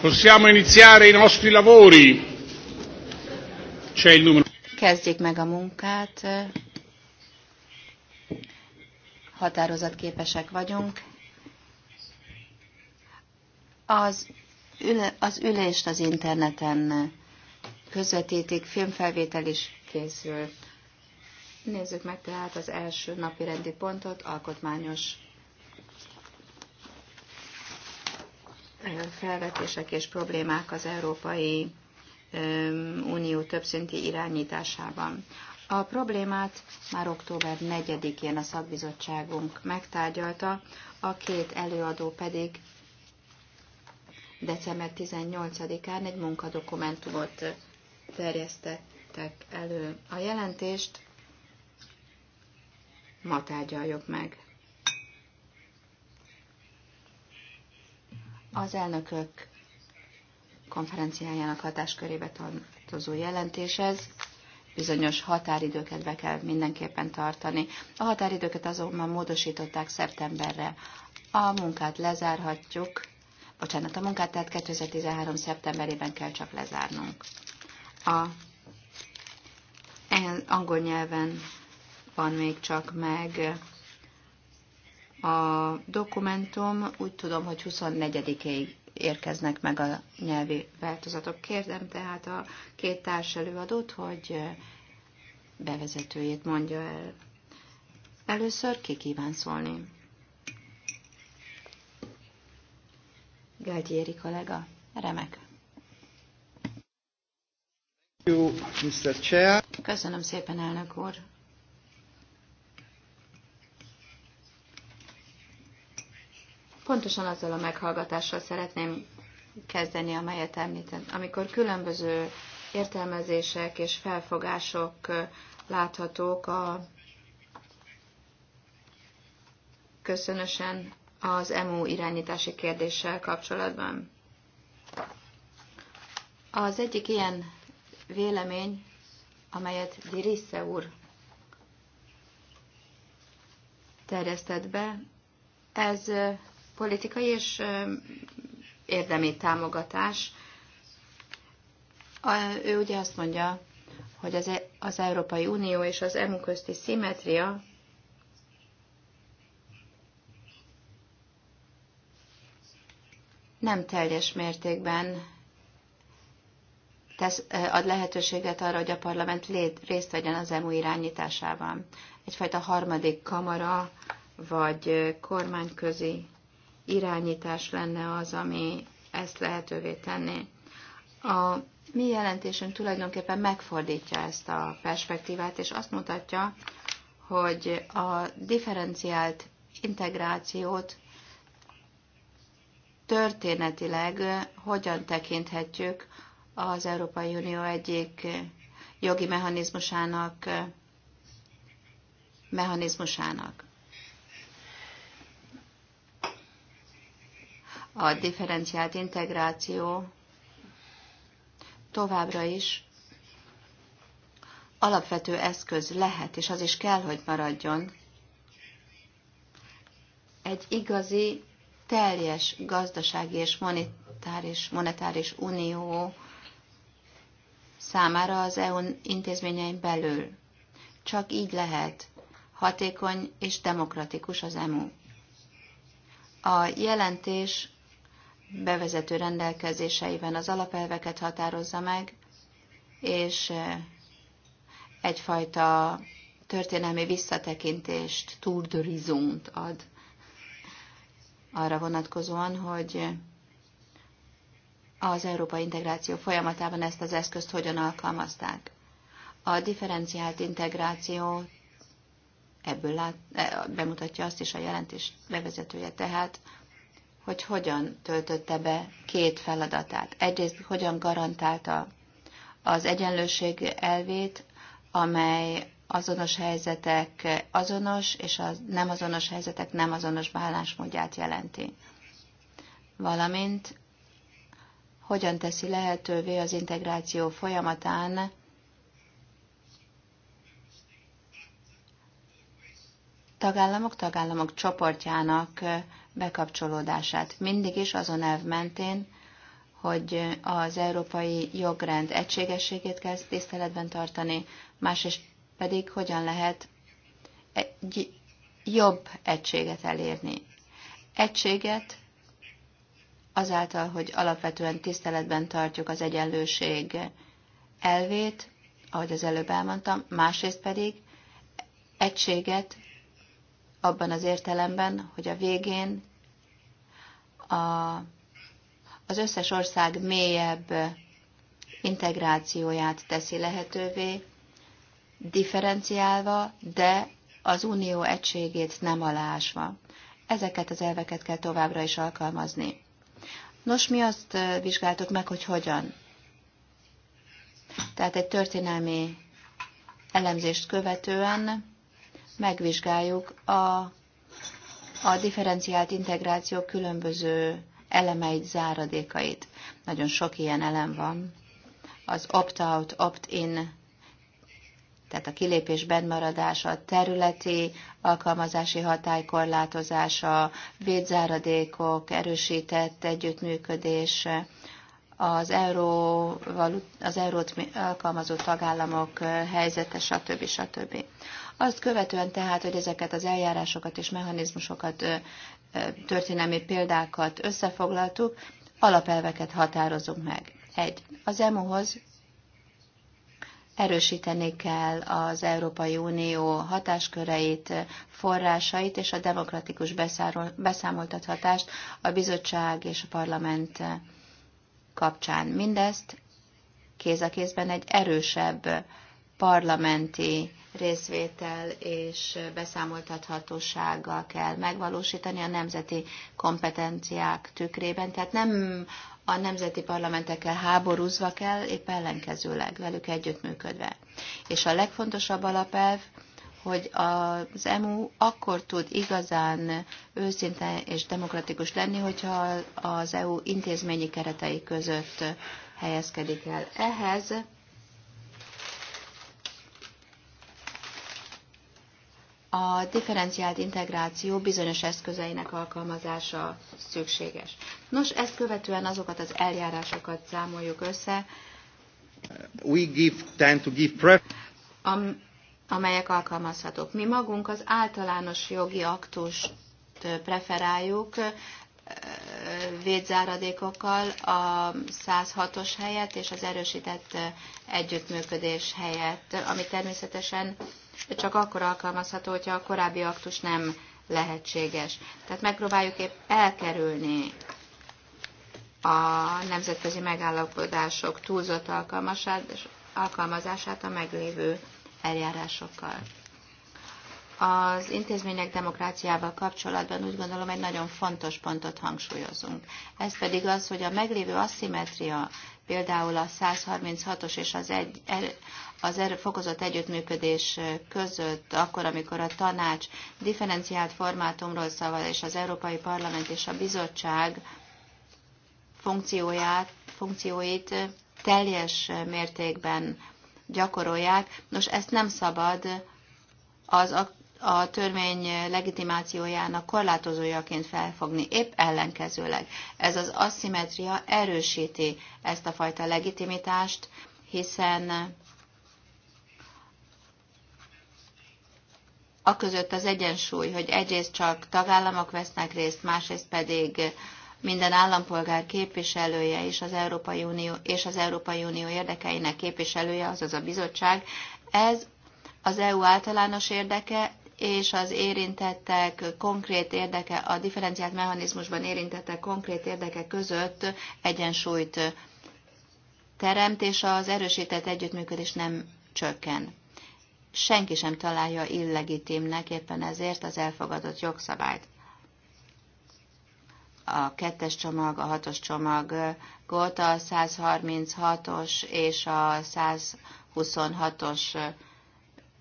Possiamo iniziare i nostri lavori. C'è il numero. Kezdjék meg a munkát. Határozatképesek vagyunk. Az, ül- az ülést az interneten közvetítik, filmfelvétel is készül. Nézzük meg tehát az első napi rendi pontot, alkotmányos felvetések és problémák az Európai Unió többszinti irányításában. A problémát már október 4-én a szakbizottságunk megtárgyalta, a két előadó pedig december 18-án egy munkadokumentumot terjesztettek elő. A jelentést ma tárgyaljuk meg. az elnökök konferenciájának hatáskörébe tartozó jelentés ez. Bizonyos határidőket be kell mindenképpen tartani. A határidőket azonban módosították szeptemberre. A munkát lezárhatjuk, bocsánat, a munkát tehát 2013. szeptemberében kell csak lezárnunk. A angol nyelven van még csak meg a dokumentum úgy tudom, hogy 24-ig érkeznek meg a nyelvi változatok. Kérdem tehát a két társ előadót, hogy bevezetőjét mondja el. Először ki kíván szólni? Gágyi kollega. Remek. Köszönöm szépen, elnök úr. Pontosan azzal a meghallgatással szeretném kezdeni, amelyet említettem. Amikor különböző értelmezések és felfogások láthatók a köszönösen az EMU irányítási kérdéssel kapcsolatban. Az egyik ilyen vélemény, amelyet Dirisse úr terjesztett be, ez politikai és érdemi támogatás. Ő ugye azt mondja, hogy az, e- az Európai Unió és az EMU közti szimetria nem teljes mértékben tesz, ad lehetőséget arra, hogy a parlament lét, részt vegyen az EMU irányításában. Egyfajta harmadik kamara, vagy kormányközi irányítás lenne az, ami ezt lehetővé tenné. A mi jelentésünk tulajdonképpen megfordítja ezt a perspektívát, és azt mutatja, hogy a differenciált integrációt történetileg hogyan tekinthetjük az Európai Unió egyik jogi mechanizmusának mechanizmusának. a differenciált integráció továbbra is alapvető eszköz lehet, és az is kell, hogy maradjon, egy igazi, teljes gazdasági és monetáris, monetáris unió számára az EU intézményein belül. Csak így lehet hatékony és demokratikus az EMU. A jelentés bevezető rendelkezéseiben az alapelveket határozza meg, és egyfajta történelmi visszatekintést, turdorizumt ad arra vonatkozóan, hogy az európai integráció folyamatában ezt az eszközt hogyan alkalmazták. A differenciált integráció ebből lát, e, bemutatja azt is a jelentés bevezetője tehát, hogy hogyan töltötte be két feladatát. Egyrészt hogyan garantálta az egyenlőség elvét, amely azonos helyzetek azonos, és a nem azonos helyzetek nem azonos bálásmódját jelenti. Valamint hogyan teszi lehetővé az integráció folyamatán tagállamok, tagállamok csoportjának bekapcsolódását. Mindig is azon elv mentén, hogy az európai jogrend egységességét kell tiszteletben tartani, másrészt pedig hogyan lehet egy jobb egységet elérni. Egységet azáltal, hogy alapvetően tiszteletben tartjuk az egyenlőség elvét, ahogy az előbb elmondtam, másrészt pedig egységet abban az értelemben, hogy a végén a, az összes ország mélyebb integrációját teszi lehetővé, differenciálva, de az unió egységét nem alásva. Ezeket az elveket kell továbbra is alkalmazni. Nos, mi azt vizsgáltuk meg, hogy hogyan. Tehát egy történelmi elemzést követően megvizsgáljuk a, a differenciált integráció különböző elemeit, záradékait. Nagyon sok ilyen elem van. Az opt-out, opt-in, tehát a kilépés bennmaradása, a területi alkalmazási hatály korlátozása, védzáradékok, erősített együttműködés, az, euró, az eurót alkalmazó tagállamok helyzete, stb. stb. Azt követően tehát, hogy ezeket az eljárásokat és mechanizmusokat, történelmi példákat összefoglaltuk, alapelveket határozunk meg. Egy. Az EMU-hoz erősíteni kell az Európai Unió hatásköreit, forrásait és a demokratikus beszámoltathatást a bizottság és a parlament kapcsán. Mindezt kéz a kézben egy erősebb parlamenti részvétel és beszámoltathatósággal kell megvalósítani a nemzeti kompetenciák tükrében. Tehát nem a nemzeti parlamentekkel háborúzva kell, épp ellenkezőleg, velük együttműködve. És a legfontosabb alapelv, hogy az EMU akkor tud igazán őszinte és demokratikus lenni, hogyha az EU intézményi keretei között helyezkedik el. Ehhez a differenciált integráció bizonyos eszközeinek alkalmazása szükséges. Nos, ezt követően azokat az eljárásokat számoljuk össze, We give tend to give am, amelyek alkalmazhatók. Mi magunk az általános jogi aktust preferáljuk védzáradékokkal a 106-os helyett és az erősített együttműködés helyett, ami természetesen csak akkor alkalmazható, hogyha a korábbi aktus nem lehetséges. Tehát megpróbáljuk épp elkerülni a nemzetközi megállapodások túlzott alkalmazását a meglévő eljárásokkal. Az intézmények demokráciával kapcsolatban úgy gondolom egy nagyon fontos pontot hangsúlyozunk. Ez pedig az, hogy a meglévő asszimetria, például a 136-os és az, egy, az erő fokozott együttműködés között, akkor, amikor a tanács differenciált formátumról szavaz, és az Európai Parlament és a bizottság funkcióját, funkcióit teljes mértékben gyakorolják. Nos, ezt nem szabad az a, a törvény legitimációjának korlátozójaként felfogni, épp ellenkezőleg. Ez az aszimetria erősíti ezt a fajta legitimitást, hiszen aközött az egyensúly, hogy egyrészt csak tagállamok vesznek részt, másrészt pedig minden állampolgár képviselője és az Európai Unió, és az Európai Unió érdekeinek képviselője, azaz a bizottság, ez az EU általános érdeke, és az érintettek konkrét érdeke, a differenciált mechanizmusban érintettek konkrét érdeke között egyensúlyt teremt, és az erősített együttműködés nem csökken senki sem találja illegitimnek éppen ezért az elfogadott jogszabályt. A kettes csomag, a hatos csomagot a 136-os és a 126-os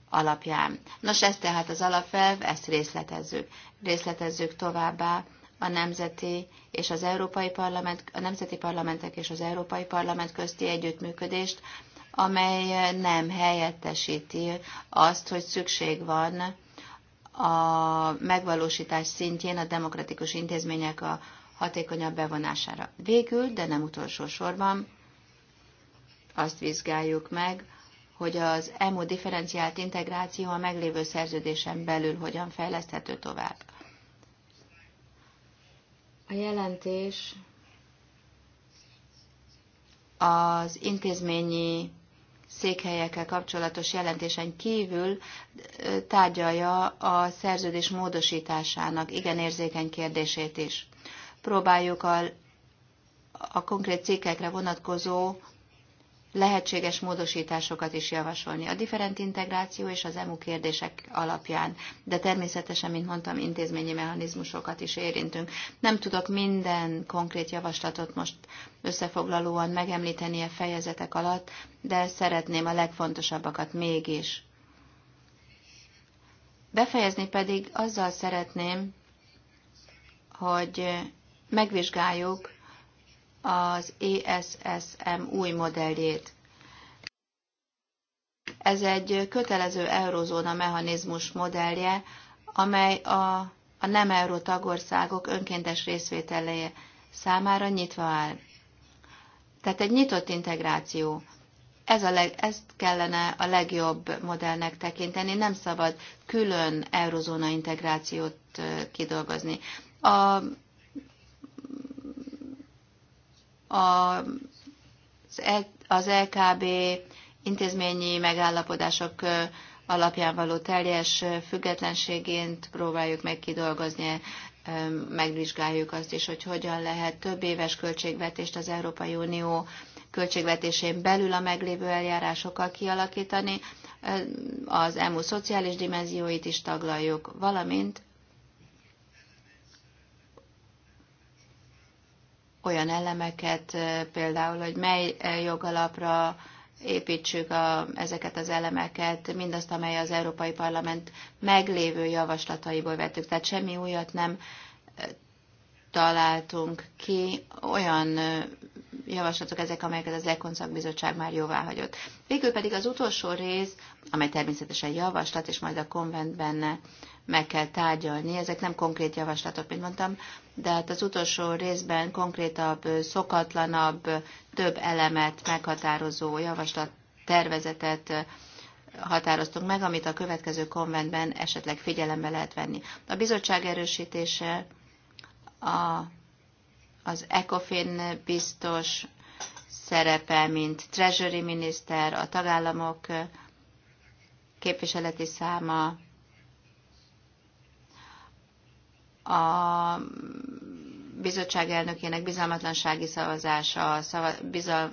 alapján. Nos, ez tehát az alapelv, ezt részletezzük. Részletezzük továbbá a nemzeti és az európai parlament, a nemzeti parlamentek és az európai parlament közti együttműködést, amely nem helyettesíti azt, hogy szükség van a megvalósítás szintjén a demokratikus intézmények a hatékonyabb bevonására. Végül, de nem utolsó sorban, azt vizsgáljuk meg, hogy az EMU differenciált integráció a meglévő szerződésen belül hogyan fejleszthető tovább. A jelentés az intézményi székhelyekkel kapcsolatos jelentésen kívül tárgyalja a szerződés módosításának igen érzékeny kérdését is. Próbáljuk a, a konkrét cikkekre vonatkozó lehetséges módosításokat is javasolni. A different integráció és az EMU kérdések alapján, de természetesen, mint mondtam, intézményi mechanizmusokat is érintünk. Nem tudok minden konkrét javaslatot most összefoglalóan megemlíteni a fejezetek alatt, de szeretném a legfontosabbakat mégis. Befejezni pedig azzal szeretném, hogy megvizsgáljuk az ESSM új modelljét. Ez egy kötelező eurozóna mechanizmus modellje, amely a, a nem euró tagországok önkéntes részvételeje számára nyitva áll. Tehát egy nyitott integráció. Ez a leg, ezt kellene a legjobb modellnek tekinteni, nem szabad külön eurozóna integrációt kidolgozni. A az LKB intézményi megállapodások alapján való teljes függetlenségént próbáljuk meg kidolgozni, megvizsgáljuk azt is, hogy hogyan lehet több éves költségvetést az Európai Unió költségvetésén belül a meglévő eljárásokkal kialakítani, az EMU szociális dimenzióit is taglaljuk, valamint olyan elemeket, például, hogy mely jogalapra építsük a, ezeket az elemeket, mindazt, amely az Európai Parlament meglévő javaslataiból vettük. Tehát semmi újat nem találtunk ki, olyan javaslatok ezek, amelyeket az Ekon szakbizottság már jóvá hagyott. Végül pedig az utolsó rész, amely természetesen javaslat, és majd a konventben meg kell tárgyalni, ezek nem konkrét javaslatok, mint mondtam, de hát az utolsó részben konkrétabb, szokatlanabb, több elemet meghatározó javaslat tervezetet határoztunk meg, amit a következő konventben esetleg figyelembe lehet venni. A bizottság erősítése a, az ECOFIN biztos szerepe, mint Treasury miniszter, a tagállamok képviseleti száma, a bizottság elnökének bizalmatlansági szavazása, a, szava, bizal,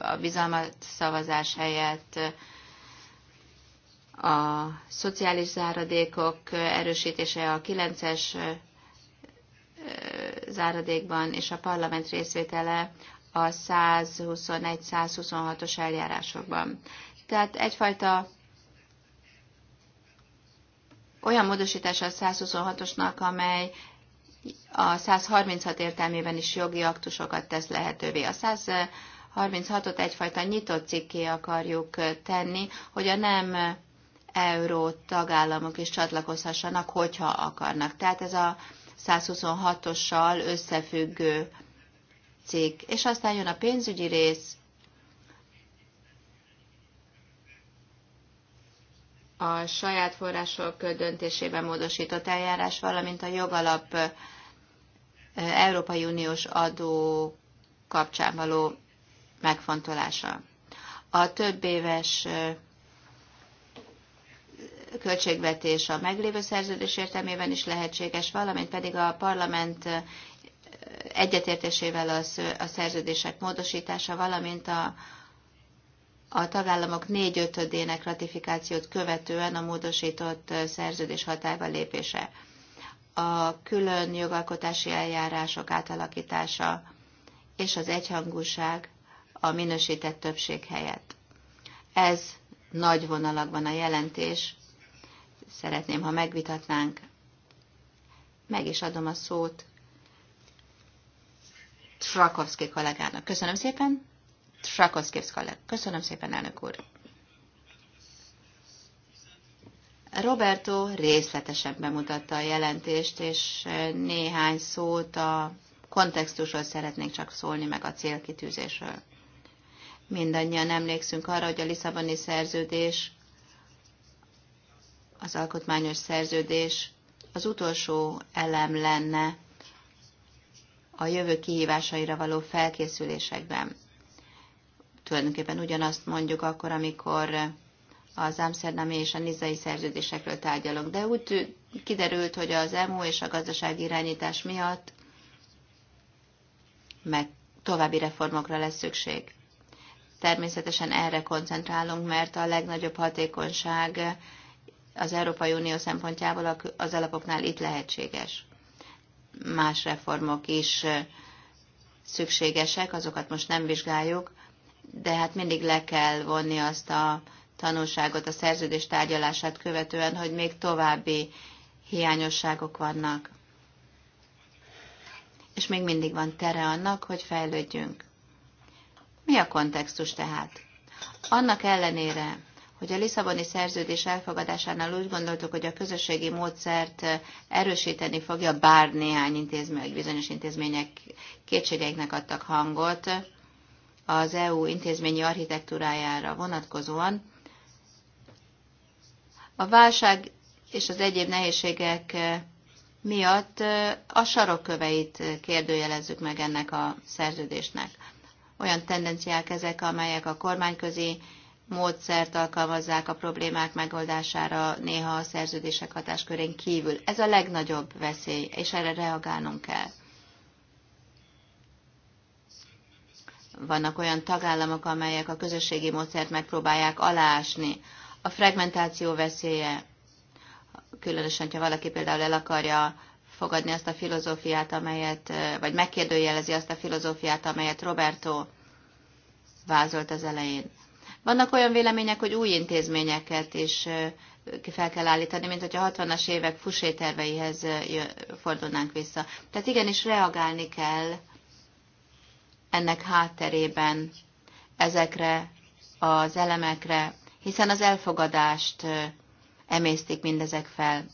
a bizalmat szavazás helyett a szociális záradékok erősítése a 9-es záradékban és a parlament részvétele a 121-126-os eljárásokban. Tehát egyfajta olyan módosítása a 126-osnak, amely a 136 értelmében is jogi aktusokat tesz lehetővé. A 136-ot egyfajta nyitott cikké akarjuk tenni, hogy a nem euró tagállamok is csatlakozhassanak, hogyha akarnak. Tehát ez a 126-ossal összefüggő cikk. És aztán jön a pénzügyi rész, a saját források döntésében módosított eljárás, valamint a jogalap Európai Uniós adó kapcsán való megfontolása. A több éves költségvetés a meglévő szerződés értelmében is lehetséges, valamint pedig a parlament egyetértésével a szerződések módosítása, valamint a, a tagállamok négyötödének ratifikációt követően a módosított szerződés hatályba lépése, a külön jogalkotási eljárások átalakítása és az egyhangúság a minősített többség helyett. Ez nagy vonalakban a jelentés. Szeretném, ha megvitatnánk. Meg is adom a szót Trakovszki kollégának. Köszönöm szépen! Trakoszkiewska Köszönöm szépen, elnök úr. Roberto részletesen bemutatta a jelentést, és néhány szót a kontextusról szeretnék csak szólni, meg a célkitűzésről. Mindannyian emlékszünk arra, hogy a Lisszaboni szerződés, az alkotmányos szerződés az utolsó elem lenne a jövő kihívásaira való felkészülésekben. Tulajdonképpen ugyanazt mondjuk akkor, amikor az Amsterdami és a Nizai szerződésekről tárgyalunk. De úgy kiderült, hogy az EMU és a gazdasági irányítás miatt meg további reformokra lesz szükség. Természetesen erre koncentrálunk, mert a legnagyobb hatékonyság az Európai Unió szempontjából az alapoknál itt lehetséges. Más reformok is szükségesek, azokat most nem vizsgáljuk, de hát mindig le kell vonni azt a tanulságot a szerződés tárgyalását követően, hogy még további hiányosságok vannak. És még mindig van tere annak, hogy fejlődjünk. Mi a kontextus tehát? Annak ellenére, hogy a Lisszaboni szerződés elfogadásánál úgy gondoltuk, hogy a közösségi módszert erősíteni fogja, bár néhány intézmény, vagy bizonyos intézmények kétségeiknek adtak hangot, az EU intézményi architektúrájára vonatkozóan a válság és az egyéb nehézségek eh, miatt eh, a sarokköveit kérdőjelezzük meg ennek a szerződésnek. Olyan tendenciák ezek, amelyek a kormányközi módszert alkalmazzák a problémák megoldására néha a szerződések hatáskörén kívül. Ez a legnagyobb veszély, és erre reagálnunk kell. Vannak olyan tagállamok, amelyek a közösségi módszert megpróbálják aláásni. A fragmentáció veszélye, különösen, ha valaki például el akarja fogadni azt a filozófiát, amelyet, vagy megkérdőjelezi azt a filozófiát, amelyet Roberto vázolt az elején. Vannak olyan vélemények, hogy új intézményeket is fel kell állítani, mint hogy a 60-as évek fusé terveihez fordulnánk vissza. Tehát igenis reagálni kell ennek hátterében ezekre az elemekre, hiszen az elfogadást emésztik mindezek fel.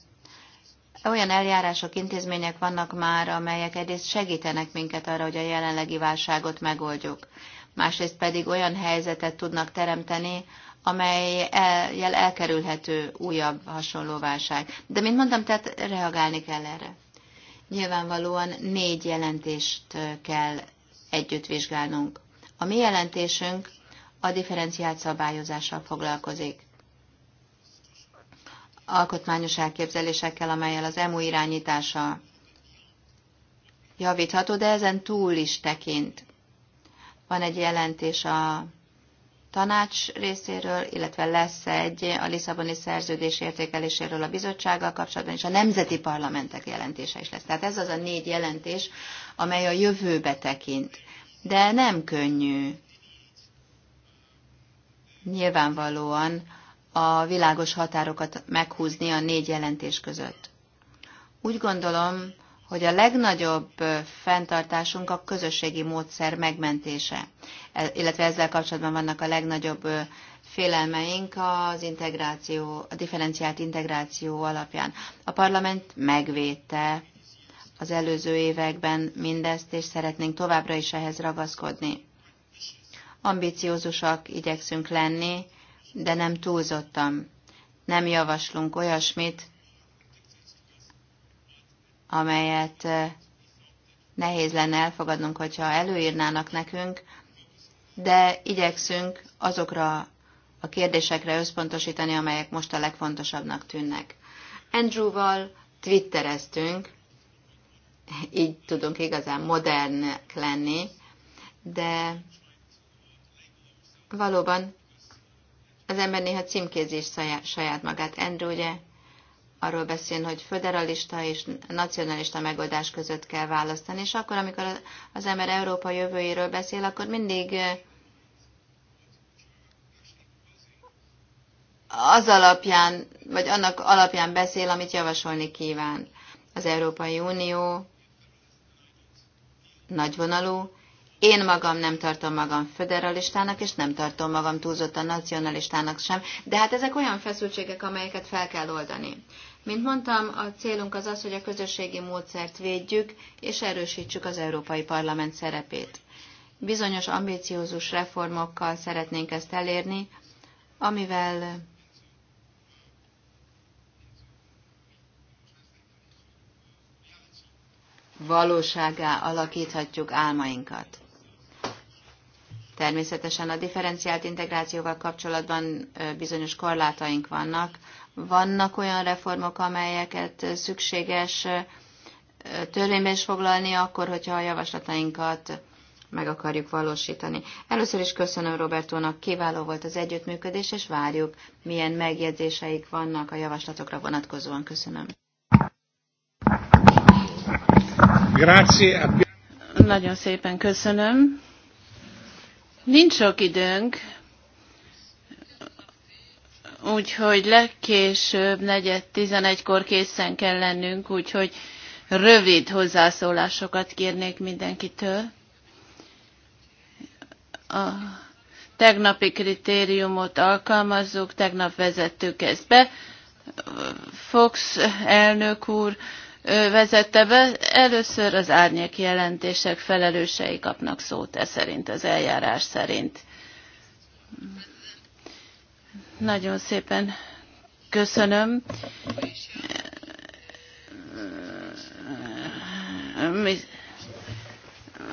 Olyan eljárások, intézmények vannak már, amelyek egyrészt segítenek minket arra, hogy a jelenlegi válságot megoldjuk, másrészt pedig olyan helyzetet tudnak teremteni, amely el, elkerülhető újabb hasonló válság. De, mint mondtam, tehát reagálni kell erre. Nyilvánvalóan négy jelentést kell együtt vizsgálnunk. A mi jelentésünk a differenciált szabályozással foglalkozik. Alkotmányos elképzelésekkel, amelyel az EMU irányítása javítható, de ezen túl is tekint. Van egy jelentés a tanács részéről, illetve lesz egy a Lisszaboni szerződés értékeléséről a bizottsággal kapcsolatban, és a nemzeti parlamentek jelentése is lesz. Tehát ez az a négy jelentés, amely a jövőbe tekint. De nem könnyű. Nyilvánvalóan a világos határokat meghúzni a négy jelentés között. Úgy gondolom, hogy a legnagyobb fenntartásunk a közösségi módszer megmentése, e, illetve ezzel kapcsolatban vannak a legnagyobb félelmeink az integráció, a differenciált integráció alapján. A parlament megvédte az előző években mindezt, és szeretnénk továbbra is ehhez ragaszkodni. Ambiciózusak igyekszünk lenni, de nem túlzottam. Nem javaslunk olyasmit, amelyet nehéz lenne elfogadnunk, hogyha előírnának nekünk, de igyekszünk azokra a kérdésekre összpontosítani, amelyek most a legfontosabbnak tűnnek. Andrewval twittereztünk, így tudunk igazán modernek lenni, de valóban az ember néha címkézés saját magát. Andrew ugye arról beszélni, hogy föderalista és nacionalista megoldás között kell választani, és akkor, amikor az ember Európa jövőjéről beszél, akkor mindig az alapján, vagy annak alapján beszél, amit javasolni kíván. Az Európai Unió nagyvonalú, én magam nem tartom magam föderalistának, és nem tartom magam túlzottan nacionalistának sem, de hát ezek olyan feszültségek, amelyeket fel kell oldani. Mint mondtam, a célunk az az, hogy a közösségi módszert védjük és erősítsük az Európai Parlament szerepét. Bizonyos ambíciózus reformokkal szeretnénk ezt elérni, amivel valóságá alakíthatjuk álmainkat. Természetesen a differenciált integrációval kapcsolatban bizonyos korlátaink vannak, vannak olyan reformok, amelyeket szükséges törvénybe is foglalni, akkor, hogyha a javaslatainkat meg akarjuk valósítani. Először is köszönöm Robertónak, kiváló volt az együttműködés, és várjuk, milyen megjegyzéseik vannak a javaslatokra vonatkozóan. Köszönöm. Grazie. Nagyon szépen köszönöm. Nincs sok időnk, úgyhogy legkésőbb negyed tizenegykor készen kell lennünk, úgyhogy rövid hozzászólásokat kérnék mindenkitől. A tegnapi kritériumot alkalmazzuk, tegnap vezettük ezt be. Fox elnök úr vezette be, először az árnyék jelentések felelősei kapnak szót, e szerint, az eljárás szerint. Nagyon szépen köszönöm.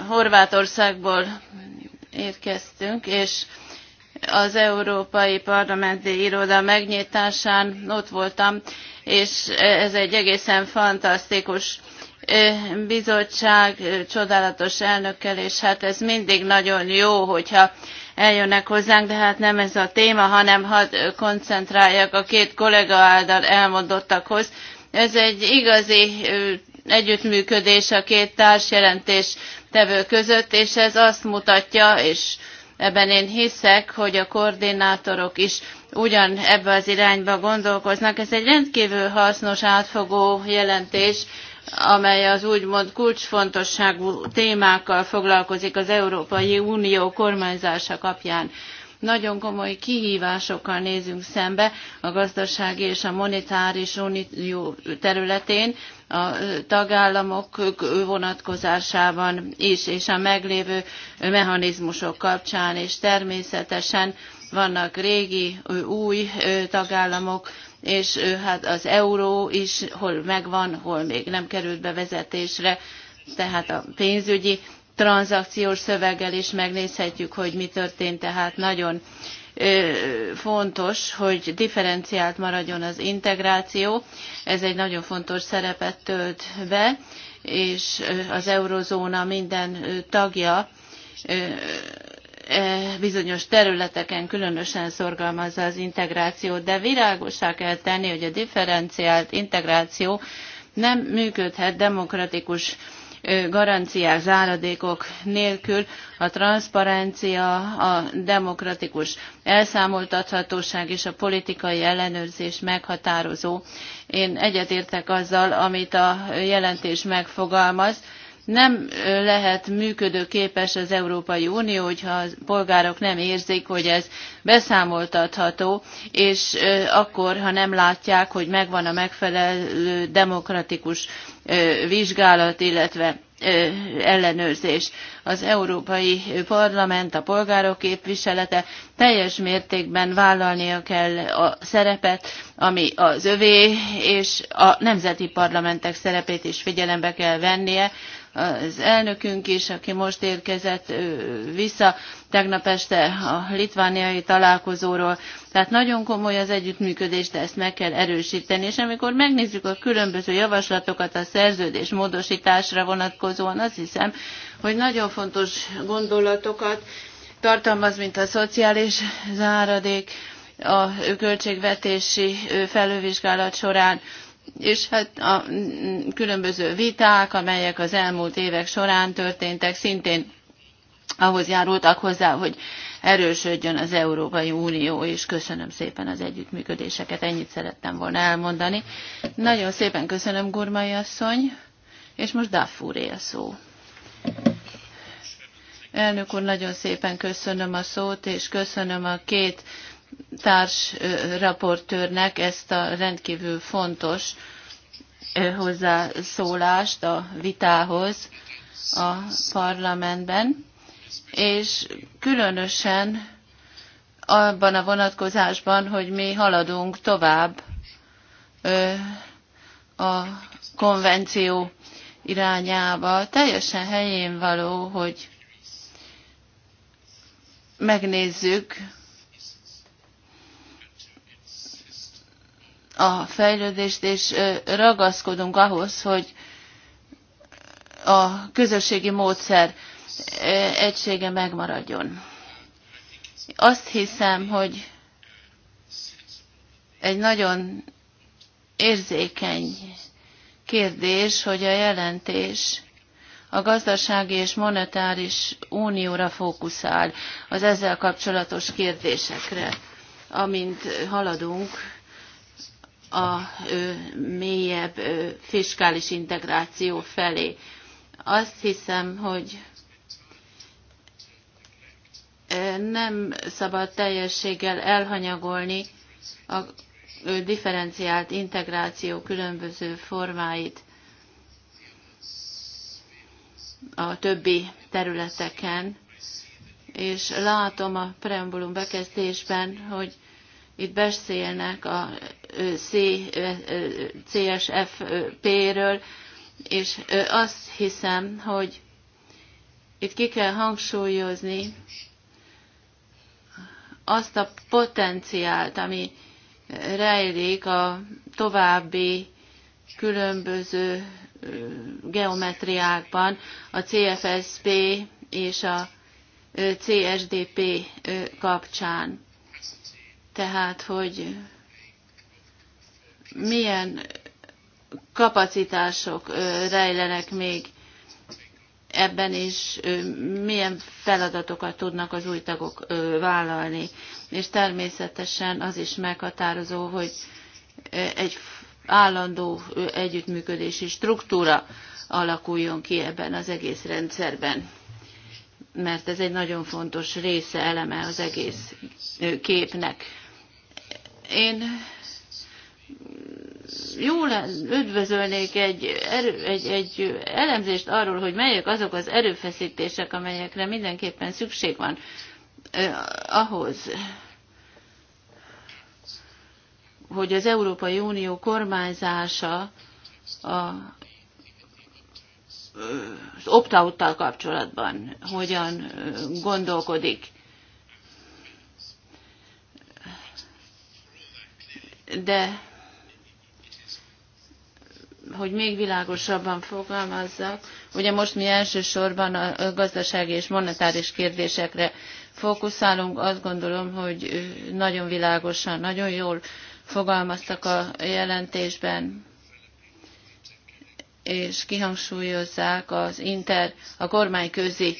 Horvátországból érkeztünk, és az Európai Parlamenti Iroda megnyitásán ott voltam, és ez egy egészen fantasztikus bizottság, csodálatos elnökkel, és hát ez mindig nagyon jó, hogyha eljönnek hozzánk, de hát nem ez a téma, hanem hadd koncentráljak a két kollega által elmondottakhoz. Ez egy igazi együttműködés a két társjelentés tevő között, és ez azt mutatja, és ebben én hiszek, hogy a koordinátorok is ugyan ebbe az irányba gondolkoznak. Ez egy rendkívül hasznos, átfogó jelentés, amely az úgymond kulcsfontosságú témákkal foglalkozik az Európai Unió kormányzása kapján. Nagyon komoly kihívásokkal nézünk szembe a gazdasági és a monetáris unió területén, a tagállamok vonatkozásában is, és a meglévő mechanizmusok kapcsán, és természetesen vannak régi, új tagállamok, és hát az euró is hol megvan, hol még nem került bevezetésre, tehát a pénzügyi tranzakciós szöveggel is megnézhetjük, hogy mi történt, tehát nagyon fontos, hogy differenciált maradjon az integráció, ez egy nagyon fontos szerepet tölt be, és az eurozóna minden tagja E, bizonyos területeken különösen szorgalmazza az integrációt, de világosá kell tenni, hogy a differenciált integráció nem működhet demokratikus e, garanciák, záradékok nélkül a transzparencia, a demokratikus elszámoltathatóság és a politikai ellenőrzés meghatározó. Én egyetértek azzal, amit a jelentés megfogalmaz, nem lehet működőképes az Európai Unió, hogyha a polgárok nem érzik, hogy ez beszámoltatható, és akkor, ha nem látják, hogy megvan a megfelelő demokratikus vizsgálat, illetve ellenőrzés. Az Európai Parlament, a polgárok képviselete teljes mértékben vállalnia kell a szerepet, ami az övé, és a nemzeti parlamentek szerepét is figyelembe kell vennie, az elnökünk is, aki most érkezett vissza tegnap este a litvániai találkozóról. Tehát nagyon komoly az együttműködés, de ezt meg kell erősíteni. És amikor megnézzük a különböző javaslatokat a szerződés módosításra vonatkozóan, azt hiszem, hogy nagyon fontos gondolatokat tartalmaz, mint a szociális záradék, a költségvetési felővizsgálat során és hát a különböző viták, amelyek az elmúlt évek során történtek, szintén ahhoz járultak hozzá, hogy erősödjön az Európai Unió, és köszönöm szépen az együttműködéseket, ennyit szerettem volna elmondani. Nagyon szépen köszönöm, Gurmai asszony, és most Daffúré a szó. Elnök úr, nagyon szépen köszönöm a szót, és köszönöm a két társ raportőrnek ezt a rendkívül fontos hozzászólást a vitához a parlamentben, és különösen abban a vonatkozásban, hogy mi haladunk tovább a konvenció irányába. Teljesen helyén való, hogy megnézzük a fejlődést, és ragaszkodunk ahhoz, hogy a közösségi módszer egysége megmaradjon. Azt hiszem, hogy egy nagyon érzékeny kérdés, hogy a jelentés a gazdasági és monetáris unióra fókuszál az ezzel kapcsolatos kérdésekre, amint haladunk a mélyebb fiskális integráció felé. Azt hiszem, hogy nem szabad teljességgel elhanyagolni a differenciált integráció különböző formáit a többi területeken, és látom a preambulum bekezdésben, hogy itt beszélnek a CSFP-ről, és azt hiszem, hogy itt ki kell hangsúlyozni azt a potenciált, ami rejlik a további különböző geometriákban a CFSP és a CSDP kapcsán. Tehát, hogy milyen kapacitások rejlenek még ebben is, milyen feladatokat tudnak az új tagok vállalni. És természetesen az is meghatározó, hogy egy állandó együttműködési struktúra alakuljon ki ebben az egész rendszerben mert ez egy nagyon fontos része, eleme az egész képnek. Én jó üdvözölnék egy, erő, egy, egy elemzést arról, hogy melyek azok az erőfeszítések, amelyekre mindenképpen szükség van eh, ahhoz, hogy az Európai Unió kormányzása a az opt kapcsolatban hogyan gondolkodik. De hogy még világosabban fogalmazzak, ugye most mi elsősorban a gazdasági és monetáris kérdésekre fókuszálunk, azt gondolom, hogy nagyon világosan, nagyon jól fogalmaztak a jelentésben, és kihangsúlyozzák az inter, a kormányközi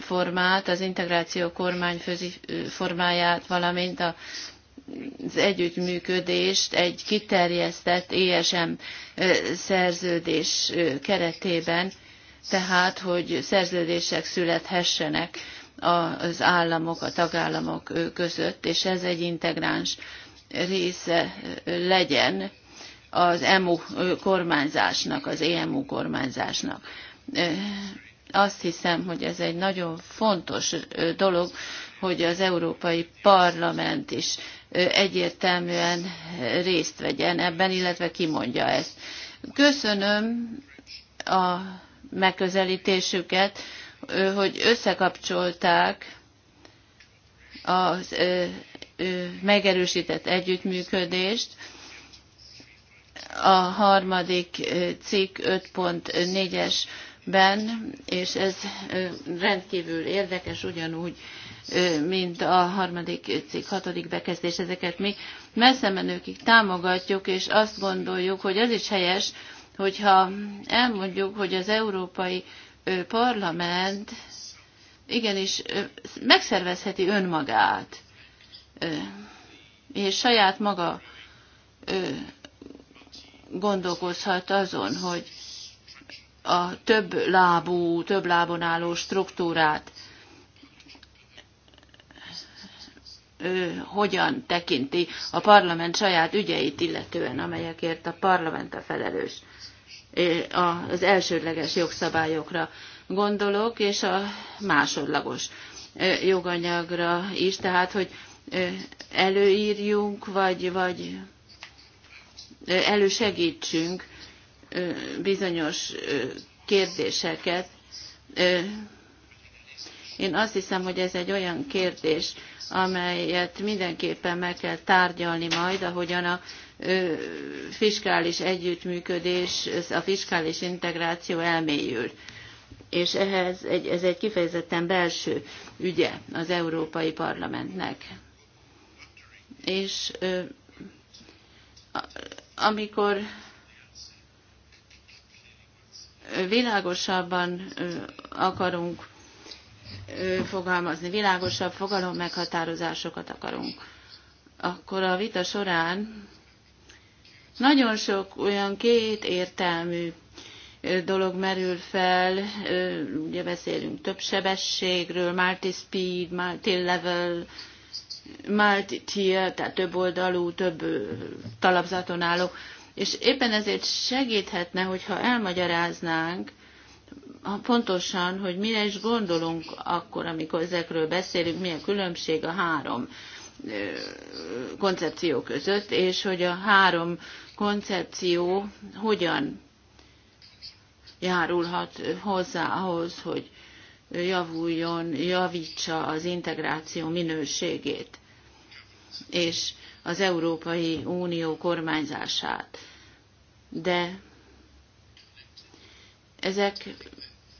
formát, az integráció kormányközi formáját, valamint a az együttműködést egy kiterjesztett ESM szerződés keretében, tehát hogy szerződések születhessenek az államok, a tagállamok között, és ez egy integráns része legyen az EMU kormányzásnak, az EMU kormányzásnak. Azt hiszem, hogy ez egy nagyon fontos dolog, hogy az Európai Parlament is egyértelműen részt vegyen ebben, illetve kimondja ezt. Köszönöm a megközelítésüket, hogy összekapcsolták az megerősített együttműködést, a harmadik cikk 5.4-esben, és ez rendkívül érdekes, ugyanúgy mint a harmadik cikk, hatodik bekezdés, ezeket mi messze menőkig támogatjuk, és azt gondoljuk, hogy ez is helyes, hogyha elmondjuk, hogy az Európai Parlament igenis megszervezheti önmagát, és saját maga gondolkozhat azon, hogy a több lábú, több lábon álló struktúrát hogyan tekinti a parlament saját ügyeit illetően, amelyekért a parlament a felelős az elsődleges jogszabályokra gondolok, és a másodlagos joganyagra is, tehát hogy előírjunk, vagy, vagy elősegítsünk bizonyos kérdéseket én azt hiszem, hogy ez egy olyan kérdés, amelyet mindenképpen meg kell tárgyalni majd, ahogyan a fiskális együttműködés, a fiskális integráció elmélyül. És ehhez egy, ez egy kifejezetten belső ügye az Európai Parlamentnek. És amikor világosabban akarunk fogalmazni, világosabb fogalom meghatározásokat akarunk, akkor a vita során nagyon sok olyan két értelmű dolog merül fel, ugye beszélünk több sebességről, multi-speed, multi-level, multi-tier, tehát több oldalú, több talapzaton álló, és éppen ezért segíthetne, hogyha elmagyaráznánk, pontosan, hogy mire is gondolunk akkor, amikor ezekről beszélünk, milyen különbség a három koncepció között, és hogy a három koncepció hogyan járulhat hozzá ahhoz, hogy javuljon, javítsa az integráció minőségét és az Európai Unió kormányzását. De ezek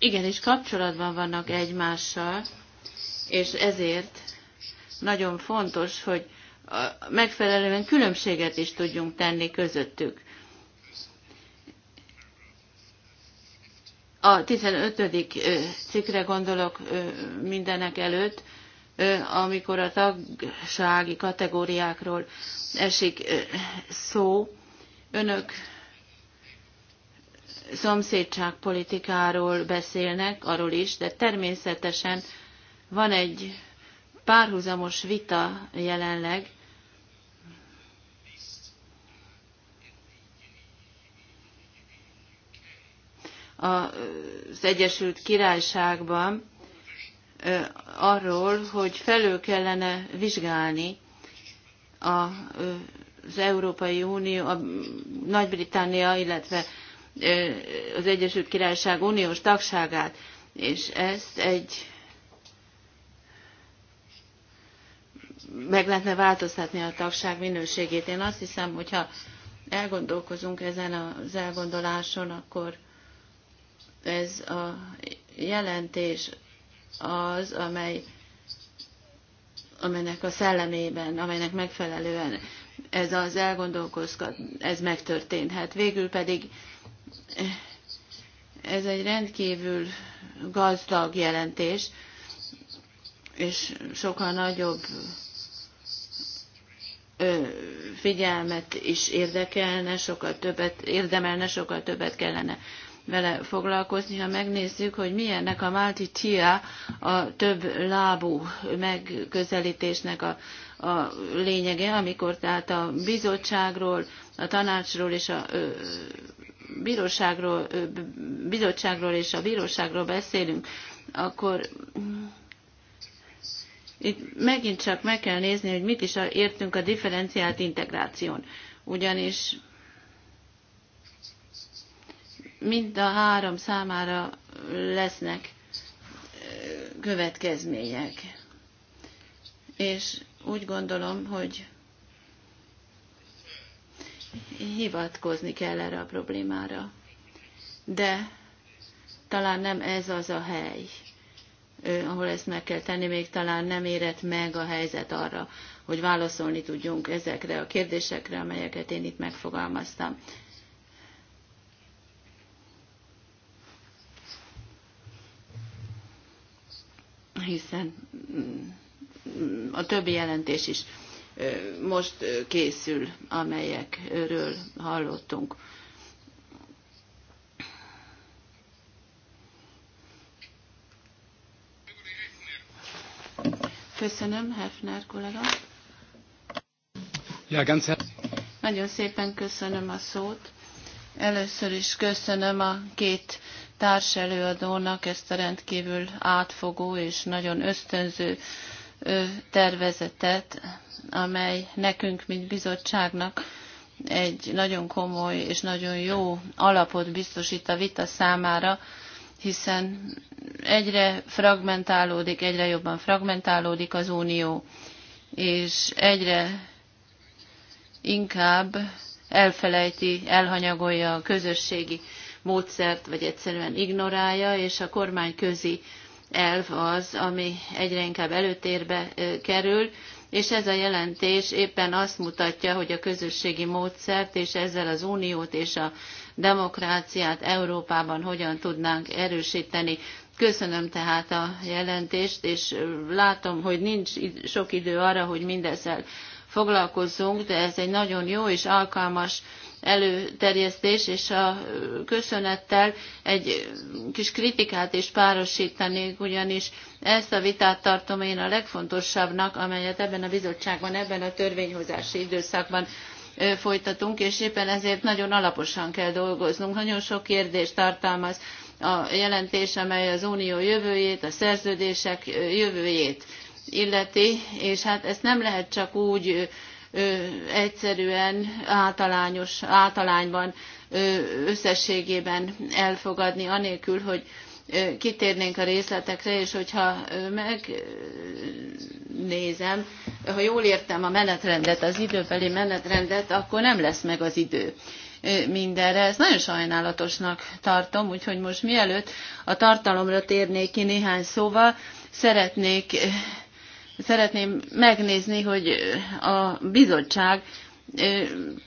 igenis kapcsolatban vannak egymással, és ezért nagyon fontos, hogy megfelelően különbséget is tudjunk tenni közöttük. A 15. cikkre gondolok mindenek előtt, amikor a tagsági kategóriákról esik szó. Önök szomszédságpolitikáról beszélnek, arról is, de természetesen van egy párhuzamos vita jelenleg, az Egyesült Királyságban arról, hogy felül kellene vizsgálni az Európai Unió, a Nagy-Britannia, illetve az Egyesült Királyság uniós tagságát, és ezt egy meg lehetne változtatni a tagság minőségét. Én azt hiszem, hogyha elgondolkozunk ezen az elgondoláson, akkor ez a jelentés az, amely, amelynek a szellemében, amelynek megfelelően ez az elgondolkozkat, ez megtörténhet. Végül pedig ez egy rendkívül gazdag jelentés, és sokkal nagyobb figyelmet is érdekelne, sokkal többet érdemelne, sokkal többet kellene vele foglalkozni, ha megnézzük, hogy milyennek a Malti tia a több lábú megközelítésnek a, a lényege, amikor tehát a bizottságról, a tanácsról és a bíróságról, bizottságról és a bíróságról beszélünk, akkor itt megint csak meg kell nézni, hogy mit is értünk a differenciált integráción. Ugyanis mind a három számára lesznek következmények. És úgy gondolom, hogy hivatkozni kell erre a problémára. De talán nem ez az a hely, ahol ezt meg kell tenni, még talán nem érett meg a helyzet arra, hogy válaszolni tudjunk ezekre a kérdésekre, amelyeket én itt megfogalmaztam. Hiszen mm, a többi jelentés is most készül, amelyekről hallottunk. Köszönöm, Hefner kollega. Ja, ganz Nagyon szépen köszönöm a szót. Először is köszönöm a két társelőadónak ezt a rendkívül átfogó és nagyon ösztönző tervezetet, amely nekünk, mint bizottságnak egy nagyon komoly és nagyon jó alapot biztosít a vita számára, hiszen egyre fragmentálódik, egyre jobban fragmentálódik az unió, és egyre inkább elfelejti, elhanyagolja a közösségi módszert, vagy egyszerűen ignorálja, és a kormányközi elv az, ami egyre inkább előtérbe kerül, és ez a jelentés éppen azt mutatja, hogy a közösségi módszert és ezzel az uniót és a demokráciát Európában hogyan tudnánk erősíteni. Köszönöm tehát a jelentést, és látom, hogy nincs sok idő arra, hogy mindezzel foglalkozzunk, de ez egy nagyon jó és alkalmas előterjesztés, és a köszönettel egy kis kritikát is párosítanék, ugyanis ezt a vitát tartom én a legfontosabbnak, amelyet ebben a bizottságban, ebben a törvényhozási időszakban folytatunk, és éppen ezért nagyon alaposan kell dolgoznunk. Nagyon sok kérdést tartalmaz a jelentés, amely az unió jövőjét, a szerződések jövőjét illeti, és hát ezt nem lehet csak úgy ö, egyszerűen általányos, általányban ö, összességében elfogadni, anélkül, hogy ö, kitérnénk a részletekre, és hogyha megnézem, ha jól értem a menetrendet, az időbeli menetrendet, akkor nem lesz meg az idő mindenre. Ezt nagyon sajnálatosnak tartom, úgyhogy most mielőtt a tartalomra térnék ki néhány szóval, szeretnék szeretném megnézni, hogy a bizottság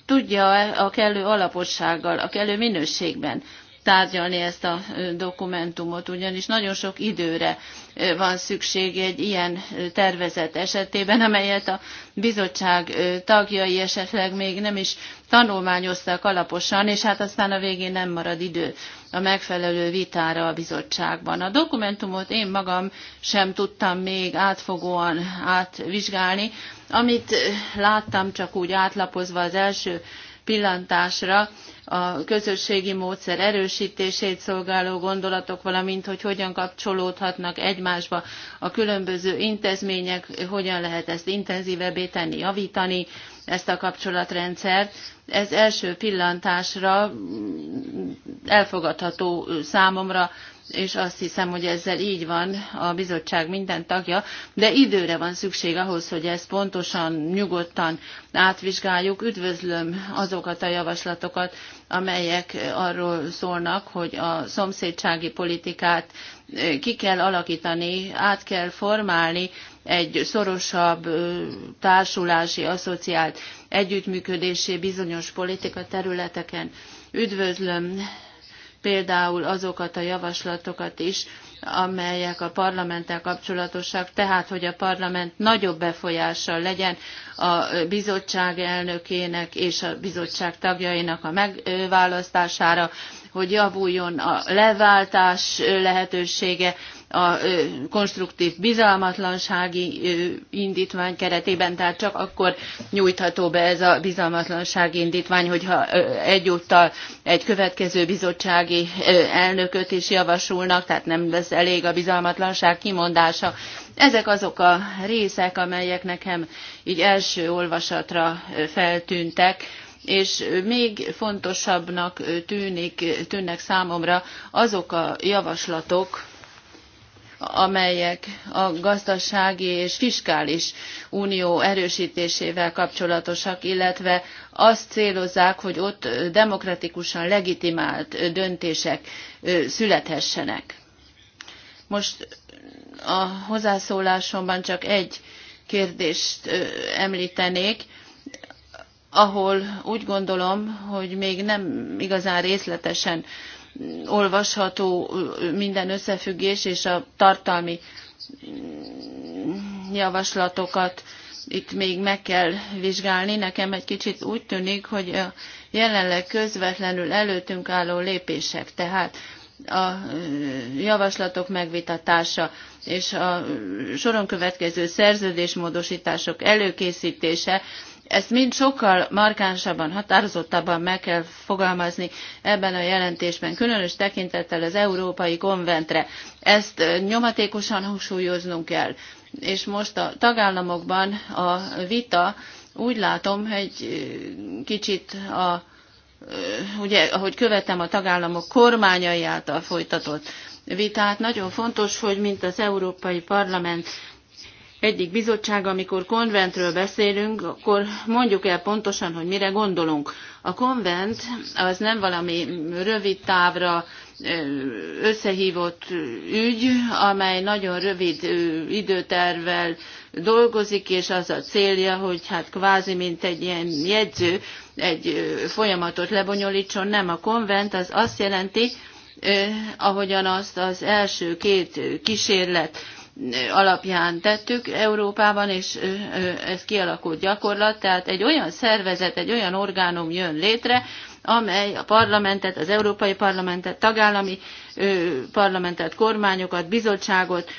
tudja a kellő alapossággal, a kellő minőségben tárgyalni ezt a dokumentumot, ugyanis nagyon sok időre van szükség egy ilyen tervezet esetében, amelyet a bizottság tagjai esetleg még nem is tanulmányoztak alaposan, és hát aztán a végén nem marad idő a megfelelő vitára a bizottságban. A dokumentumot én magam sem tudtam még átfogóan átvizsgálni. Amit láttam csak úgy átlapozva az első pillantásra, a közösségi módszer erősítését szolgáló gondolatok, valamint hogy hogyan kapcsolódhatnak egymásba a különböző intézmények, hogyan lehet ezt intenzívebbé tenni, javítani, ezt a kapcsolatrendszert. Ez első pillantásra elfogadható számomra, és azt hiszem, hogy ezzel így van a bizottság minden tagja, de időre van szükség ahhoz, hogy ezt pontosan, nyugodtan átvizsgáljuk. Üdvözlöm azokat a javaslatokat, amelyek arról szólnak, hogy a szomszédsági politikát ki kell alakítani, át kell formálni, egy szorosabb társulási, asszociált együttműködésé bizonyos politika területeken. Üdvözlöm például azokat a javaslatokat is, amelyek a parlamenttel kapcsolatosak, tehát hogy a parlament nagyobb befolyással legyen a bizottság elnökének és a bizottság tagjainak a megválasztására, hogy javuljon a leváltás lehetősége, a konstruktív bizalmatlansági indítvány keretében, tehát csak akkor nyújtható be ez a bizalmatlansági indítvány, hogyha egyúttal egy következő bizottsági elnököt is javasulnak, tehát nem lesz elég a bizalmatlanság kimondása. Ezek azok a részek, amelyek nekem így első olvasatra feltűntek és még fontosabbnak tűnik, tűnnek számomra azok a javaslatok, amelyek a gazdasági és fiskális unió erősítésével kapcsolatosak, illetve azt célozzák, hogy ott demokratikusan legitimált döntések születhessenek. Most a hozzászólásomban csak egy kérdést említenék, ahol úgy gondolom, hogy még nem igazán részletesen olvasható minden összefüggés, és a tartalmi mm, javaslatokat itt még meg kell vizsgálni. Nekem egy kicsit úgy tűnik, hogy a jelenleg közvetlenül előttünk álló lépések, tehát a javaslatok megvitatása és a soron következő szerződésmódosítások előkészítése ezt mind sokkal markánsabban, határozottabban meg kell fogalmazni ebben a jelentésben, különös tekintettel az Európai Konventre. Ezt nyomatékosan hangsúlyoznunk kell. És most a tagállamokban a vita úgy látom, egy kicsit a ugye, ahogy követem a tagállamok kormányai által folytatott vitát, nagyon fontos, hogy mint az Európai Parlament egyik bizottság, amikor konventről beszélünk, akkor mondjuk el pontosan, hogy mire gondolunk. A konvent az nem valami rövid távra összehívott ügy, amely nagyon rövid időtervel dolgozik, és az a célja, hogy hát kvázi, mint egy ilyen jegyző, egy folyamatot lebonyolítson. Nem a konvent, az azt jelenti, ahogyan azt az első két kísérlet alapján tettük Európában, és ez kialakult gyakorlat, tehát egy olyan szervezet, egy olyan orgánum jön létre, amely a parlamentet, az Európai Parlamentet, tagállami parlamentet, kormányokat, bizottságot,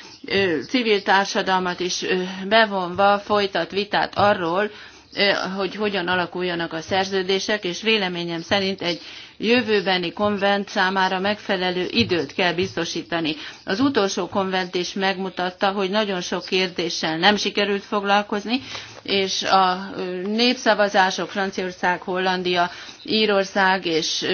civil társadalmat is bevonva folytat vitát arról, hogy hogyan alakuljanak a szerződések, és véleményem szerint egy jövőbeni konvent számára megfelelő időt kell biztosítani. Az utolsó konvent is megmutatta, hogy nagyon sok kérdéssel nem sikerült foglalkozni, és a népszavazások Franciaország, Hollandia, Írország és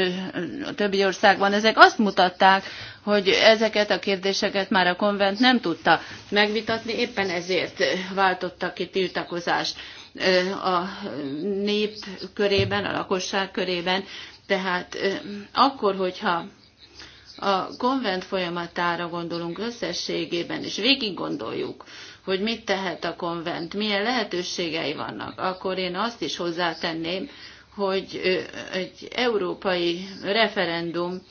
a többi országban, ezek azt mutatták, hogy ezeket a kérdéseket már a konvent nem tudta megvitatni, éppen ezért váltottak ki tiltakozást a nép körében, a lakosság körében. Tehát akkor, hogyha a konvent folyamatára gondolunk összességében, és végig gondoljuk, hogy mit tehet a konvent, milyen lehetőségei vannak, akkor én azt is hozzátenném, hogy egy európai referendum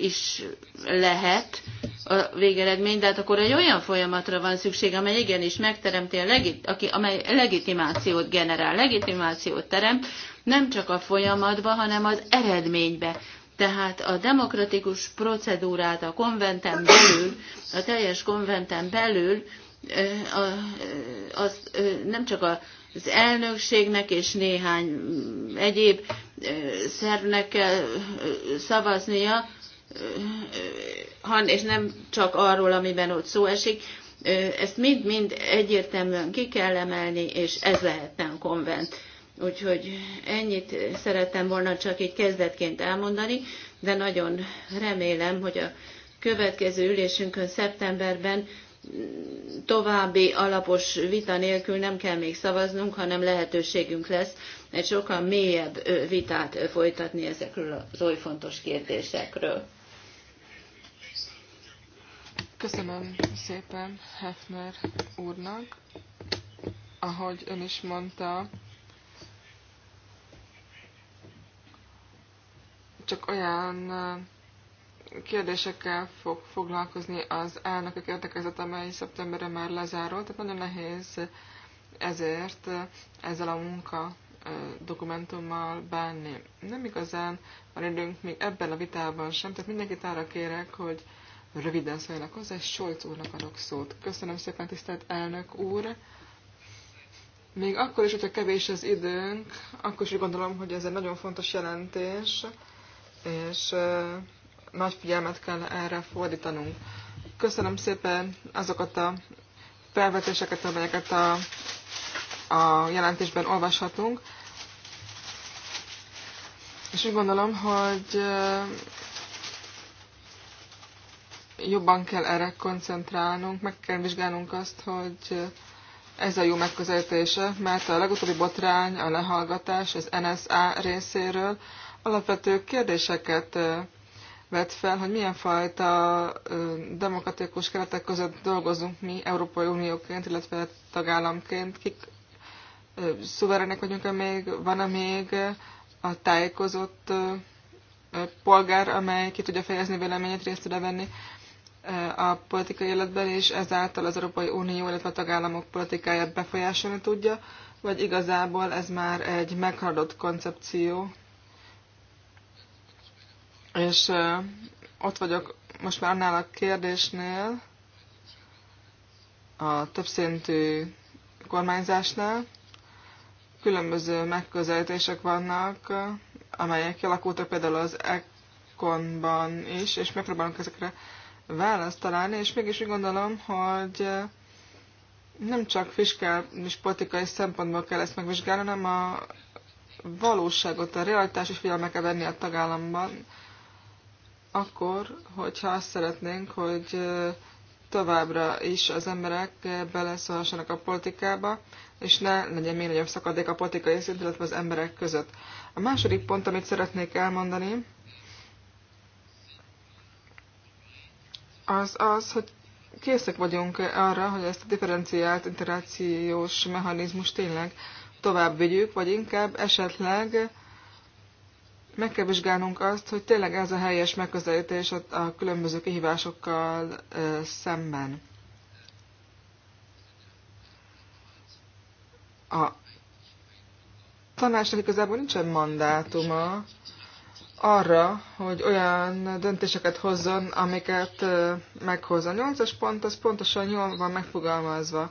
is lehet a végeredmény, de hát akkor egy olyan folyamatra van szükség, amely igenis megteremti a legit, aki, amely legitimációt generál, legitimációt teremt, nem csak a folyamatba, hanem az eredménybe. Tehát a demokratikus procedúrát a konventen belül, a teljes konventen belül, az nem csak az elnökségnek és néhány egyéb szervnek kell szavaznia, han, és nem csak arról, amiben ott szó esik, ezt mind-mind egyértelműen ki kell emelni, és ez lehetne a konvent. Úgyhogy ennyit szerettem volna csak így kezdetként elmondani, de nagyon remélem, hogy a következő ülésünkön szeptemberben további alapos vita nélkül nem kell még szavaznunk, hanem lehetőségünk lesz egy sokkal mélyebb vitát folytatni ezekről az oly fontos kérdésekről. Köszönöm szépen Hefner úrnak. Ahogy ön is mondta, csak olyan kérdésekkel fog foglalkozni az elnökök értekezet, amely szeptemberre már lezárult, tehát nagyon nehéz ezért eh, ezzel a munka eh, dokumentummal bánni. Nem igazán van időnk még ebben a vitában sem, tehát mindenkit arra kérek, hogy röviden szóljanak hozzá, és Solc úrnak adok szót. Köszönöm szépen, tisztelt elnök úr! Még akkor is, hogyha kevés az időnk, akkor is gondolom, hogy ez egy nagyon fontos jelentés, és eh, nagy figyelmet kell erre fordítanunk. Köszönöm szépen azokat a felvetéseket, amelyeket a, a jelentésben olvashatunk. És úgy gondolom, hogy jobban kell erre koncentrálnunk, meg kell vizsgálnunk azt, hogy ez a jó megközelítése, mert a legutóbbi botrány, a lehallgatás az NSA részéről alapvető kérdéseket vett fel, hogy milyen fajta demokratikus keretek között dolgozunk mi Európai Unióként, illetve tagállamként, kik szuverenek vagyunk-e még, van-e még a tájékozott polgár, amely ki tudja fejezni véleményét, részt tud venni a politikai életben, és ezáltal az Európai Unió, illetve a tagállamok politikáját befolyásolni tudja, vagy igazából ez már egy meghaladott koncepció, és ott vagyok most már annál a kérdésnél, a többszintű kormányzásnál. Különböző megközelítések vannak, amelyek kialakultak például az ekonban is, és megpróbálunk ezekre választ találni, és mégis úgy gondolom, hogy nem csak fiskális és politikai szempontból kell ezt megvizsgálni, hanem a valóságot, a realitás is figyelme kell venni a tagállamban, akkor, hogyha azt szeretnénk, hogy továbbra is az emberek beleszólhassanak a politikába, és ne legyen még nagyobb szakadék a politikai szint, illetve az emberek között. A második pont, amit szeretnék elmondani, az az, hogy készek vagyunk arra, hogy ezt a differenciált integrációs mechanizmus tényleg tovább vigyük, vagy inkább esetleg meg kell vizsgálnunk azt, hogy tényleg ez a helyes megközelítés a különböző kihívásokkal szemben. A tanácsnak igazából nincsen mandátuma arra, hogy olyan döntéseket hozzon, amiket meghoz. A nyolcas pont az pontosan jól van megfogalmazva.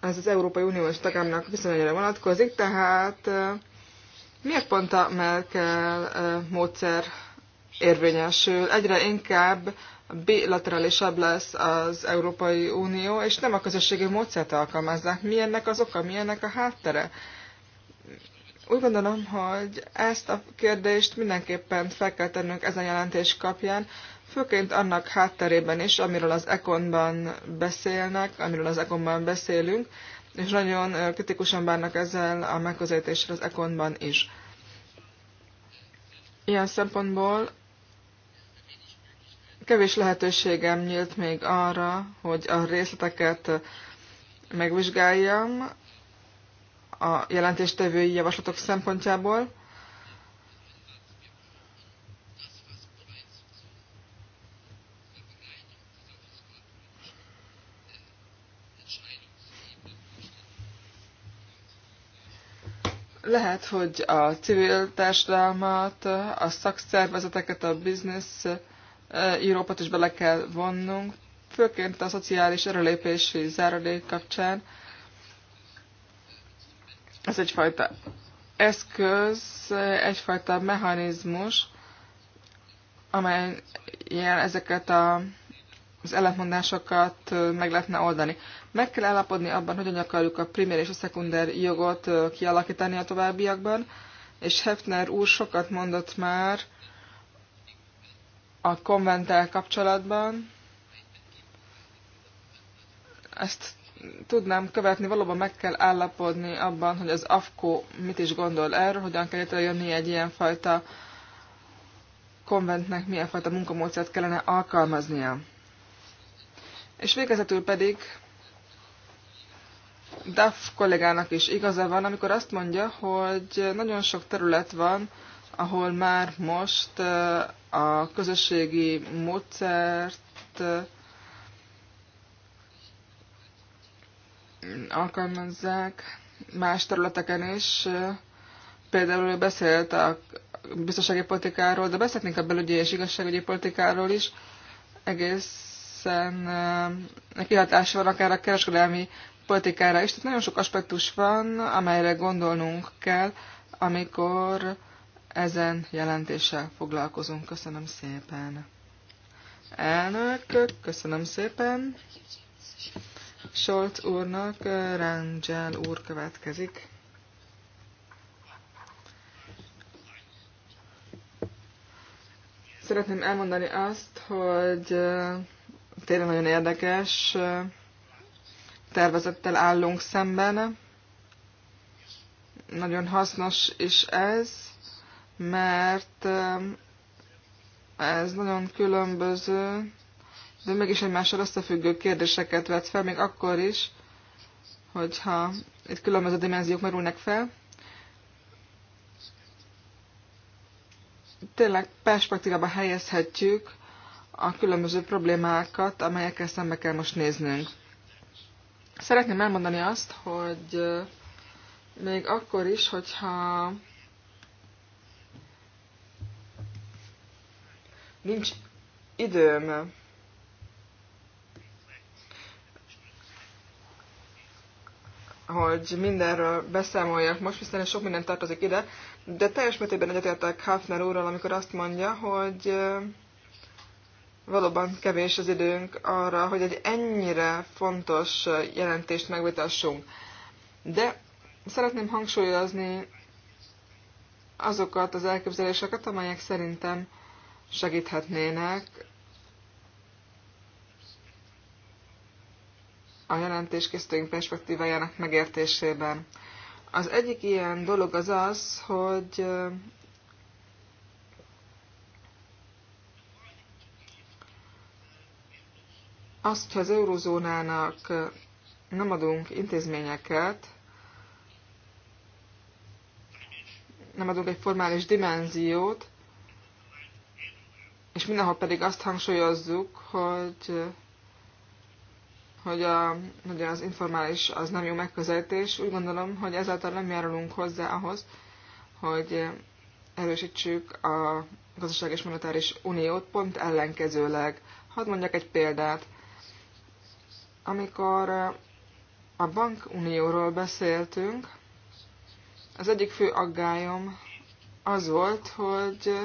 ez az Európai Uniós tagállamnak viszonylag vonatkozik, tehát miért pont a Merkel módszer érvényesül? Egyre inkább bilaterálisabb lesz az Európai Unió, és nem a közösségi módszert alkalmazzák. Milyennek az oka, milyennek a háttere? Úgy gondolom, hogy ezt a kérdést mindenképpen fel kell tennünk ezen jelentés kapján, főként annak hátterében is, amiről az Econban beszélnek, amiről az Econban beszélünk, és nagyon kritikusan bánnak ezzel a megközelítéssel az Econban is. Ilyen szempontból kevés lehetőségem nyílt még arra, hogy a részleteket megvizsgáljam a jelentéstevői javaslatok szempontjából, Lehet, hogy a civil társadalmat, a szakszervezeteket, a biznisz írópat is bele kell vonnunk, főként a szociális erőlépési záradék kapcsán. Ez egyfajta eszköz, egyfajta mechanizmus, amelyen ezeket a az ellentmondásokat meg lehetne oldani. Meg kell állapodni abban, hogyan akarjuk a primér és a szekunder jogot kialakítani a továbbiakban, és Hefner úr sokat mondott már a konventel kapcsolatban. Ezt tudnám követni, valóban meg kell állapodni abban, hogy az AFKO mit is gondol erről, hogyan kell jönni egy ilyenfajta konventnek, milyen fajta munkamódszert kellene alkalmaznia. És végezetül pedig DAF kollégának is igaza van, amikor azt mondja, hogy nagyon sok terület van, ahol már most eh, a közösségi módszert eh, alkalmazzák más területeken is. Például beszélt a biztonsági politikáról, de beszélnénk a belügyi és igazságügyi politikáról is. Egész hiszen eh, kihatása van akár a kereskedelmi politikára is. Tehát nagyon sok aspektus van, amelyre gondolnunk kell, amikor ezen jelentéssel foglalkozunk. Köszönöm szépen. Elnök, köszönöm szépen. Scholz úrnak eh, Rangel úr következik. Szeretném elmondani azt, hogy eh, tényleg nagyon érdekes tervezettel állunk szemben. Nagyon hasznos is ez, mert ez nagyon különböző, de mégis egymással összefüggő kérdéseket vet fel, még akkor is, hogyha itt különböző dimenziók merülnek fel. Tényleg perspektívába helyezhetjük a különböző problémákat, amelyekkel szembe kell most néznünk. Szeretném elmondani azt, hogy még akkor is, hogyha nincs időm hogy mindenről beszámoljak most, hiszen sok minden tartozik ide, de teljes mértékben egyetértek Hafner úrral, amikor azt mondja, hogy valóban kevés az időnk arra, hogy egy ennyire fontos jelentést megvitassunk. De szeretném hangsúlyozni azokat az elképzeléseket, amelyek szerintem segíthetnének a jelentéskészítőink perspektívájának megértésében. Az egyik ilyen dolog az az, hogy azt, hogy az eurozónának nem adunk intézményeket, nem adunk egy formális dimenziót, és mindenhol pedig azt hangsúlyozzuk, hogy, hogy, a, hogy az informális az nem jó megközelítés. Úgy gondolom, hogy ezáltal nem járulunk hozzá ahhoz, hogy erősítsük a gazdaság és monetáris uniót, pont ellenkezőleg. Hadd mondjak egy példát. Amikor a bankunióról beszéltünk, az egyik fő aggályom az volt, hogy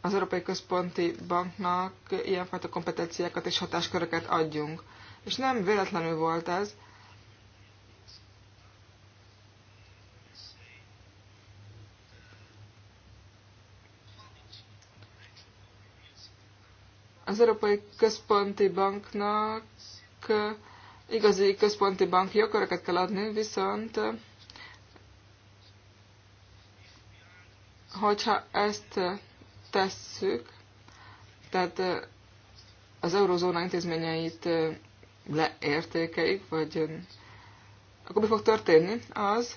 az Európai Központi Banknak ilyenfajta kompetenciákat és hatásköröket adjunk. És nem véletlenül volt ez, Az Európai Központi Banknak igazi központi banki jogköröket kell adni, viszont hogyha ezt tesszük, tehát az eurozóna intézményeit leértékeik, vagy akkor mi fog történni? Az,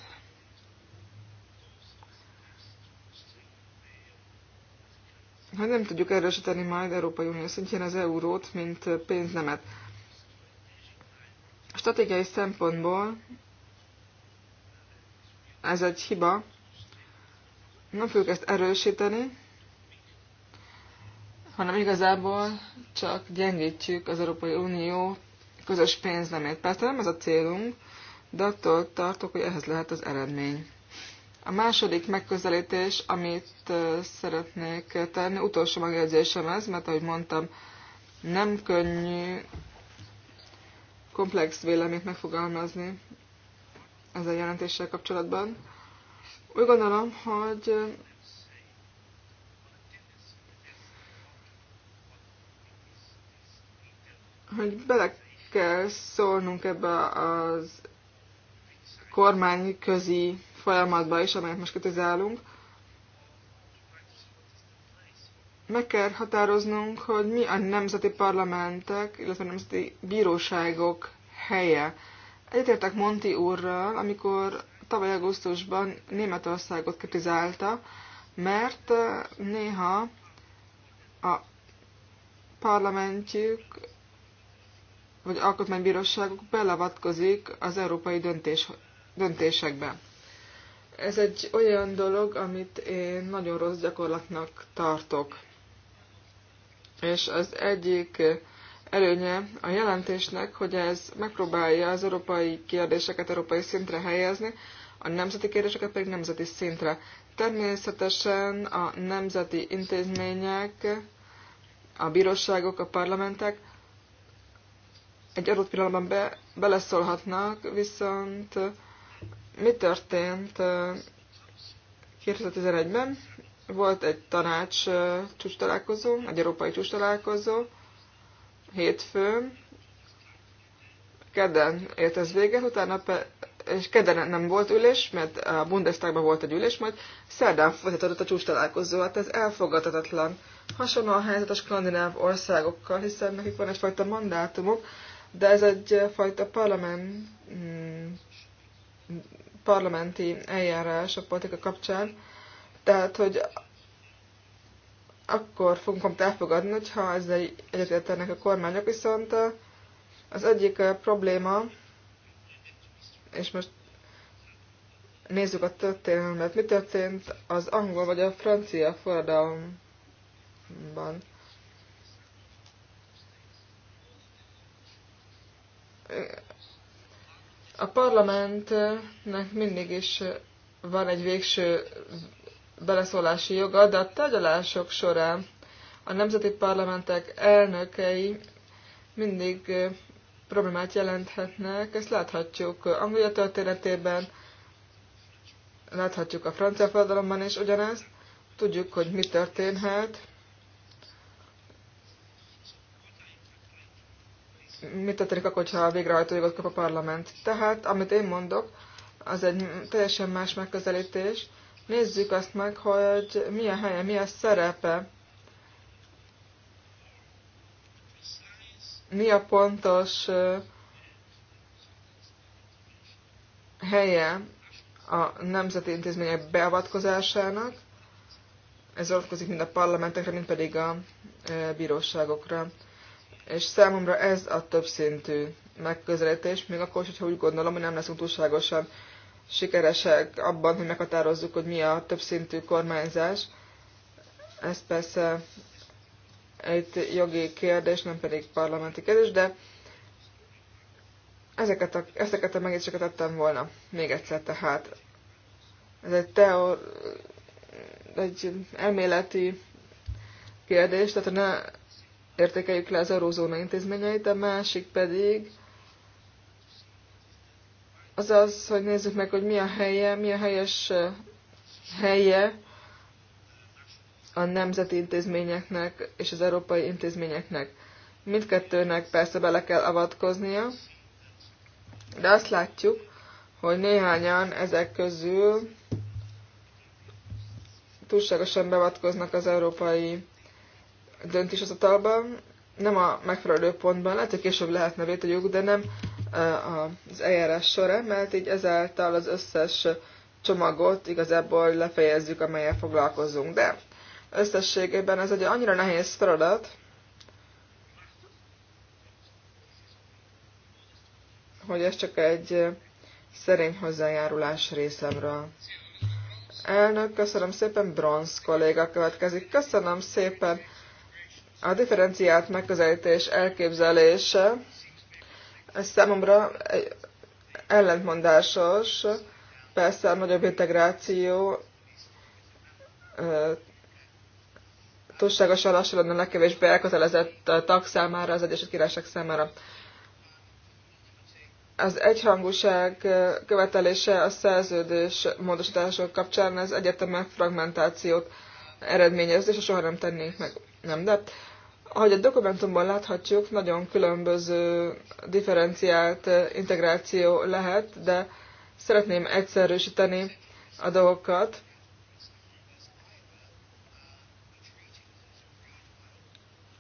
Ha hát nem tudjuk erősíteni majd Európai Unió szintjén az eurót, mint pénznemet. A stratégiai szempontból ez egy hiba. Nem fogjuk ezt erősíteni, hanem igazából csak gyengítjük az Európai Unió közös pénznemét. Persze nem ez a célunk, de attól tartok, hogy ehhez lehet az eredmény. A második megközelítés, amit szeretnék tenni, utolsó megjegyzésem ez, mert ahogy mondtam, nem könnyű komplex véleményt megfogalmazni ezzel a jelentéssel kapcsolatban. Úgy gondolom, hogy hogy bele kell szólnunk ebbe az kormányközi folyamatba is, amelyet most kritizálunk. Meg kell határoznunk, hogy mi a nemzeti parlamentek, illetve a nemzeti bíróságok helye. Egyetértek Monti úrral, amikor tavaly augusztusban Németországot kritizálta, mert eh, néha a parlamentjük vagy alkotmánybíróságok belavatkozik az európai döntés, döntésekbe. Ez egy olyan dolog, amit én nagyon rossz gyakorlatnak tartok. És az egyik előnye a jelentésnek, hogy ez megpróbálja az európai kérdéseket európai szintre helyezni, a nemzeti kérdéseket pedig nemzeti szintre. Természetesen a nemzeti intézmények, a bíróságok, a parlamentek egy adott pillanatban be, beleszólhatnak, viszont mi történt 2011-ben? Volt egy tanács csúcs találkozó, egy európai csúcs találkozó, hétfőn, kedden ért ez véget, utána pe, és kedden nem volt ülés, mert a Bundestagban volt egy ülés, majd szerdán folytatódott a csúcs találkozó, hát ez elfogadhatatlan. Hasonló a helyzet a skandináv országokkal, hiszen nekik van egyfajta mandátumok, de ez egyfajta parlament hmm, parlamenti eljárás a politika kapcsán, tehát, hogy akkor fogunk amit elfogadni, hogyha ezzel egyetértenek a kormányok, viszont az egyik probléma, és most nézzük a történelmet, mi történt az angol vagy a francia forradalomban. A parlamentnek mindig is van egy végső beleszólási joga, de a tárgyalások során a nemzeti parlamentek elnökei mindig problémát jelenthetnek. Ezt láthatjuk Anglia történetében, láthatjuk a francia forradalomban is ugyanezt. Tudjuk, hogy mi történhet, mit tettek, hogyha a végrehajtó kap a parlament. Tehát, amit én mondok, az egy teljesen más megközelítés. Nézzük azt meg, hogy milyen helye, milyen szerepe, mi a pontos helye a nemzeti intézmények beavatkozásának. Ez vonatkozik mind a parlamentekre, mind pedig a bíróságokra és számomra ez a többszintű megközelítés, még akkor is, hogyha úgy gondolom, hogy nem leszünk túlságosan sikeresek abban, hogy meghatározzuk, hogy mi a többszintű kormányzás. Ez persze egy jogi kérdés, nem pedig parlamenti kérdés, de ezeket a, ezeket a megjegyzéseket tettem volna. Még egyszer tehát. Ez egy teor, egy elméleti kérdés, tehát ne értékeljük le az eurózóna intézményeit, a másik pedig az az, hogy nézzük meg, hogy mi a helye, mi a helyes helye a nemzeti intézményeknek és az európai intézményeknek. Mindkettőnek persze bele kell avatkoznia, de azt látjuk, hogy néhányan ezek közül túlságosan beavatkoznak az európai döntéshozatalban, nem a megfelelő pontban, lehet, hogy később lehetne vétegyük, de nem az eljárás során, mert így ezáltal az összes csomagot igazából lefejezzük, amelyel foglalkozunk. De összességében ez egy annyira nehéz feladat, hogy ez csak egy szerény hozzájárulás részemről. Elnök, köszönöm szépen, Bronz kolléga következik. Köszönöm szépen, a differenciált megközelítés elképzelése ez számomra ellentmondásos, persze a nagyobb integráció túlságosan lassan lenne a legkevésbé elkötelezett tag számára, az Egyesült Királyság számára. Az egyhangúság követelése a szerződés módosítások kapcsán az egyetemek fragmentációt eredményez, és soha nem tennénk meg. Nem, de ahogy a dokumentumban láthatjuk, nagyon különböző differenciált eh, integráció lehet, de szeretném egyszerűsíteni a dolgokat.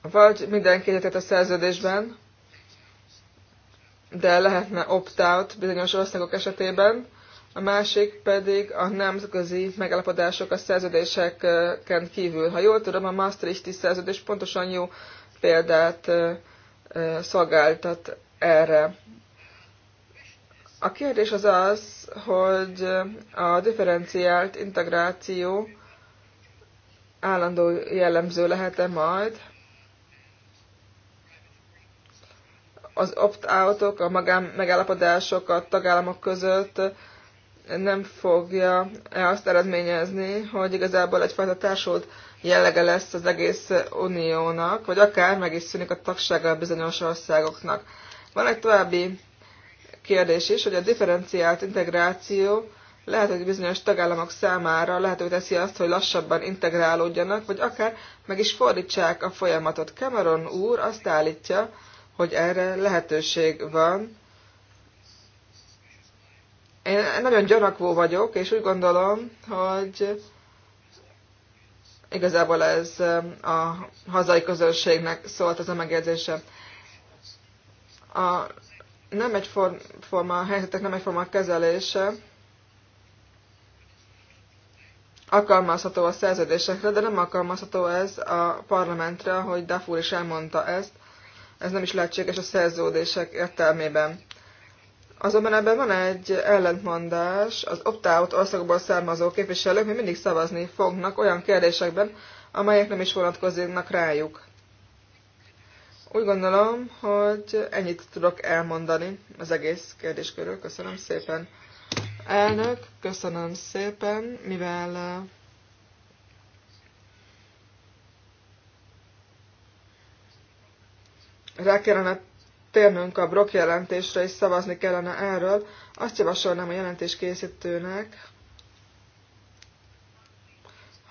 Vagy mindenki egyetett a szerződésben, de lehetne opt-out bizonyos országok esetében, a másik pedig a nemzetközi megállapodások a szerződéseken kívül. Ha jól tudom, a Maastrichti szerződés pontosan jó példát szolgáltat erre. A kérdés az az, hogy a differenciált integráció állandó jellemző lehet-e majd az opt-outok, a magán megállapodások a tagállamok között nem fogja azt eredményezni, hogy igazából egyfajta társult jellege lesz az egész uniónak, vagy akár meg is szűnik a tagsága bizonyos országoknak. Van egy további kérdés is, hogy a differenciált integráció lehet, hogy bizonyos tagállamok számára lehetővé teszi azt, hogy lassabban integrálódjanak, vagy akár meg is fordítsák a folyamatot. Cameron úr azt állítja, hogy erre lehetőség van, én nagyon gyanakvó vagyok, és úgy gondolom, hogy igazából ez eh, a hazai közönségnek szólt az a megjegyzése. A nem egyforma helyzetek, nem egyforma kezelése alkalmazható a szerződésekre, de nem alkalmazható ez a parlamentre, hogy Dafur is elmondta ezt. Ez nem is lehetséges a szerződések értelmében. Azonban ebben van egy ellentmondás, az opt-out országból származó képviselők még mindig szavazni fognak olyan kérdésekben, amelyek nem is vonatkoznak rájuk. Úgy gondolom, hogy ennyit tudok elmondani az egész kérdéskörről. Köszönöm szépen. Elnök, köszönöm szépen, mivel uh, rá kellene térnünk a Brock jelentésre, és szavazni kellene erről. Azt javasolnám a jelentés készítőnek,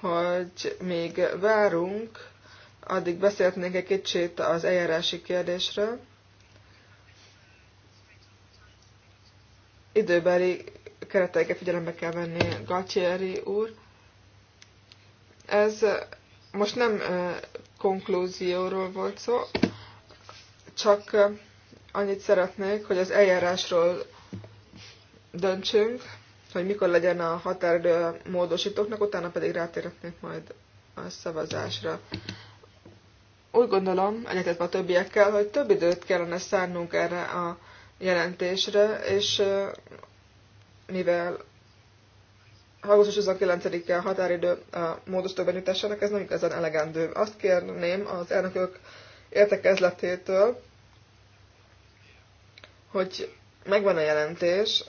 hogy még várunk, addig beszéltnék egy kicsit az eljárási kérdésről. Időbeli kereteiket figyelembe kell venni, Gatieri úr. Ez most nem konklúzióról volt szó, csak annyit szeretnék, hogy az eljárásról döntsünk, hogy mikor legyen a határidő a módosítóknak, utána pedig rátérhetnék majd a szavazásra. Úgy gondolom, egyetetve a többiekkel, hogy több időt kellene szánnunk erre a jelentésre, és mivel augusztus 29-e a határidő a módosítóban ez nem igazán elegendő. Azt kérném az elnökök értekezletétől, hogy megvan a jelentés,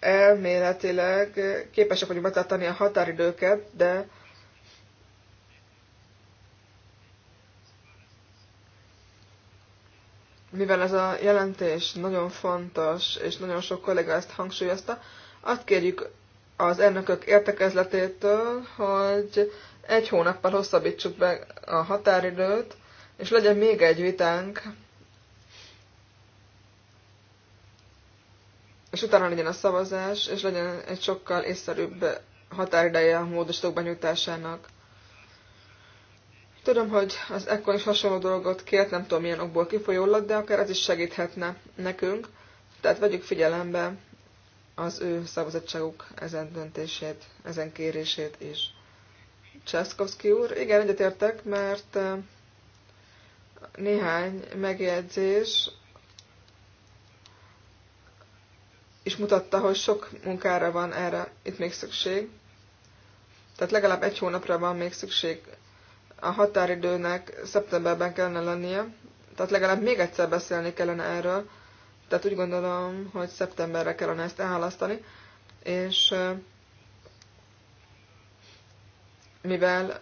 elméletileg képesek vagyunk betartani a határidőket, de mivel ez a jelentés nagyon fontos, és nagyon sok kollega ezt hangsúlyozta, azt kérjük az elnökök értekezletétől, hogy egy hónappal hosszabbítsuk be a határidőt, és legyen még egy vitánk, és utána legyen a szavazás, és legyen egy sokkal észszerűbb határideje a módosítók benyújtásának. Tudom, hogy az ekkor is hasonló dolgot kért, nem tudom milyen okból kifolyólag, de akár ez is segíthetne nekünk, tehát vegyük figyelembe az ő szavazatságuk ezen döntését, ezen kérését is. Császkowski úr, igen, egyetértek, mert néhány megjegyzés is mutatta, hogy sok munkára van erre itt még szükség. Tehát legalább egy hónapra van még szükség. A határidőnek szeptemberben kellene lennie, tehát legalább még egyszer beszélni kellene erről. Tehát úgy gondolom, hogy szeptemberre kellene ezt elhalasztani, és eh, mivel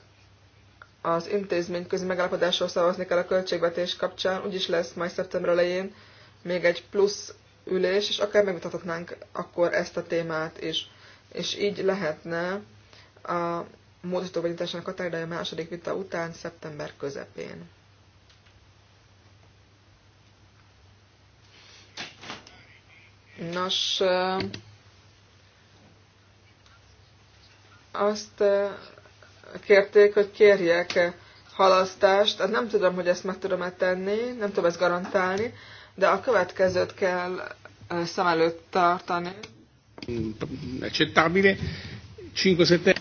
az intézményközi megállapodásról szavazni kell a költségvetés kapcsán, úgyis lesz majd szeptember elején még egy plusz ülés, és akár megmutathatnánk akkor ezt a témát is. És így lehetne a a vegyításának határideje második vita után szeptember közepén. Nos, azt kérték, hogy kérjek halasztást. Hát nem tudom, hogy ezt meg tudom-e tenni, nem tudom ezt garantálni, de a következőt kell szem előtt tartani. Accettabile. 5 szeptember.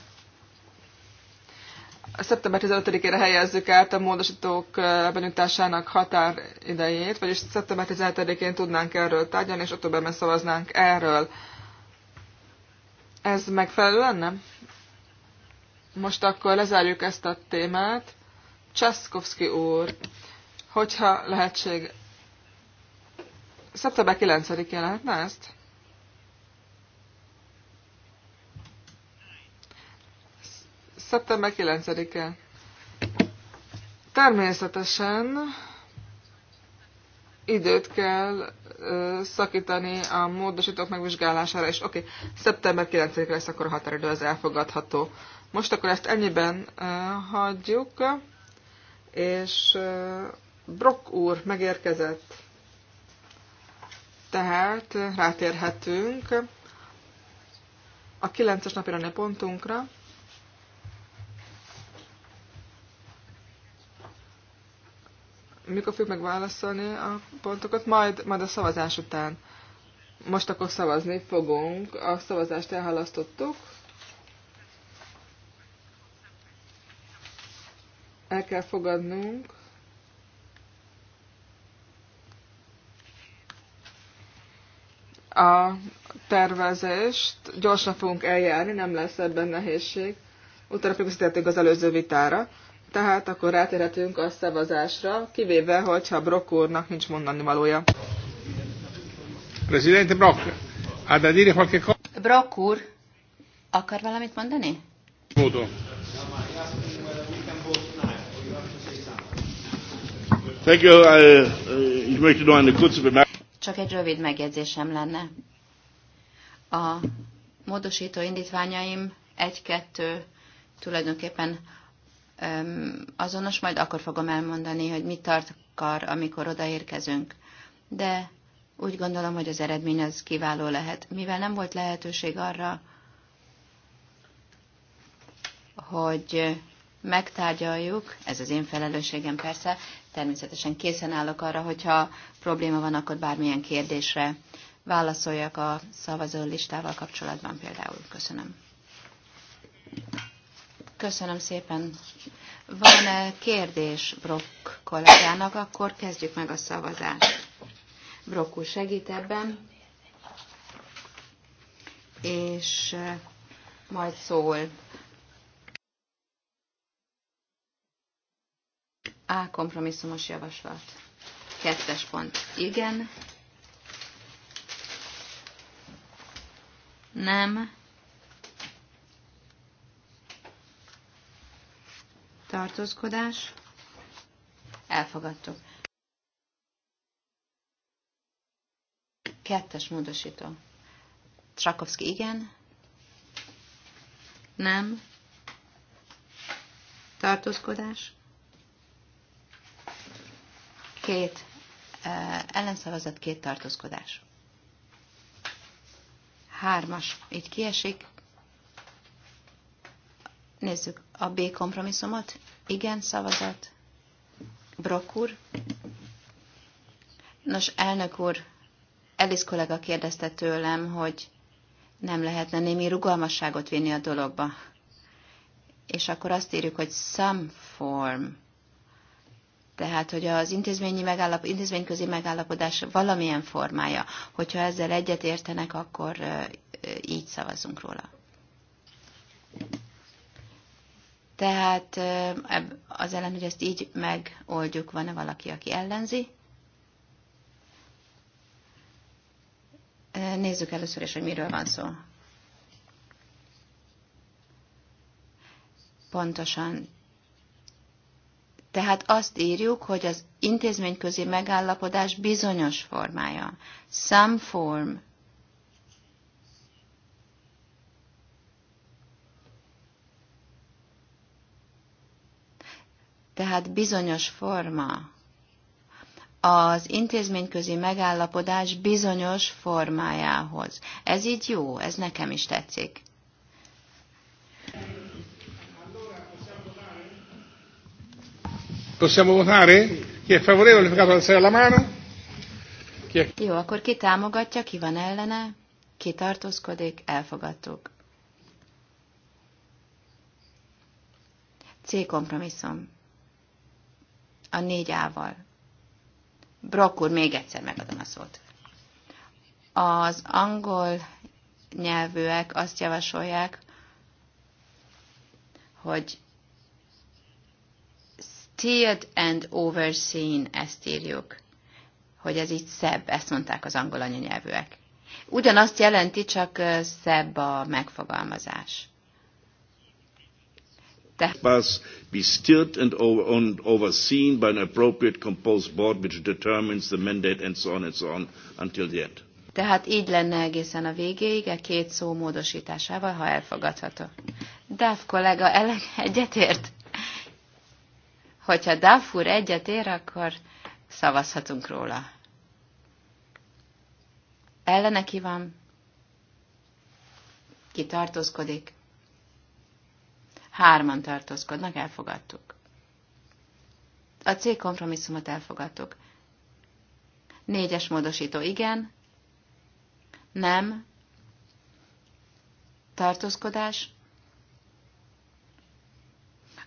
Szeptember 15-ére helyezzük át a módosítók benyújtásának határidejét, vagyis szeptember 17-én tudnánk erről tárgyalni, és októberben szavaznánk erről. Ez megfelelő lenne? Most akkor lezárjuk ezt a témát. Csaszkowski úr, hogyha lehetség... Szeptember 9-én lehetne ezt? Szeptember 9-e. Természetesen időt kell szakítani a módosítók megvizsgálására, és oké, okay, szeptember 9-ig lesz akkor a határidő, az elfogadható. Most akkor ezt ennyiben uh, hagyjuk, és uh, Brock úr megérkezett, tehát rátérhetünk a 9-es napira pontunkra, mikor fogjuk megválaszolni a pontokat, majd, majd a szavazás után. Most akkor szavazni fogunk. A szavazást elhalasztottuk. El kell fogadnunk. A tervezést gyorsan fogunk eljárni, nem lesz ebben nehézség. Utána pedig az előző vitára. Tehát akkor rátérhetünk a szavazásra, kivéve, hogyha Brock úrnak nincs mondani valója. Presidente Brock, ha da dire qualche cosa? Brock úr, akar valamit mondani? Eh, Módon. Csak egy rövid megjegyzésem lenne. A módosító indítványaim egy-kettő tulajdonképpen azonos, majd akkor fogom elmondani, hogy mit tart kar, amikor odaérkezünk. De úgy gondolom, hogy az eredmény az kiváló lehet. Mivel nem volt lehetőség arra, hogy megtárgyaljuk, ez az én felelősségem persze, természetesen készen állok arra, hogyha probléma van, akkor bármilyen kérdésre válaszoljak a szavazó listával kapcsolatban például. Köszönöm. Köszönöm szépen. van -e kérdés Brock kollégának, akkor kezdjük meg a szavazást. Brock úr segít ebben, és majd szól. A kompromisszumos javaslat. Kettes pont. Igen. Nem. tartózkodás, elfogadtuk. Kettes módosító. Trakovszki igen, nem, tartózkodás, két ellenszavazat, két tartózkodás. Hármas, így kiesik. Nézzük a B kompromisszumot. Igen, szavazat. Brok úr. Nos, elnök úr, Elis kollega kérdezte tőlem, hogy nem lehetne némi rugalmasságot vinni a dologba. És akkor azt írjuk, hogy some form. Tehát, hogy az intézményi megállap, intézményközi megállapodás valamilyen formája. Hogyha ezzel egyet értenek, akkor így szavazunk róla. Tehát az ellen, hogy ezt így megoldjuk, van-e valaki, aki ellenzi? Nézzük először is, hogy miről van szó. Pontosan. Tehát azt írjuk, hogy az intézményközi megállapodás bizonyos formája. Some form Tehát bizonyos forma. Az intézményközi megállapodás bizonyos formájához. Ez így jó, ez nekem is tetszik. Possiamo votare? Chi è favorevole, ficato alzare la mano. Chi è... Jó, akkor ki támogatja, ki van ellene, ki tartózkodik, elfogadtuk. C kompromisszum a négy ával. Brokkur, még egyszer megadom a szót. Az angol nyelvűek azt javasolják, hogy steered and overseen, ezt írjuk, hogy ez így szebb, ezt mondták az angol anyanyelvűek. Ugyanazt jelenti, csak szebb a megfogalmazás. Must be steered and overseen by an appropriate composed board which determines the mandate and so on and so on until the end. Tehát így lenne egészen a végéig, a e két szó módosításával, ha elfogadható. Dáv kollega eleg egyetért? Hogyha Dáv úr egyetér, akkor szavazhatunk róla. Ellene ki van? Ki tartózkodik? hárman tartózkodnak, elfogadtuk. A C kompromisszumot elfogadtuk. Négyes módosító igen, nem, tartózkodás.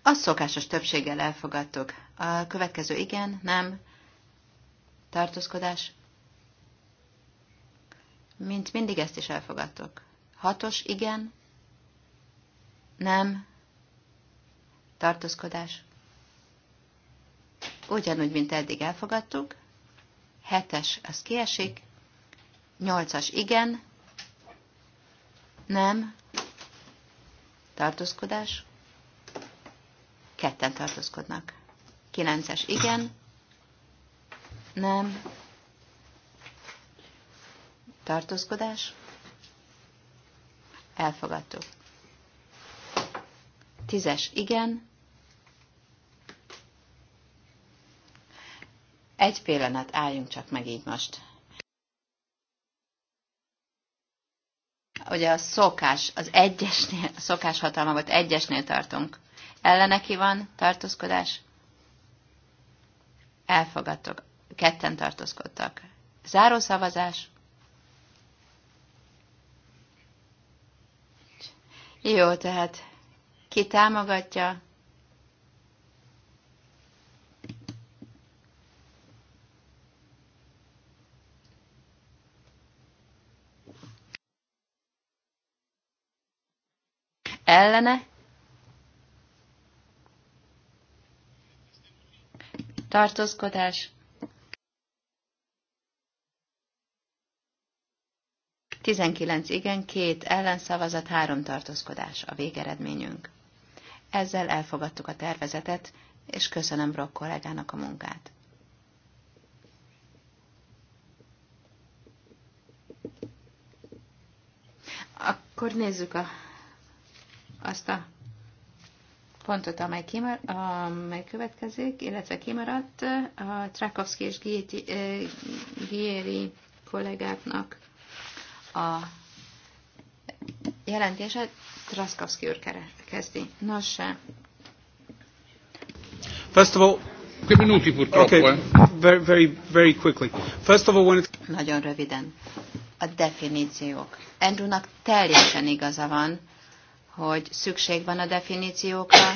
A szokásos többséggel elfogadtuk. A következő igen, nem, tartózkodás. Mint mindig ezt is elfogadtuk. Hatos igen, nem, tartózkodás. Ugyanúgy, mint eddig elfogadtuk. Hetes, az kiesik. Nyolcas, igen. Nem. Tartózkodás. Ketten tartózkodnak. Kilences, igen. Nem. Tartózkodás. Elfogadtuk. Tízes, igen. Egy pillanat, álljunk csak meg így most. Ugye a szokás, az egyesnél, a szokás hatalma volt, egyesnél tartunk. Ellene ki van tartózkodás? Elfogadtok. Ketten tartózkodtak. Záró szavazás? Jó, tehát ki támogatja? ellene, tartózkodás, Tizenkilenc igen, két ellenszavazat, három tartózkodás a végeredményünk. Ezzel elfogadtuk a tervezetet, és köszönöm Brock kollégának a munkát. Akkor nézzük a azt a pontot, amely, kimar, amely következik, illetve kimaradt a Trakowski és eh, Gieri kollégáknak a jelentése. Traskowski úr kezdi. Nos, First of all, minuti Okay. Eh? Very, very, very quickly. First of all, when Nagyon röviden. A definíciók. Andrewnak teljesen igaza van hogy szükség van a definíciókra,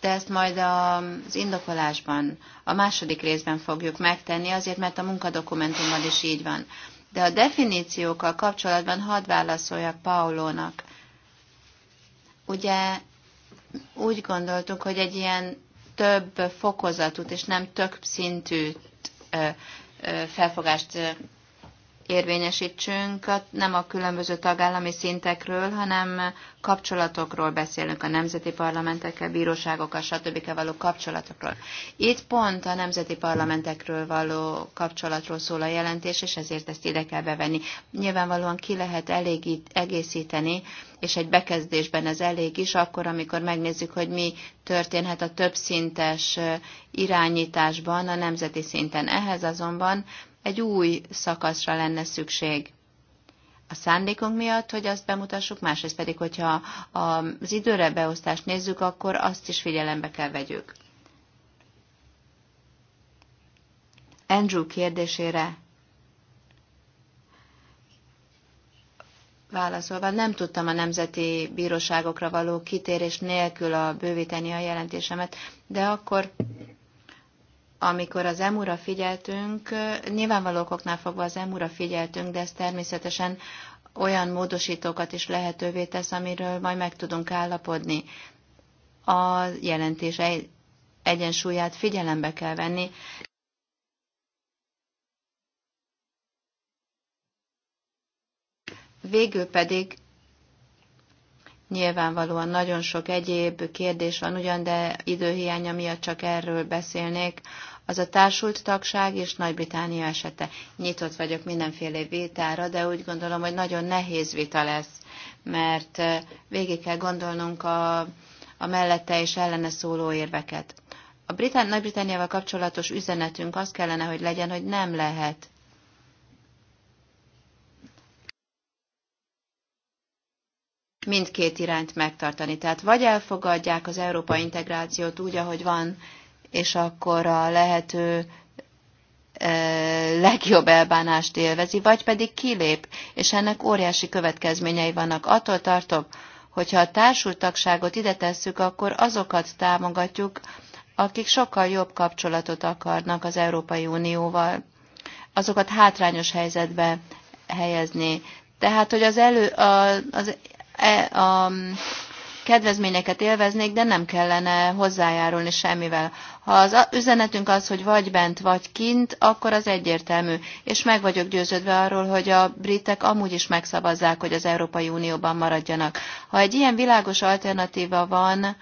de ezt majd az indokolásban, a második részben fogjuk megtenni, azért mert a munkadokumentumban is így van. De a definíciókkal kapcsolatban hadd válaszoljak Paulónak. Ugye úgy gondoltuk, hogy egy ilyen több fokozatot és nem több szintű felfogást érvényesítsünk, nem a különböző tagállami szintekről, hanem kapcsolatokról beszélünk, a nemzeti parlamentekkel, bíróságokkal, stb. való kapcsolatokról. Itt pont a nemzeti parlamentekről való kapcsolatról szól a jelentés, és ezért ezt ide kell bevenni. Nyilvánvalóan ki lehet elégít, egészíteni, és egy bekezdésben ez elég is, akkor, amikor megnézzük, hogy mi történhet a többszintes irányításban a nemzeti szinten. Ehhez azonban egy új szakaszra lenne szükség. A szándékunk miatt, hogy azt bemutassuk, másrészt pedig, hogyha az időre beosztást nézzük, akkor azt is figyelembe kell vegyük. Andrew kérdésére válaszolva, nem tudtam a nemzeti bíróságokra való kitérés nélkül a bővíteni a jelentésemet, de akkor amikor az emura figyeltünk, nyilvánvaló okoknál fogva az emura figyeltünk, de ez természetesen olyan módosítókat is lehetővé tesz, amiről majd meg tudunk állapodni. A jelentés egyensúlyát figyelembe kell venni. Végül pedig nyilvánvalóan nagyon sok egyéb kérdés van ugyan, de időhiánya miatt csak erről beszélnék az a társult tagság és Nagy-Británia esete. Nyitott vagyok mindenféle vitára, de úgy gondolom, hogy nagyon nehéz vita lesz, mert végig kell gondolnunk a, a mellette és ellene szóló érveket. A Britán, Nagy-Britániával kapcsolatos üzenetünk az kellene, hogy legyen, hogy nem lehet mindkét irányt megtartani. Tehát vagy elfogadják az európai integrációt úgy, ahogy van, és akkor a lehető legjobb elbánást élvezi, vagy pedig kilép, és ennek óriási következményei vannak. Attól tartok, hogyha a társultagságot ide tesszük, akkor azokat támogatjuk, akik sokkal jobb kapcsolatot akarnak az Európai Unióval, azokat hátrányos helyzetbe helyezni. Tehát, hogy az elő, a, az, e, a, a kedvezményeket élveznék, de nem kellene hozzájárulni semmivel. Ha az üzenetünk az, hogy vagy bent, vagy kint, akkor az egyértelmű, és meg vagyok győződve arról, hogy a britek amúgy is megszavazzák, hogy az Európai Unióban maradjanak. Ha egy ilyen világos alternatíva van,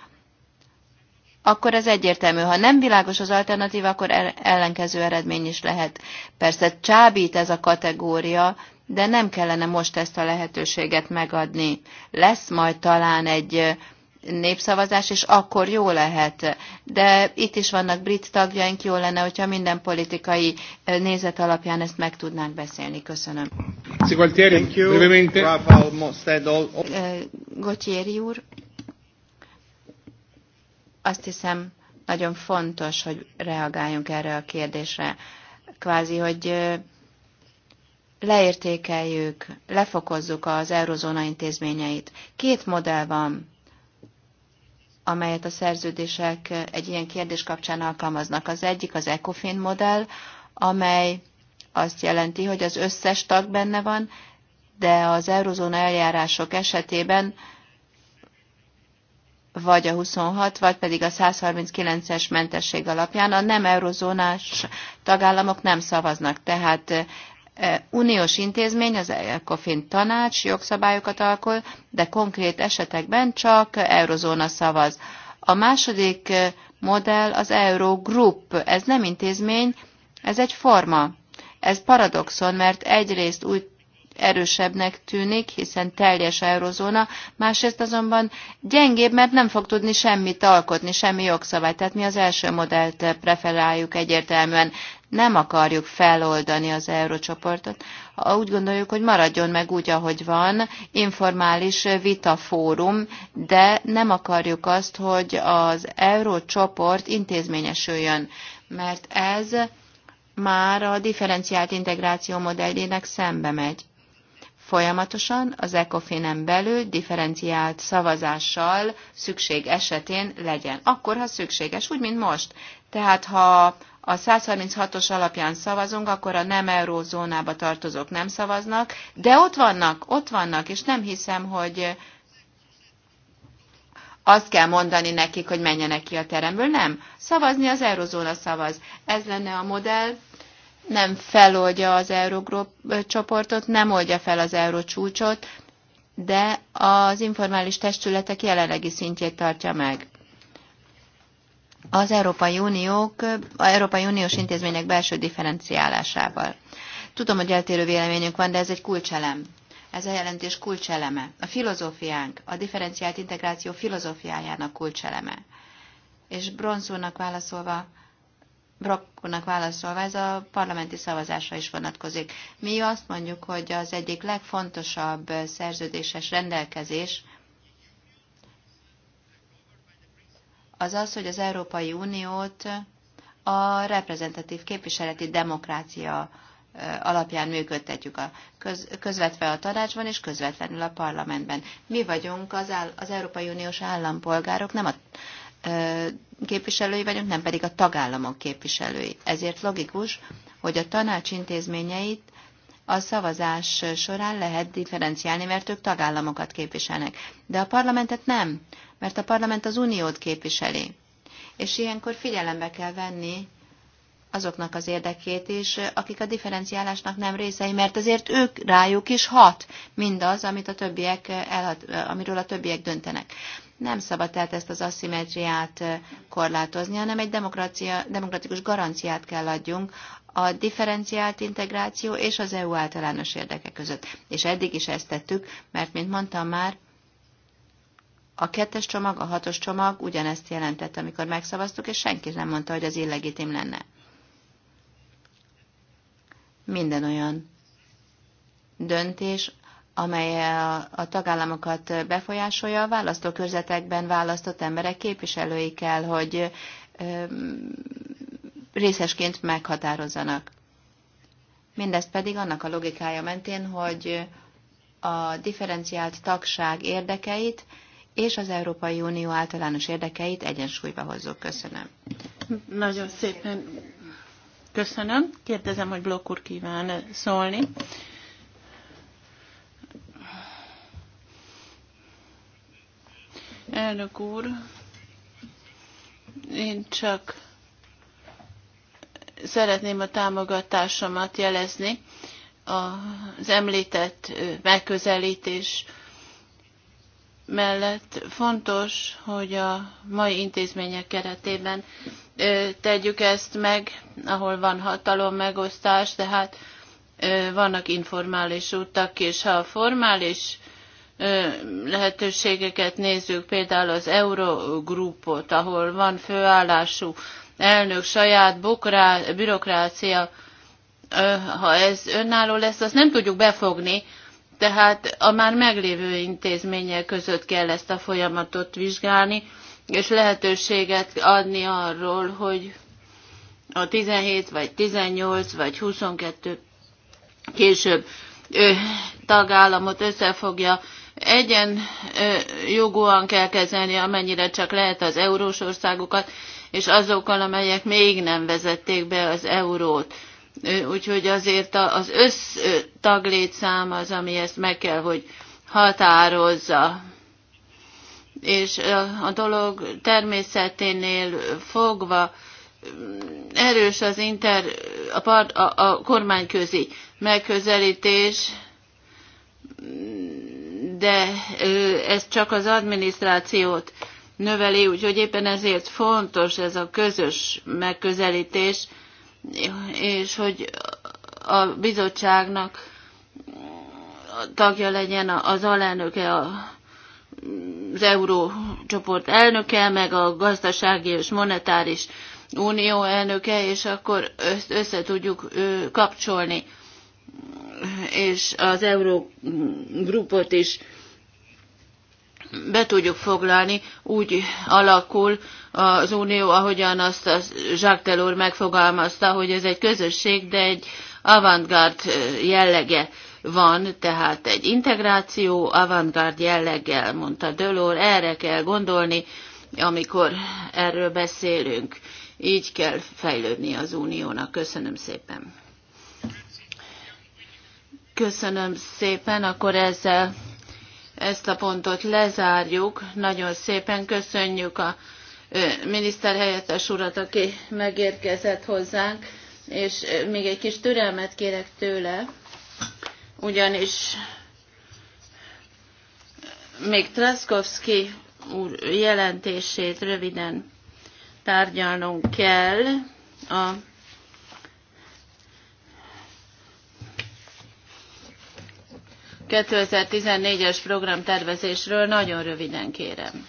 akkor ez egyértelmű. Ha nem világos az alternatíva, akkor ellenkező eredmény is lehet. Persze csábít ez a kategória, de nem kellene most ezt a lehetőséget megadni. Lesz majd talán egy népszavazás, és akkor jó lehet. De itt is vannak brit tagjaink, jó lenne, hogyha minden politikai nézet alapján ezt meg tudnánk beszélni. Köszönöm. Gotyéri úr, azt hiszem nagyon fontos, hogy reagáljunk erre a kérdésre. Kvázi, hogy leértékeljük, lefokozzuk az eurozóna intézményeit. Két modell van, amelyet a szerződések egy ilyen kérdés kapcsán alkalmaznak. Az egyik az ECOFIN modell, amely azt jelenti, hogy az összes tag benne van, de az eurozóna eljárások esetében vagy a 26, vagy pedig a 139-es mentesség alapján a nem eurozónás tagállamok nem szavaznak. Tehát E, uniós intézmény, az ECOFIN tanács jogszabályokat alkol, de konkrét esetekben csak eurozóna szavaz. A második e, modell az Eurogroup. Ez nem intézmény, ez egy forma. Ez paradoxon, mert egyrészt úgy erősebbnek tűnik, hiszen teljes eurozóna, másrészt azonban gyengébb, mert nem fog tudni semmit alkotni, semmi jogszabályt. Tehát mi az első modellt preferáljuk egyértelműen nem akarjuk feloldani az eurócsoportot. Úgy gondoljuk, hogy maradjon meg úgy, ahogy van, informális vitafórum, de nem akarjuk azt, hogy az eurócsoport intézményesüljön, mert ez már a differenciált integráció modelljének szembe megy. Folyamatosan az ecofin belül differenciált szavazással szükség esetén legyen. Akkor, ha szükséges, úgy, mint most. Tehát, ha a 136-os alapján szavazunk, akkor a nem eurózónába tartozók nem szavaznak, de ott vannak, ott vannak, és nem hiszem, hogy azt kell mondani nekik, hogy menjenek ki a teremből. Nem. Szavazni az eurozóna szavaz. Ez lenne a modell. Nem feloldja az csoportot, nem oldja fel az eurócsúcsot, de az informális testületek jelenlegi szintjét tartja meg az Európai, Uniók, az Európai Uniós intézmények belső differenciálásával. Tudom, hogy eltérő véleményünk van, de ez egy kulcselem. Ez a jelentés kulcseleme. A filozófiánk, a differenciált integráció filozófiájának kulcseleme. És Bronzónak válaszolva, Brokkonak válaszolva, ez a parlamenti szavazásra is vonatkozik. Mi azt mondjuk, hogy az egyik legfontosabb szerződéses rendelkezés az az, hogy az Európai Uniót a reprezentatív képviseleti demokrácia alapján működtetjük a köz, közvetve a tanácsban és közvetlenül a parlamentben. Mi vagyunk az, áll, az Európai Uniós állampolgárok, nem a ö, képviselői vagyunk, nem pedig a tagállamok képviselői. Ezért logikus, hogy a tanács intézményeit a szavazás során lehet differenciálni, mert ők tagállamokat képviselnek. De a parlamentet nem mert a parlament az uniót képviseli. És ilyenkor figyelembe kell venni azoknak az érdekét is, akik a differenciálásnak nem részei, mert azért ők rájuk is hat mindaz, amit a többiek elhat, amiről a többiek döntenek. Nem szabad tehát ezt az aszimetriát korlátozni, hanem egy demokratikus garanciát kell adjunk a differenciált integráció és az EU általános érdeke között. És eddig is ezt tettük, mert, mint mondtam már, a kettes csomag, a hatos csomag ugyanezt jelentett, amikor megszavaztuk, és senki nem mondta, hogy az illegitim lenne. Minden olyan döntés, amely a, a tagállamokat befolyásolja, a választókörzetekben választott emberek képviselői kell, hogy ö, részesként meghatározzanak. Mindezt pedig annak a logikája mentén, hogy a differenciált tagság érdekeit és az Európai Unió általános érdekeit egyensúlyba hozzuk. Köszönöm. Nagyon szépen köszönöm. Kérdezem, hogy Blokk úr kíván szólni. Elnök úr, én csak szeretném a támogatásomat jelezni az említett megközelítés mellett fontos, hogy a mai intézmények keretében tegyük ezt meg, ahol van hatalom megosztás, tehát vannak informális útak és ha a formális lehetőségeket nézzük, például az Eurogrupot, ahol van főállású elnök, saját bukrá, bürokrácia, ha ez önálló lesz, azt nem tudjuk befogni, tehát a már meglévő intézmények között kell ezt a folyamatot vizsgálni, és lehetőséget adni arról, hogy a 17 vagy 18 vagy 22 később ö, tagállamot összefogja, egyen ö, jogúan kell kezelni, amennyire csak lehet az eurós országokat, és azokkal, amelyek még nem vezették be az eurót Úgyhogy azért az össztaglétszám az, ami ezt meg kell, hogy határozza. És a dolog természeténél fogva erős az inter, a, part, a, a kormányközi megközelítés, de ez csak az adminisztrációt növeli, úgyhogy éppen ezért fontos ez a közös megközelítés, és hogy a bizottságnak tagja legyen az alelnöke, az eurócsoport elnöke, meg a gazdasági és monetáris unió elnöke, és akkor ezt össze tudjuk kapcsolni, és az eurógrupot is be tudjuk foglalni, úgy alakul az Unió, ahogyan azt a Jacques Delors megfogalmazta, hogy ez egy közösség, de egy avantgard jellege van, tehát egy integráció avantgard jelleggel, mondta Delors, erre kell gondolni, amikor erről beszélünk. Így kell fejlődni az uniónak. Köszönöm szépen. Köszönöm szépen, akkor ezzel ezt a pontot lezárjuk. Nagyon szépen köszönjük a miniszterhelyettes urat, aki megérkezett hozzánk, és még egy kis türelmet kérek tőle, ugyanis még Traszkowski úr jelentését röviden tárgyalnunk kell. A ...2014-es programtervezésről nagyon röviden kérem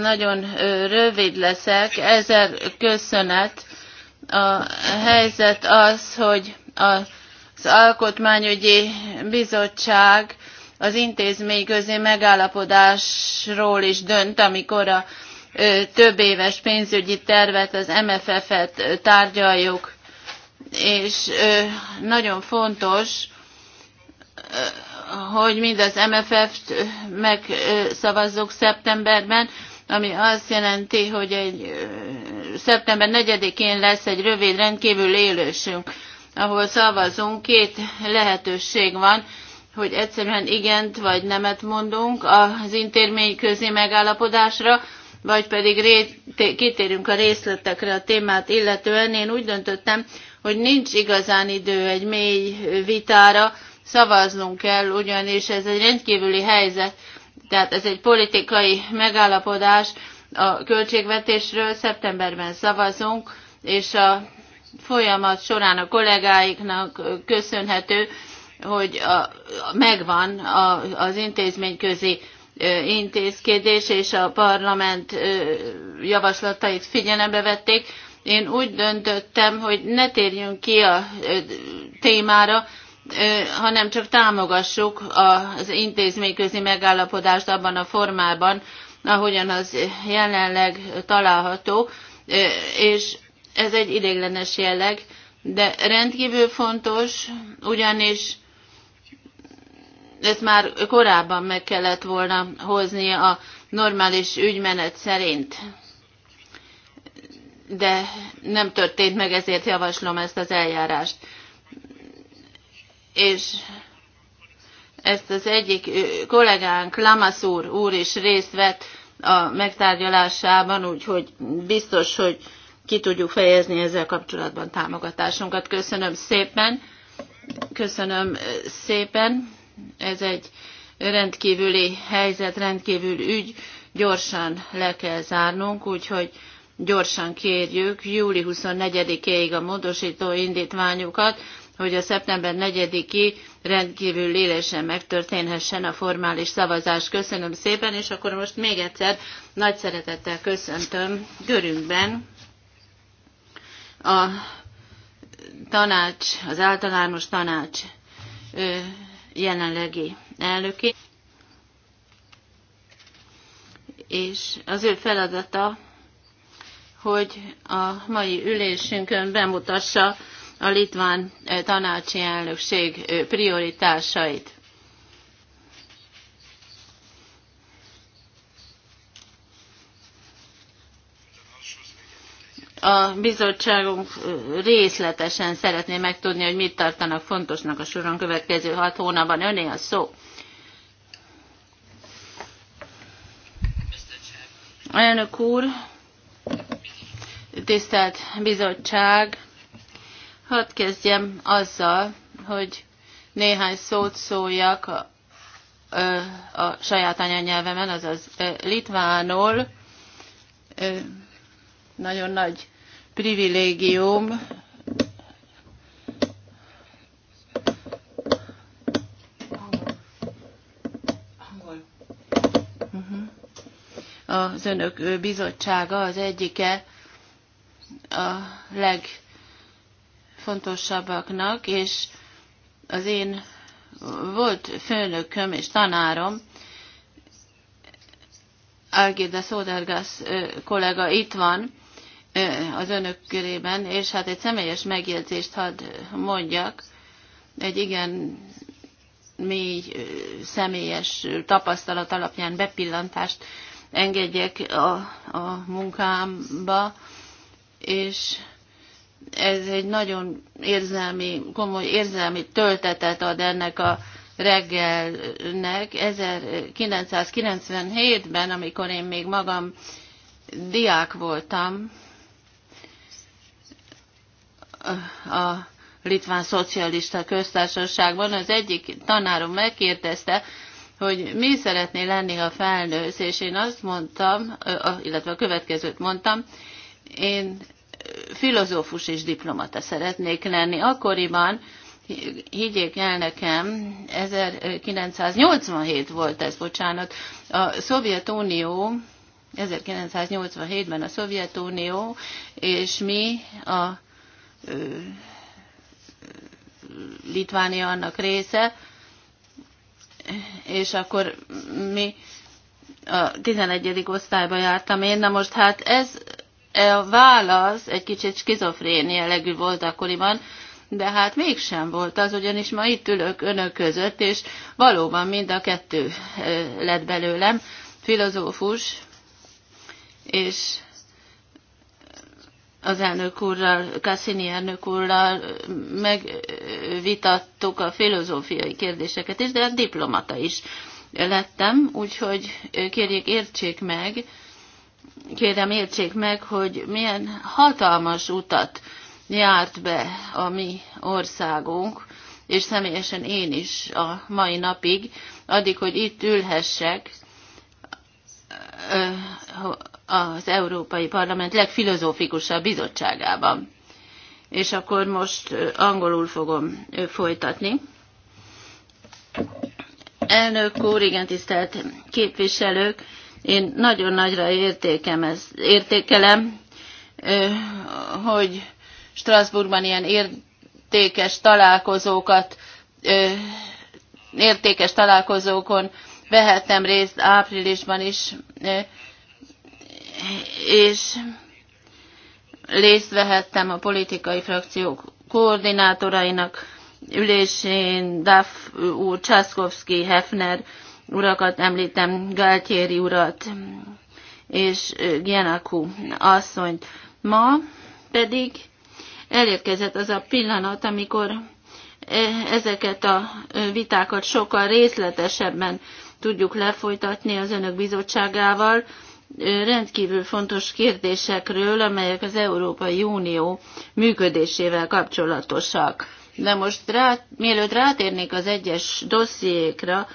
nagyon rövid leszek. Ezer köszönet. A helyzet az, hogy az Alkotmányügyi Bizottság az intézményközi megállapodásról is dönt, amikor a több éves pénzügyi tervet, az MFF-et tárgyaljuk. És nagyon fontos, hogy mind az MFF-t megszavazzuk szeptemberben, ami azt jelenti, hogy egy szeptember 4-én lesz egy rövid rendkívül élősünk, ahol szavazunk, két lehetőség van, hogy egyszerűen igent vagy nemet mondunk az intérmény közé megállapodásra, vagy pedig ré- kitérünk a részletekre a témát illetően. Én úgy döntöttem, hogy nincs igazán idő egy mély vitára, szavaznunk kell, ugyanis ez egy rendkívüli helyzet, tehát ez egy politikai megállapodás, a költségvetésről szeptemberben szavazunk, és a folyamat során a kollégáiknak köszönhető, hogy a, megvan a, az intézményközi intézkedés, és a parlament javaslatait figyelembe vették. Én úgy döntöttem, hogy ne térjünk ki a témára, hanem csak támogassuk az intézményközi megállapodást abban a formában, ahogyan az jelenleg található, és ez egy idéglenes jelleg, de rendkívül fontos, ugyanis ezt már korábban meg kellett volna hozni a normális ügymenet szerint. De nem történt meg, ezért javaslom ezt az eljárást és ezt az egyik kollégánk, Lamaszúr úr is részt vett a megtárgyalásában, úgyhogy biztos, hogy ki tudjuk fejezni ezzel kapcsolatban támogatásunkat. Köszönöm szépen. Köszönöm szépen. Ez egy rendkívüli helyzet, rendkívül ügy. Gyorsan le kell zárnunk, úgyhogy gyorsan kérjük júli 24-éig a módosító indítványukat hogy a szeptember 4-i rendkívül lélesen megtörténhessen a formális szavazás. Köszönöm szépen, és akkor most még egyszer nagy szeretettel köszöntöm görünkben a tanács, az általános tanács jelenlegi elnöki, és az ő feladata, hogy a mai ülésünkön bemutassa a litván eh, tanácsi elnökség eh, prioritásait. a bizottságunk eh, részletesen szeretné megtudni, hogy mit tartanak fontosnak a soron következő hat hónapban. Öné a szó. Elnök úr, tisztelt bizottság, Hadd kezdjem azzal, hogy néhány szót szóljak a, a saját anyanyelvemen, azaz litvánul. Nagyon nagy privilégium az önök bizottsága az egyike a leg legfontosabbaknak, és az én volt főnököm és tanárom, Algirda Szódergász kollega itt van az önök körében, és hát egy személyes megjegyzést hadd mondjak, egy igen mély személyes tapasztalat alapján bepillantást engedjek a, a munkámba, és ez egy nagyon érzelmi, komoly érzelmi töltetet ad ennek a reggelnek. 1997-ben, amikor én még magam diák voltam, a Litván Szocialista Köztársaságban az egyik tanárom megkérdezte, hogy mi szeretné lenni, ha felnősz, és én azt mondtam, illetve a következőt mondtam, én filozófus és diplomata szeretnék lenni. Akkoriban, higgyék el nekem, 1987 volt ez, bocsánat, a Szovjetunió 1987-ben a Szovjetunió, és mi a ö, Litvánia annak része, és akkor mi a 11. osztályba jártam én, na most hát ez a válasz egy kicsit skizofrén jellegű volt akkoriban, de hát mégsem volt az, ugyanis ma itt ülök önök között, és valóban mind a kettő lett belőlem, filozófus, és az elnök úrral, Cassini elnök úrral megvitattuk a filozófiai kérdéseket is, de hát diplomata is lettem, úgyhogy kérjék, értsék meg, kérem értsék meg, hogy milyen hatalmas utat járt be a mi országunk, és személyesen én is a mai napig, addig, hogy itt ülhessek az Európai Parlament legfilozófikusabb bizottságában. És akkor most angolul fogom folytatni. Elnök úr, igen tisztelt képviselők, én nagyon nagyra értékem ez, értékelem, hogy Strasbourgban ilyen értékes találkozókat, értékes találkozókon vehettem részt áprilisban is, és részt vehettem a politikai frakciók koordinátorainak ülésén, Daf úr, Csaszkowski, Hefner urakat említem, Galtieri urat és Gianaku asszonyt. Ma pedig elérkezett az a pillanat, amikor ezeket a vitákat sokkal részletesebben tudjuk lefolytatni az önök bizottságával, rendkívül fontos kérdésekről, amelyek az Európai Unió működésével kapcsolatosak. De most rá, mielőtt rátérnék az egyes dossziékra,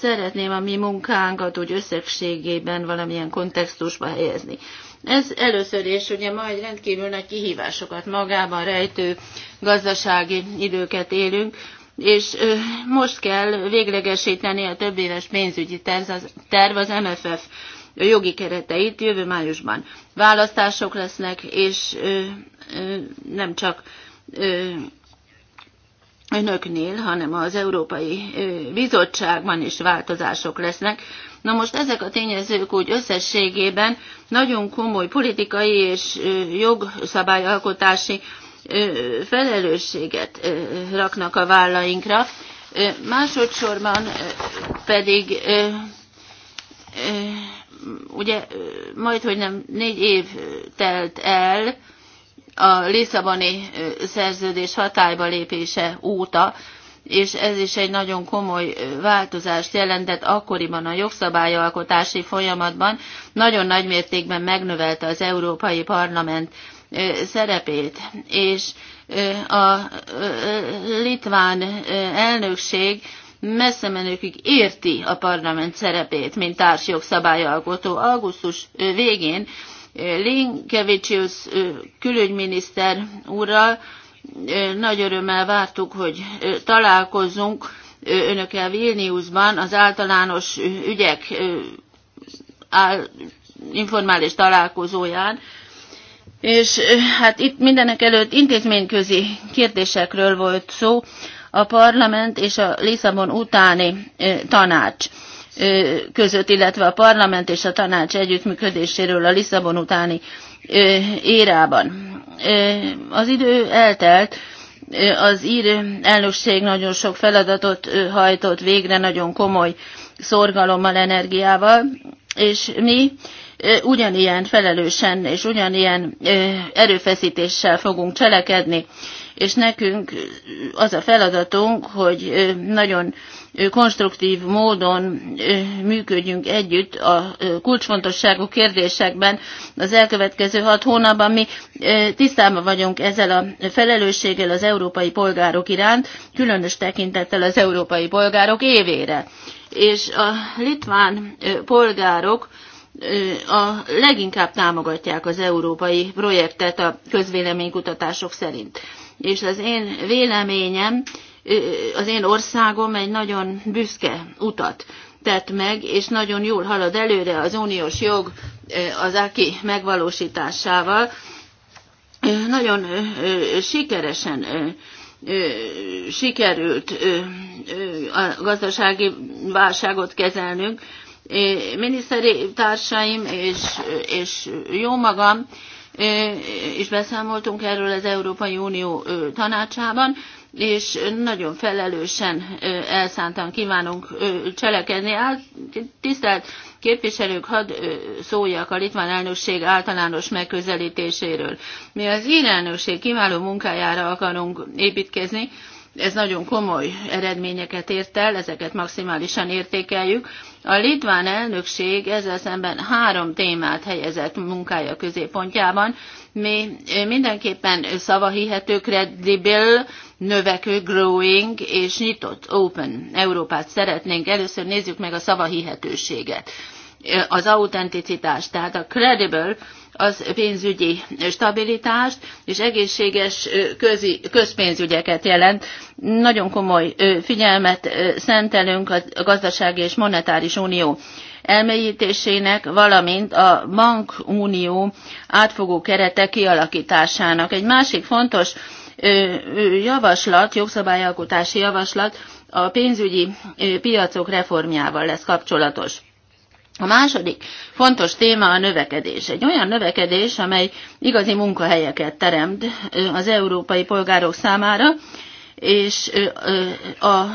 szeretném a mi munkánkat úgy összegségében valamilyen kontextusba helyezni. Ez először is ugye ma egy rendkívül nagy kihívásokat magában rejtő gazdasági időket élünk, és most kell véglegesíteni a több éves pénzügyi terv az MFF jogi kereteit jövő májusban. Választások lesznek, és nem csak önöknél, hanem az Európai Bizottságban is változások lesznek. Na most ezek a tényezők úgy összességében nagyon komoly politikai és jogszabályalkotási felelősséget raknak a vállainkra, másodszorban pedig ugye majd, hogy nem négy év telt el, a Lisszaboni szerződés hatályba lépése óta, és ez is egy nagyon komoly változást jelentett akkoriban a jogszabályalkotási folyamatban, nagyon nagy mértékben megnövelte az Európai Parlament szerepét, és a litván elnökség messze menőkig érti a parlament szerepét, mint társjogszabályalkotó. Augusztus végén Linkevicius külügyminiszter úrral. Nagy örömmel vártuk, hogy találkozzunk önökkel Vilniusban az általános ügyek informális találkozóján. És hát itt mindenek előtt intézményközi kérdésekről volt szó, a parlament és a Lisszabon utáni tanács között, illetve a parlament és a tanács együttműködéséről a Lisszabon utáni érában. Az idő eltelt, az ír elnökség nagyon sok feladatot hajtott végre, nagyon komoly szorgalommal, energiával, és mi ugyanilyen felelősen és ugyanilyen erőfeszítéssel fogunk cselekedni, és nekünk az a feladatunk, hogy nagyon konstruktív módon működjünk együtt a kulcsfontosságú kérdésekben. Az elkövetkező hat hónapban mi tisztában vagyunk ezzel a felelősséggel az európai polgárok iránt, különös tekintettel az európai polgárok évére. És a litván polgárok a leginkább támogatják az európai projektet a közvéleménykutatások szerint. És az én véleményem, az én országom egy nagyon büszke utat tett meg, és nagyon jól halad előre az uniós jog az AKI megvalósításával. Nagyon sikeresen sikerült a gazdasági válságot kezelnünk. Miniszteri társaim és, és jó magam is beszámoltunk erről az Európai Unió tanácsában és nagyon felelősen elszántan kívánunk cselekedni. Tisztelt képviselők, hadd szóljak a litván elnökség általános megközelítéséről. Mi az ír elnökség kiváló munkájára akarunk építkezni, ez nagyon komoly eredményeket ért el, ezeket maximálisan értékeljük. A litván elnökség ezzel szemben három témát helyezett munkája középpontjában. Mi mindenképpen szavahihető, kredibil, növekvő, growing és nyitott, open Európát szeretnénk. Először nézzük meg a szava hihetőséget, az autenticitást, tehát a credible, az pénzügyi stabilitást és egészséges közi, közpénzügyeket jelent. Nagyon komoly figyelmet szentelünk a gazdasági és monetáris unió elmélyítésének, valamint a bankunió átfogó kerete kialakításának. Egy másik fontos javaslat, jogszabályalkotási javaslat a pénzügyi piacok reformjával lesz kapcsolatos. A második fontos téma a növekedés. Egy olyan növekedés, amely igazi munkahelyeket teremt az európai polgárok számára, és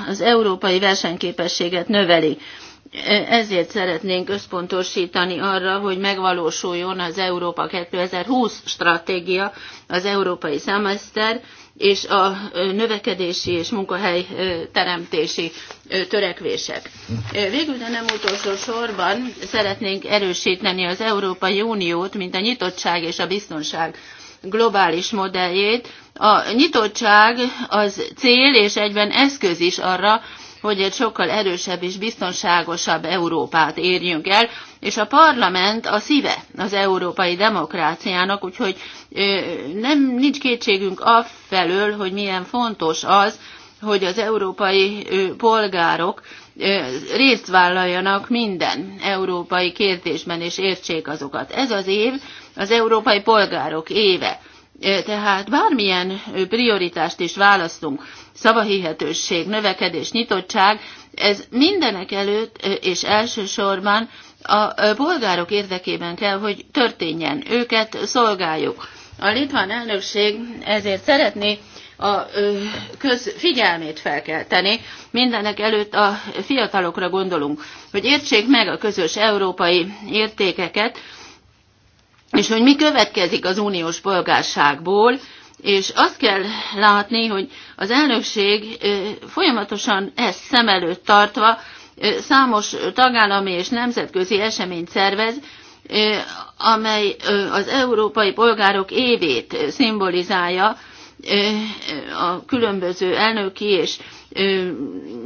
az európai versenyképességet növeli ezért szeretnénk összpontosítani arra, hogy megvalósuljon az Európa 2020 stratégia, az európai szemeszter, és a növekedési és munkahely teremtési törekvések. Végül, de nem utolsó sorban szeretnénk erősíteni az Európai Uniót, mint a nyitottság és a biztonság globális modelljét. A nyitottság az cél és egyben eszköz is arra, hogy egy sokkal erősebb és biztonságosabb Európát érjünk el, és a parlament a szíve az európai demokráciának, úgyhogy nem nincs kétségünk afelől, hogy milyen fontos az, hogy az európai polgárok részt vállaljanak minden európai kérdésben, és értsék azokat. Ez az év az európai polgárok éve. Tehát bármilyen prioritást is választunk, szavahihetőség, növekedés, nyitottság, ez mindenek előtt és elsősorban a polgárok érdekében kell, hogy történjen. Őket szolgáljuk. A litván elnökség ezért szeretné a köz figyelmét felkelteni. Mindenek előtt a fiatalokra gondolunk, hogy értsék meg a közös európai értékeket, és hogy mi következik az uniós polgárságból, és azt kell látni, hogy az elnökség folyamatosan ezt szem előtt tartva számos tagállami és nemzetközi eseményt szervez, amely az európai polgárok évét szimbolizálja a különböző elnöki és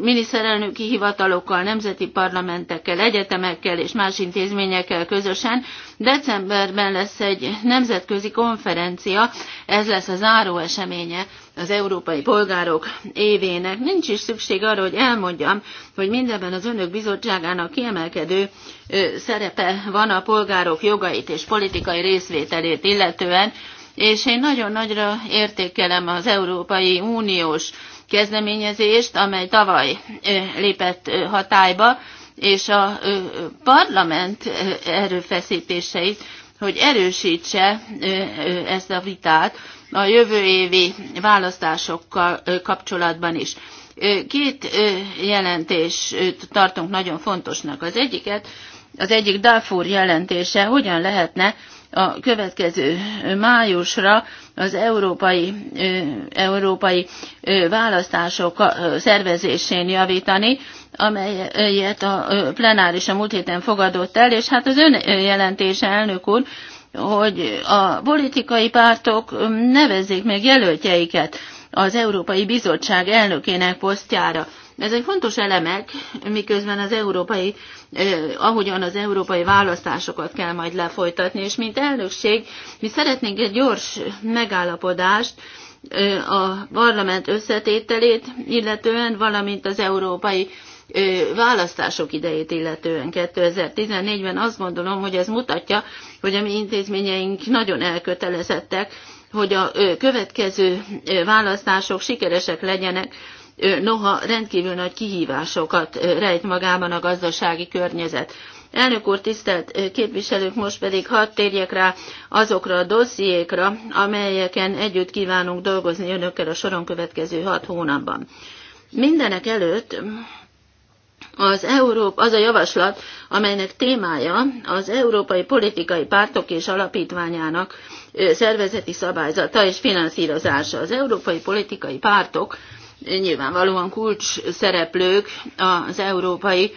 miniszterelnöki hivatalokkal, nemzeti parlamentekkel, egyetemekkel és más intézményekkel közösen. Decemberben lesz egy nemzetközi konferencia, ez lesz a záró eseménye az európai polgárok évének. Nincs is szükség arra, hogy elmondjam, hogy mindenben az önök bizottságának kiemelkedő szerepe van a polgárok jogait és politikai részvételét illetően, és én nagyon nagyra értékelem az Európai Uniós kezdeményezést, amely tavaly lépett hatályba, és a parlament erőfeszítéseit, hogy erősítse ezt a vitát a jövő évi választásokkal kapcsolatban is. Két jelentést tartunk nagyon fontosnak. Az egyiket, az egyik Darfur jelentése, hogyan lehetne a következő májusra az európai, európai választások szervezésén javítani, amelyet a plenáris a múlt héten fogadott el, és hát az ön jelentése, elnök úr, hogy a politikai pártok nevezzék meg jelöltjeiket az Európai Bizottság elnökének posztjára. Ez egy fontos elemek, miközben az európai, ahogyan az európai választásokat kell majd lefolytatni, és mint elnökség mi szeretnénk egy gyors megállapodást, a parlament összetételét illetően, valamint az európai választások idejét illetően 2014-ben azt gondolom, hogy ez mutatja, hogy a mi intézményeink nagyon elkötelezettek, hogy a következő választások sikeresek legyenek, noha rendkívül nagy kihívásokat rejt magában a gazdasági környezet. Elnök úr, tisztelt képviselők, most pedig hadd térjek rá azokra a dossziékra, amelyeken együtt kívánunk dolgozni önökkel a soron következő hat hónapban. Mindenek előtt az, Európa, az a javaslat, amelynek témája az európai politikai pártok és alapítványának szervezeti szabályzata és finanszírozása. Az európai politikai pártok nyilvánvalóan kulcs szereplők az európai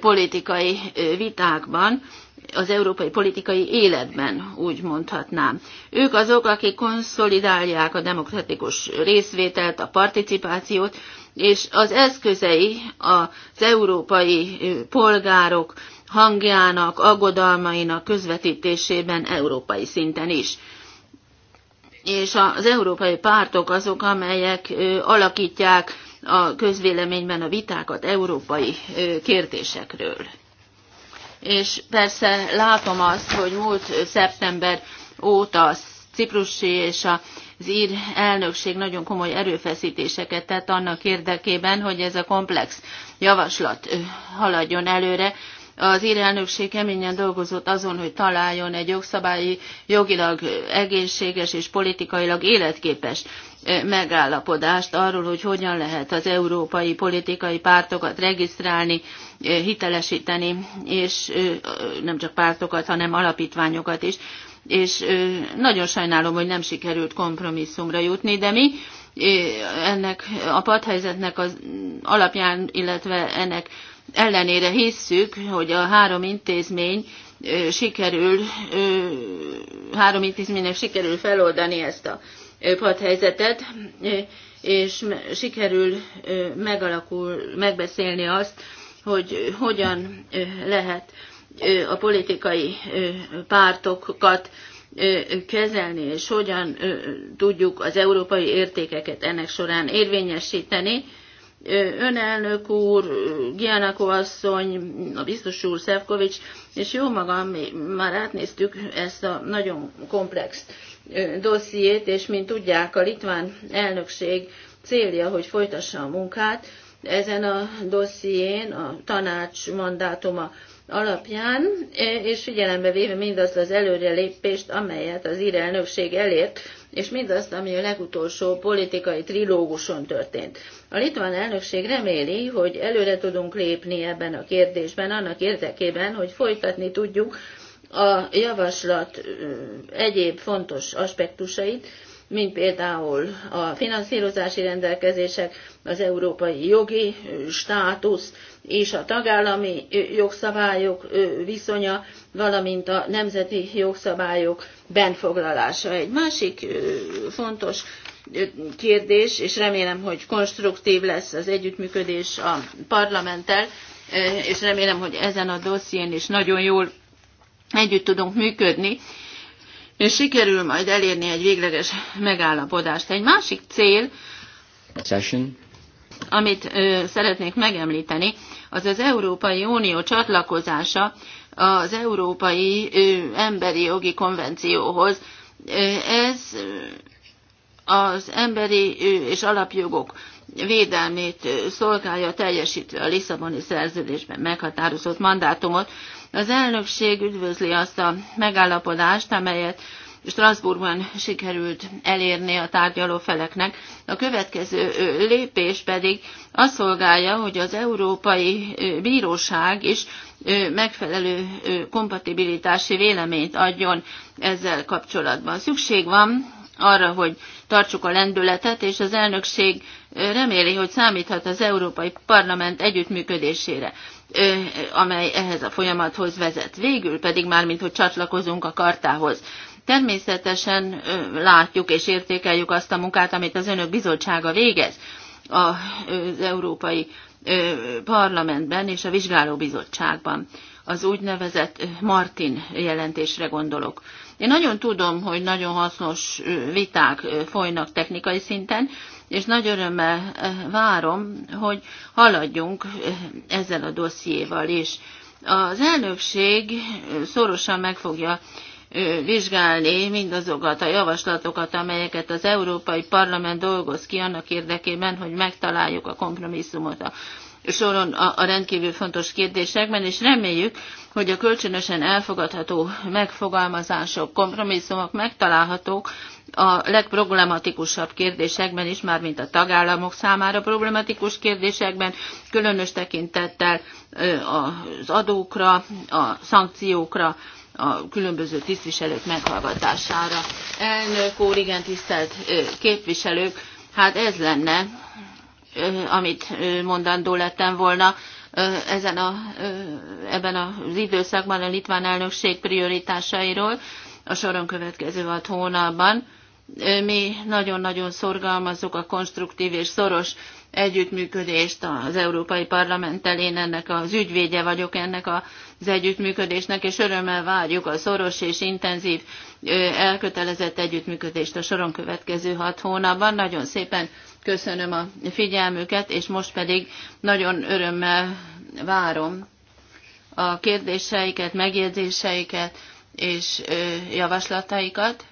politikai vitákban, az európai politikai életben, úgy mondhatnám. Ők azok, akik konszolidálják a demokratikus részvételt, a participációt, és az eszközei az európai polgárok hangjának, aggodalmainak közvetítésében európai szinten is és az európai pártok azok, amelyek alakítják a közvéleményben a vitákat európai kérdésekről. És persze látom azt, hogy múlt szeptember óta a ciprusi és az ír elnökség nagyon komoly erőfeszítéseket tett annak érdekében, hogy ez a komplex javaslat haladjon előre, az elnökség keményen dolgozott azon, hogy találjon egy jogszabályi, jogilag egészséges és politikailag életképes megállapodást arról, hogy hogyan lehet az európai politikai pártokat regisztrálni, hitelesíteni, és nem csak pártokat, hanem alapítványokat is. És nagyon sajnálom, hogy nem sikerült kompromisszumra jutni, de mi ennek a padhelyzetnek az alapján, illetve ennek ellenére hisszük, hogy a három intézmény sikerül, három intézménynek sikerül feloldani ezt a padhelyzetet, és sikerül megalakul, megbeszélni azt, hogy hogyan lehet a politikai pártokat kezelni, és hogyan tudjuk az európai értékeket ennek során érvényesíteni önelnök úr, Gianako asszony, a biztos úr, Szefkovics, és jó magam, mi már átnéztük ezt a nagyon komplex dossziét, és mint tudják, a litván elnökség célja, hogy folytassa a munkát. Ezen a dosszién a tanács mandátuma alapján, e, és figyelembe véve mindazt az előrelépést, amelyet az ír elnökség elért, és mindazt, ami a legutolsó politikai trilóguson történt. A litván elnökség reméli, hogy előre tudunk lépni ebben a kérdésben, annak érdekében, hogy folytatni tudjuk a javaslat egyéb fontos aspektusait, mint például a finanszírozási rendelkezések, az európai jogi státusz és a tagállami jogszabályok viszonya, valamint a nemzeti jogszabályok benfoglalása. Egy másik fontos kérdés, és remélem, hogy konstruktív lesz az együttműködés a parlamenttel, és remélem, hogy ezen a dosszién is nagyon jól együtt tudunk működni és sikerül majd elérni egy végleges megállapodást. Egy másik cél, Session. amit ö, szeretnék megemlíteni, az az Európai Unió csatlakozása az Európai ö, Emberi Jogi Konvencióhoz. Ez az emberi és alapjogok védelmét szolgálja teljesítve a Lisszaboni szerződésben meghatározott mandátumot. Az elnökség üdvözli azt a megállapodást, amelyet Strasbourgban sikerült elérni a tárgyaló feleknek. A következő lépés pedig azt szolgálja, hogy az Európai Bíróság is megfelelő kompatibilitási véleményt adjon ezzel kapcsolatban. Szükség van arra, hogy tartsuk a lendületet, és az elnökség reméli, hogy számíthat az Európai Parlament együttműködésére amely ehhez a folyamathoz vezet. Végül pedig már, mint hogy csatlakozunk a kartához. Természetesen látjuk és értékeljük azt a munkát, amit az önök bizottsága végez az Európai Parlamentben és a Vizsgálóbizottságban. Az úgynevezett Martin jelentésre gondolok. Én nagyon tudom, hogy nagyon hasznos viták folynak technikai szinten, és nagy örömmel eh, várom, hogy haladjunk eh, ezzel a dossziéval is. Az elnökség eh, szorosan meg fogja vizsgálni mindazokat a javaslatokat, amelyeket az Európai Parlament dolgoz ki annak érdekében, hogy megtaláljuk a kompromisszumot a soron a, rendkívül fontos kérdésekben, és reméljük, hogy a kölcsönösen elfogadható megfogalmazások, kompromisszumok megtalálhatók, a legproblematikusabb kérdésekben is, már mint a tagállamok számára problematikus kérdésekben, különös tekintettel az adókra, a szankciókra, a különböző tisztviselők meghallgatására. Elnök úr, igen, tisztelt képviselők, hát ez lenne, amit mondandó lettem volna ezen a, ebben az időszakban a litván elnökség prioritásairól a soron következő hat hónapban. Mi nagyon-nagyon szorgalmazzuk a konstruktív és szoros együttműködést az Európai Parlamenttel. Én ennek az ügyvédje vagyok ennek az együttműködésnek, és örömmel várjuk a szoros és intenzív elkötelezett együttműködést a soron következő hat hónapban. Nagyon szépen köszönöm a figyelmüket, és most pedig nagyon örömmel várom a kérdéseiket, megjegyzéseiket, és javaslataikat,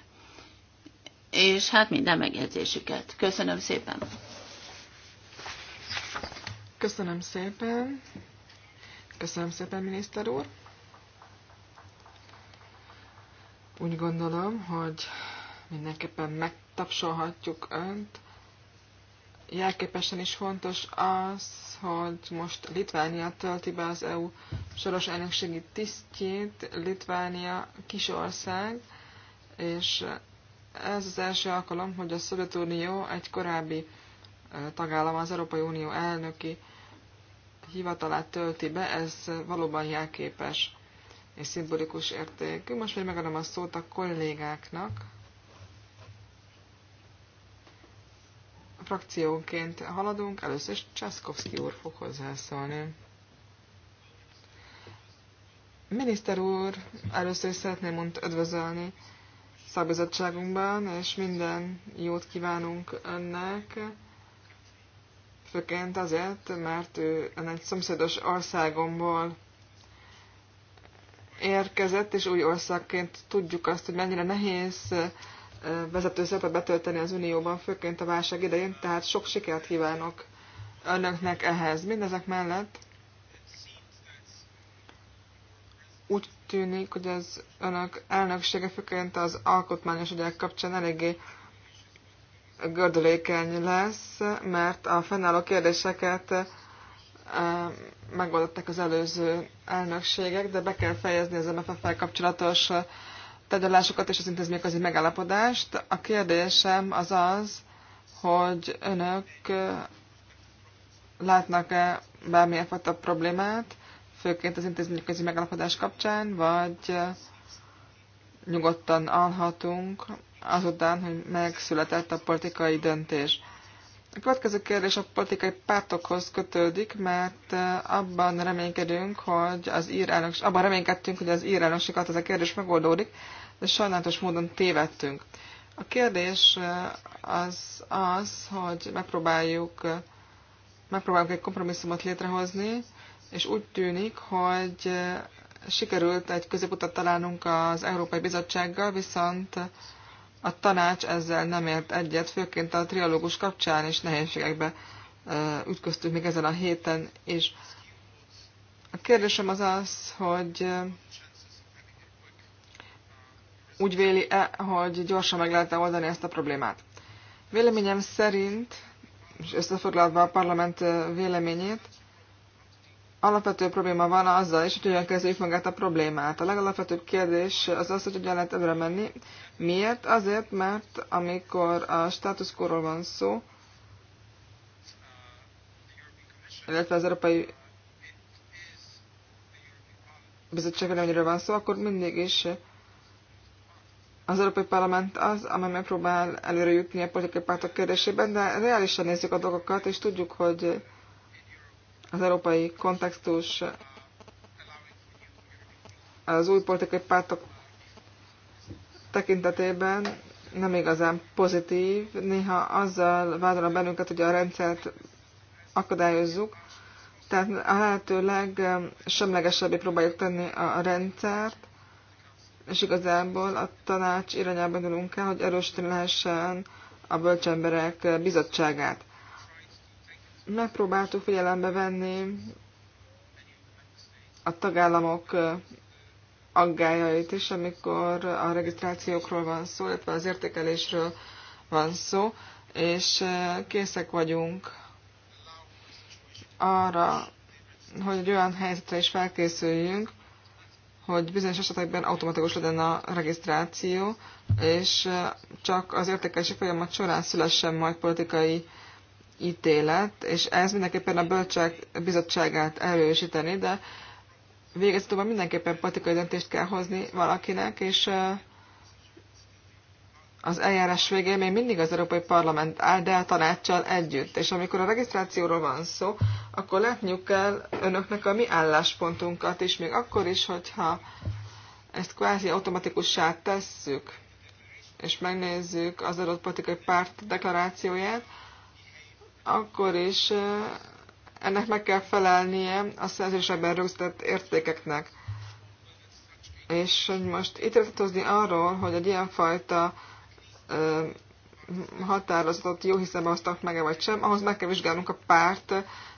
és hát minden megjegyzésüket. Köszönöm szépen! Köszönöm szépen! Köszönöm szépen, miniszter úr! Úgy gondolom, hogy mindenképpen megtapsolhatjuk önt jelképesen is fontos az, hogy most Litvánia tölti be az EU soros elnökségi tisztjét. Litvánia kis ország, és ez az első alkalom, hogy a Szovjetunió egy korábbi tagállam az Európai Unió elnöki hivatalát tölti be, ez valóban jelképes és szimbolikus értékű. Most még megadom a szót a kollégáknak. frakciónként haladunk, először is úr fog hozzászólni. Miniszter úr, először is szeretném önt ödvözölni szakbizottságunkban, és minden jót kívánunk önnek, főként azért, mert ő egy szomszédos országomból érkezett, és új országként tudjuk azt, hogy mennyire nehéz vezető szerepet betölteni az Unióban, főként a válság idején, tehát sok sikert kívánok önöknek ehhez. Mindezek mellett úgy tűnik, hogy az önök elnöksége főként az alkotmányos ügyek kapcsán eléggé gördülékeny lesz, mert a fennálló kérdéseket eh, megoldották az előző elnökségek, de be kell fejezni az MFF-fel kapcsolatos eh, tárgyalásokat és az intézményközi megállapodást. A kérdésem az az, hogy önök látnak-e bármilyen fajta problémát, főként az intézményközi megállapodás kapcsán, vagy nyugodtan alhatunk azután, hogy megszületett a politikai döntés. A következő kérdés a politikai pártokhoz kötődik, mert abban reménykedünk, hogy az ír elnökség, abban reménykedtünk, hogy az ír elnökség az a kérdés megoldódik, de sajnálatos módon tévedtünk. A kérdés az az, hogy megpróbáljuk, megpróbáljuk egy kompromisszumot létrehozni, és úgy tűnik, hogy sikerült egy középutat találnunk az Európai Bizottsággal, viszont a tanács ezzel nem ért egyet, főként a trialógus kapcsán is nehézségekbe ütköztünk még ezen a héten, és a kérdésem az az, hogy úgy véli-e, hogy gyorsan meg lehetne oldani ezt a problémát. Véleményem szerint, és összefoglalva a parlament e, véleményét, alapvető probléma van azzal is, hogy hogyan kezdjük magát a problémát. A legalapvetőbb kérdés az az, hogy hogyan lehet előre menni. Miért? Azért, mert amikor a státuszkóról van szó, illetve az Európai Bizottság véleményről van szó, akkor mindig is az Európai Parlament az, amely megpróbál jutni a politikai pártok kérdésében, de reálisan nézzük a dolgokat, és tudjuk, hogy az európai kontextus az új politikai pártok tekintetében nem igazán pozitív. Néha azzal a bennünket, hogy a rendszert akadályozzuk, tehát a lehető legsemlegesebbé próbáljuk tenni a rendszert, és igazából a tanács irányába indulunk el, hogy erősíteni lehessen a bölcsemberek bizottságát. Megpróbáltuk figyelembe venni a tagállamok aggájait is, amikor a regisztrációkról van szó, illetve az értékelésről van szó, és készek vagyunk arra, hogy egy olyan helyzetre is felkészüljünk, hogy bizonyos esetekben automatikus legyen a regisztráció, és csak az értékelési folyamat során szülessen majd politikai ítélet, és ez mindenképpen a bölcsek bizottságát erősíteni, de végezetül mindenképpen politikai döntést kell hozni valakinek, és az eljárás végén még mindig az Európai Parlament áll, de a tanácssal együtt. És amikor a regisztrációról van szó, akkor látniuk kell önöknek a mi álláspontunkat is, még akkor is, hogyha ezt kvázi automatikussá tesszük, és megnézzük az adott politikai párt deklarációját, akkor is ennek meg kell felelnie a szerzősebben rögzített értékeknek. És hogy most itt arról, hogy egy ilyenfajta fajta határozatot jó hiszem hoztak meg-e vagy sem, ahhoz meg kell vizsgálnunk a párt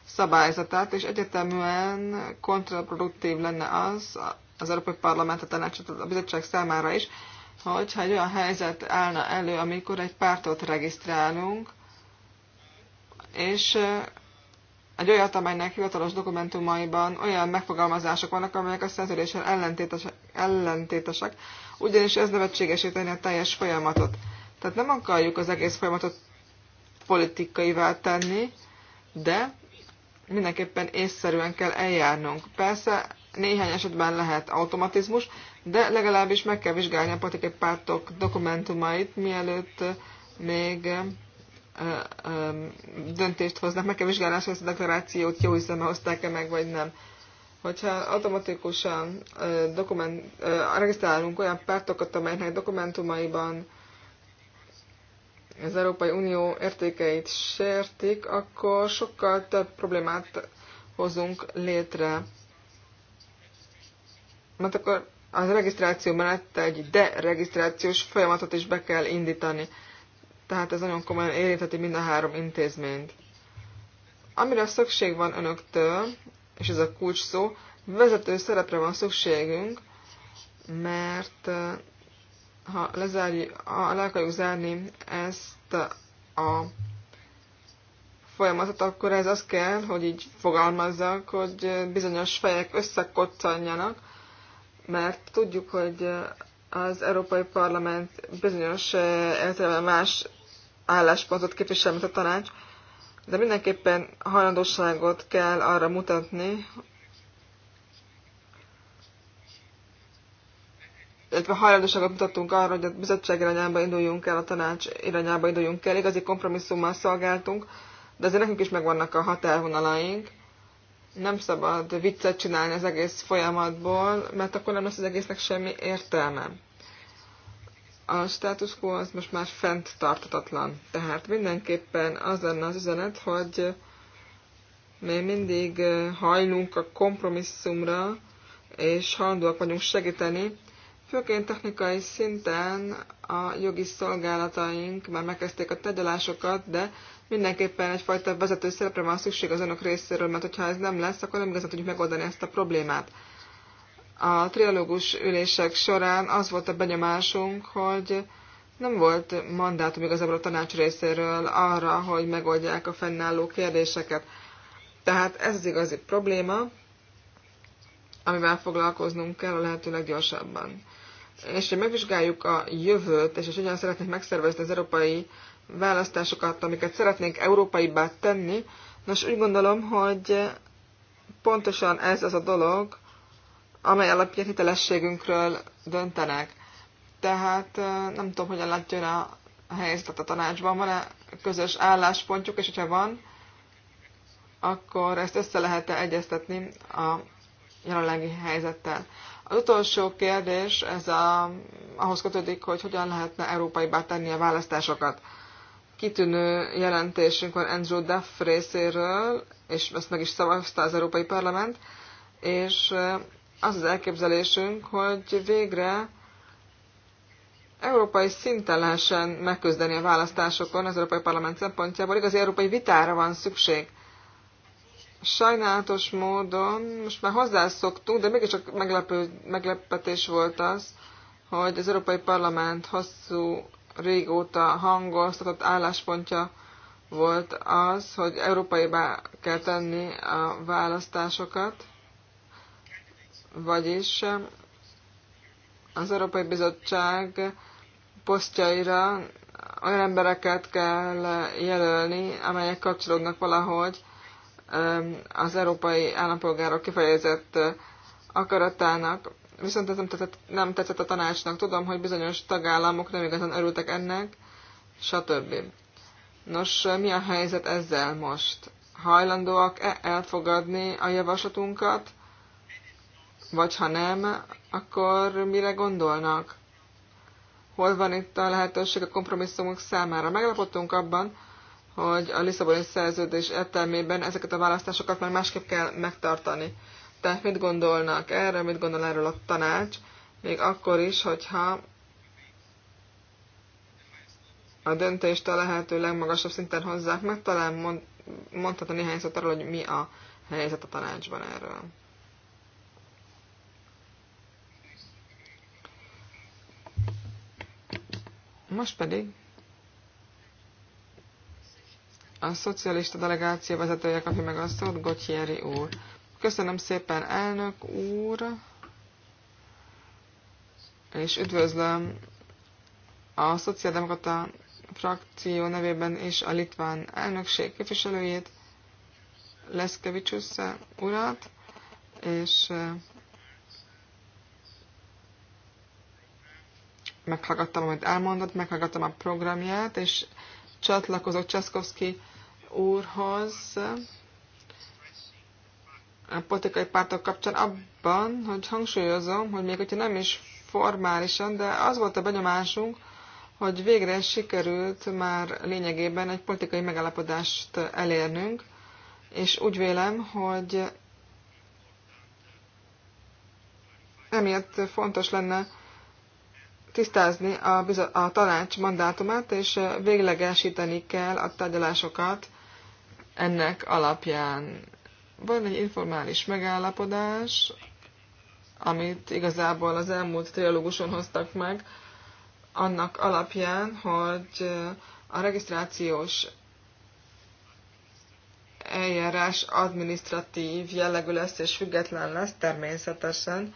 szabályzatát, és egyeteműen kontraproduktív lenne az az Európai Parlament, a tanácsot, a bizottság számára is, hogyha egy olyan helyzet állna elő, amikor egy pártot regisztrálunk, és egy olyat, amelynek hivatalos dokumentumaiban olyan megfogalmazások vannak, amelyek a szerződéssel ellentétesek, ellentétesek, ugyanis ez nevetségesíteni a teljes folyamatot. Tehát nem akarjuk az egész folyamatot politikaivá tenni, de mindenképpen észszerűen kell eljárnunk. Persze néhány esetben lehet automatizmus, de legalábbis meg kell vizsgálni a politikai pártok dokumentumait, mielőtt még döntést hoznak, meg kell vizsgálni, hogy ezt a deklarációt jó hiszembe hozták-e meg, vagy nem. Hogyha automatikusan dokument, regisztrálunk olyan pártokat, amelynek dokumentumaiban az Európai Unió értékeit sértik, akkor sokkal több problémát hozunk létre. Mert akkor az regisztráció mellett egy deregisztrációs folyamatot is be kell indítani. Tehát ez nagyon komolyan érintheti mind a három intézményt. Amire szükség van önöktől, és ez a kulcs szó, vezető szerepre van szükségünk, mert ha lezárjuk, ha le akarjuk zárni ezt a folyamatot, akkor ez az kell, hogy így fogalmazzak, hogy bizonyos fejek összekoccanjanak, mert tudjuk, hogy az Európai Parlament bizonyos eh, értelemben más álláspontot képvisel, mint a tanács, de mindenképpen hajlandóságot kell arra mutatni, illetve hajlandóságot mutattunk arra, hogy a bizottság irányába induljunk el, a tanács irányába induljunk el, igazi kompromisszummal szolgáltunk, de azért nekünk is megvannak a határvonalaink. Nem szabad viccet csinálni az egész folyamatból, mert akkor nem lesz az egésznek semmi értelme. A status quo az most már fent tartatatlan. Tehát mindenképpen az lenne az üzenet, hogy még mindig hajlunk a kompromisszumra, és hajlandóak vagyunk segíteni, Főként technikai szinten a jogi szolgálataink már megkezdték a tegyalásokat, de mindenképpen egyfajta vezető szerepre van szükség az önök részéről, mert hogyha ez nem lesz, akkor nem igazán tudjuk megoldani ezt a problémát. A trialógus ülések során az volt a benyomásunk, hogy nem volt mandátum igazából a tanács részéről arra, hogy megoldják a fennálló kérdéseket. Tehát ez az igazi probléma, amivel foglalkoznunk kell a lehető leggyorsabban és hogy megvizsgáljuk a jövőt, és hogy hogyan szeretnénk megszervezni az európai választásokat, amiket szeretnénk európaibbá tenni, nos úgy gondolom, hogy pontosan ez az a dolog, amely alapján hitelességünkről döntenek. Tehát nem tudom, hogyan látja a helyzetet a tanácsban, van-e közös álláspontjuk, és hogyha van, akkor ezt össze lehet -e egyeztetni a jelenlegi helyzettel. Az utolsó kérdés, ez a, ahhoz kötődik, hogy hogyan lehetne európaibá tenni a választásokat. Kitűnő jelentésünk van Andrew Duff részéről, és ezt meg is szavazta az Európai Parlament, és eh, az az elképzelésünk, hogy végre európai szinten lehessen megküzdeni a választásokon az Európai Parlament szempontjából. Igazi európai vitára van szükség sajnálatos módon most már hozzászoktunk, de mégiscsak meglepő, meglepetés volt az, hogy az Európai Parlament hosszú régóta hangoztatott álláspontja volt az, hogy európaibá kell tenni a választásokat, vagyis az Európai Bizottság posztjaira olyan embereket kell jelölni, amelyek kapcsolódnak valahogy az európai állampolgárok kifejezett eh, akaratának, viszont ez nem tetszett, nem tetszett a tanácsnak. Tudom, hogy bizonyos tagállamok nem igazán örültek ennek, stb. Nos, mi a helyzet ezzel most? Hajlandóak-e elfogadni a javaslatunkat? Vagy ha nem, akkor mire gondolnak? Hol van itt a lehetőség a kompromisszumok számára? Meglapottunk abban, hogy a Lisszaboni szerződés értelmében ezeket a választásokat már másképp kell megtartani. Tehát mit gondolnak erre, mit gondol erről a tanács, még akkor is, hogyha a döntést a lehető legmagasabb szinten hozzák meg, talán mond, mondhatna néhány szót arról, hogy mi a helyzet a tanácsban erről. Most pedig a szocialista delegáció vezetője kapja meg a szót, Gottieri úr. Köszönöm szépen, elnök úr, és üdvözlöm a Szociáldemokrata frakció nevében és a litván elnökség képviselőjét, Leszkevicsusze urat, és meghallgattam, amit elmondott, meghallgattam a programját, és csatlakozott Csaszkowski úrhoz a politikai pártok kapcsán abban, hogy hangsúlyozom, hogy még hogyha nem is formálisan, de az volt a benyomásunk, hogy végre sikerült már lényegében egy politikai megállapodást elérnünk, és úgy vélem, hogy emiatt fontos lenne tisztázni a, a tanács mandátumát, és véglegesíteni kell a tárgyalásokat ennek alapján van egy informális megállapodás, amit igazából az elmúlt trialóguson hoztak meg, annak alapján, hogy a regisztrációs eljárás administratív jellegű lesz és független lesz természetesen.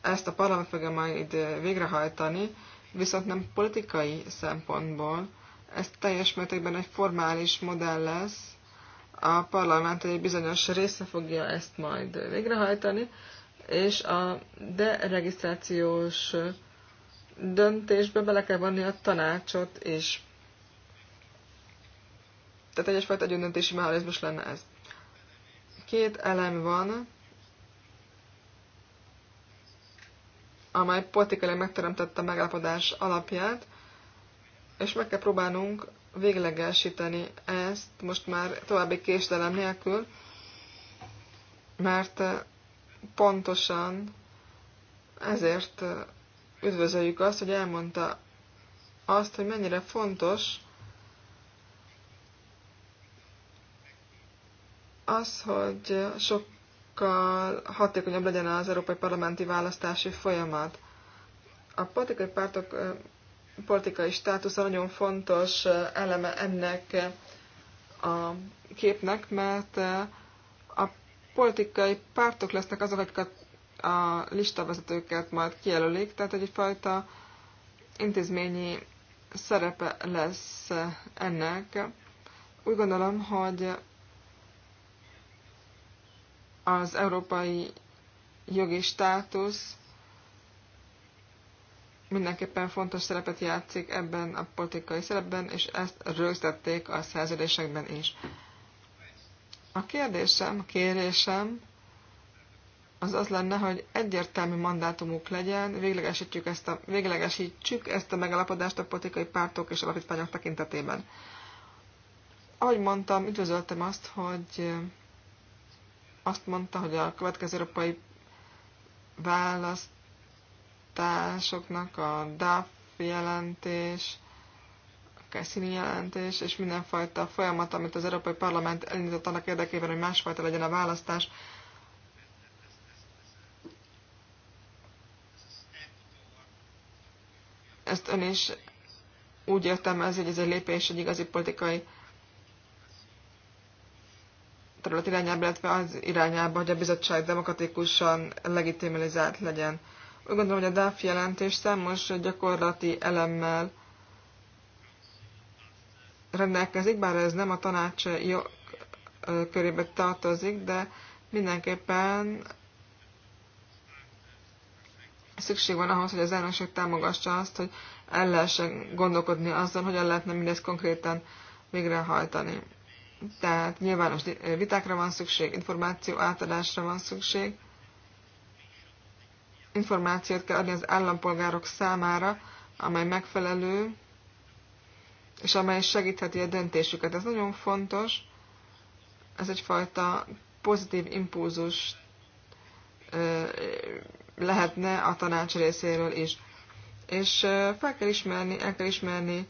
Ezt a parlament fogja majd végrehajtani, viszont nem politikai szempontból, ez teljes mértékben egy formális modell lesz, a parlament egy bizonyos része fogja ezt majd végrehajtani, és a deregisztrációs döntésbe bele kell vonni a tanácsot is. Tehát egyesfajta együttdöntési mechanizmus lenne ez. Két elem van, amely politikai megteremtette a megállapodás alapját, és meg kell próbálnunk véglegesíteni ezt most már további késdelem nélkül, mert eh, pontosan ezért eh, üdvözöljük azt, hogy elmondta azt, hogy mennyire fontos az, hogy sokkal hatékonyabb legyen az európai parlamenti választási folyamat. A politikai pártok eh, politikai státusza nagyon fontos eleme ennek a képnek, mert a politikai pártok lesznek azok, akik a, a listavezetőket majd kijelölik, tehát egyfajta intézményi szerepe lesz ennek. Úgy gondolom, hogy az európai jogi státusz mindenképpen fontos szerepet játszik ebben a politikai szerepben, és ezt rögzítették a szerződésekben is. A kérdésem, kérésem az az lenne, hogy egyértelmű mandátumuk legyen, véglegesítjük ezt a, véglegesítsük ezt a megalapodást a politikai pártok és alapítványok tekintetében. Ahogy mondtam, üdvözöltem azt, hogy azt mondta, hogy a következő európai választ társoknak a DAF jelentés, a Cassini jelentés, és mindenfajta folyamat, amit az Európai Parlament elindított annak érdekében, hogy másfajta legyen a választás, ezt ön is úgy értelmezi, hogy ez egy lépés egy igazi politikai terület irányába, illetve az irányába, hogy a bizottság demokratikusan legitimizált legyen. Gondolom, hogy a DAF jelentés számos gyakorlati elemmel rendelkezik, bár ez nem a tanács körébe tartozik, de mindenképpen szükség van ahhoz, hogy az elnökség támogassa azt, hogy el lehessen gondolkodni azzal, hogyan lehetne mindezt konkrétan végrehajtani. Tehát nyilvános vitákra van szükség, információ átadásra van szükség, információt kell adni az állampolgárok számára, amely megfelelő, és amely segítheti a döntésüket. Ez nagyon fontos, ez egyfajta pozitív impulzus lehetne a tanács részéről is. És fel kell ismerni, el kell ismerni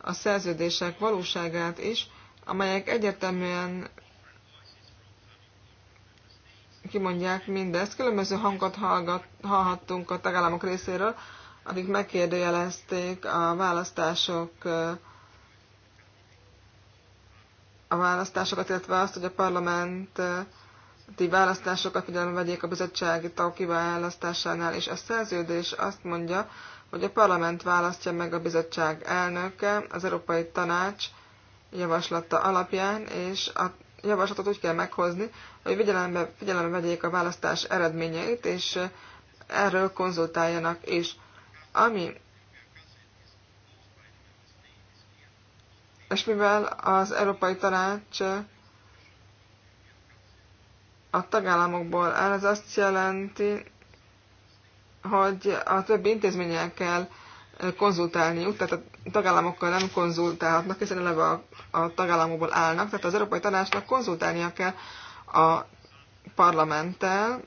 a szerződések valóságát is, amelyek egyértelműen kimondják mindezt. Különböző hangot hallgat, hallhattunk a tagállamok részéről, akik megkérdőjelezték a választások a választásokat, illetve azt, hogy a ti választásokat ugyan vegyék a bizottsági tag kiválasztásánál, és a szerződés azt mondja, hogy a parlament választja meg a bizottság elnöke az Európai Tanács javaslata alapján, és a javaslatot úgy kell meghozni, hogy figyelembe, figyelembe vegyék a választás eredményeit, és erről konzultáljanak és Ami és mivel az Európai Tanács a tagállamokból áll, ez azt jelenti, hogy a többi intézményekkel kell konzultálni, tehát a tagállamokkal nem konzultálhatnak, hiszen eleve a, a tagállamokból állnak, tehát az Európai Tanácsnak konzultálnia kell a parlamenttel,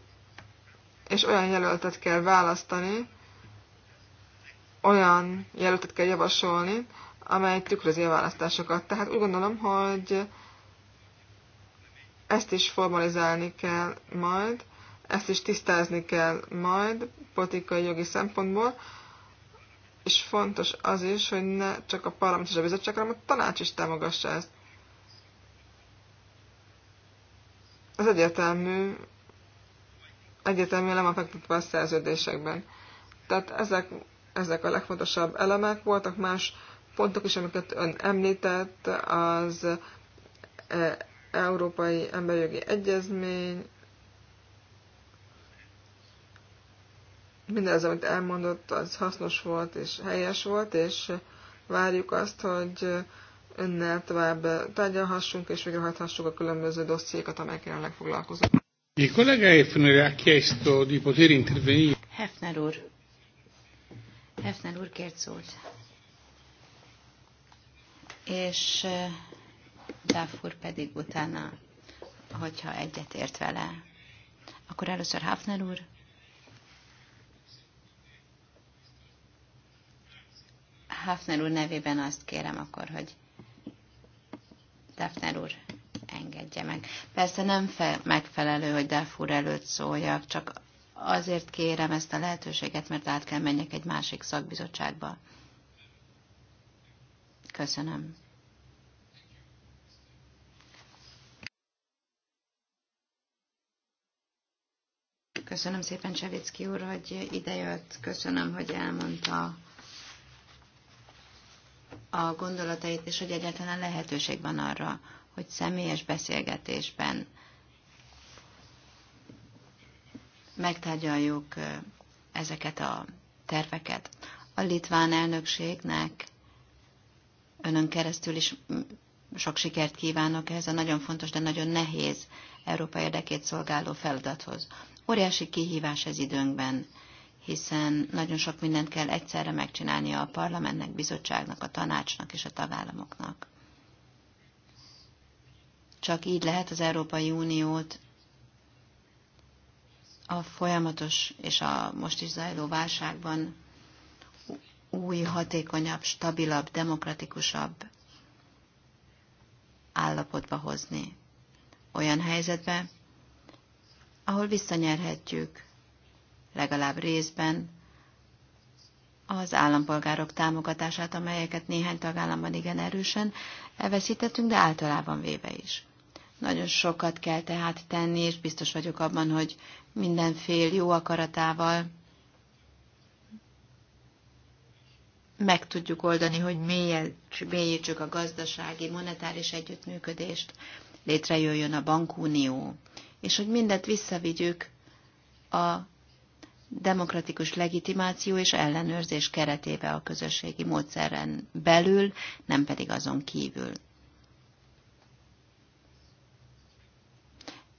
és olyan jelöltet kell választani, olyan jelöltet kell javasolni, amely tükrözi a választásokat. Tehát úgy gondolom, hogy ezt is formalizálni kell majd, ezt is tisztázni kell majd politikai jogi szempontból, és fontos az is, hogy ne csak a parlament és a bizottság, hanem a tanács is támogassa ezt. Az egyértelmű, elem a fektetve a szerződésekben. Tehát ezek, ezek a legfontosabb elemek voltak, más pontok is, amiket ön említett, az e, Európai Emberjogi Egyezmény, mindez, amit elmondott, az hasznos volt és helyes volt, és várjuk azt, hogy önnel tovább tárgyalhassunk és végrehajthassuk a különböző dossziékat, amelyek jelenleg foglalkozunk. Il collega Hefner úr. Hefner úr kért szólt. És eh, Dáfur pedig utána, hogyha egyet ért vele. Akkor először Hafner úr. Hafner úr nevében azt kérem akkor, hogy Daphner úr engedje meg. Persze nem fe- megfelelő, hogy Daphne úr előtt szóljak, csak azért kérem ezt a lehetőséget, mert át kell menjek egy másik szakbizottságba. Köszönöm. Köszönöm szépen Csevicki úr, hogy idejött. Köszönöm, hogy elmondta a gondolatait, és hogy egyáltalán lehetőség van arra, hogy személyes beszélgetésben megtárgyaljuk ezeket a terveket. A litván elnökségnek önön keresztül is sok sikert kívánok ehhez a nagyon fontos, de nagyon nehéz Európa érdekét szolgáló feladathoz. Óriási kihívás ez időnkben hiszen nagyon sok mindent kell egyszerre megcsinálnia a parlamentnek, bizottságnak, a tanácsnak és a tagállamoknak. Csak így lehet az Európai Uniót a folyamatos és a most is zajló válságban új, hatékonyabb, stabilabb, demokratikusabb állapotba hozni. Olyan helyzetbe, ahol visszanyerhetjük legalább részben az állampolgárok támogatását, amelyeket néhány tagállamban igen erősen elveszítettünk, de általában véve is. Nagyon sokat kell tehát tenni, és biztos vagyok abban, hogy minden fél jó akaratával meg tudjuk oldani, hogy mélyítsük a gazdasági, monetáris együttműködést, létrejöjjön a bankunió, és hogy mindet visszavigyük a demokratikus legitimáció és ellenőrzés keretébe a közösségi módszeren belül, nem pedig azon kívül.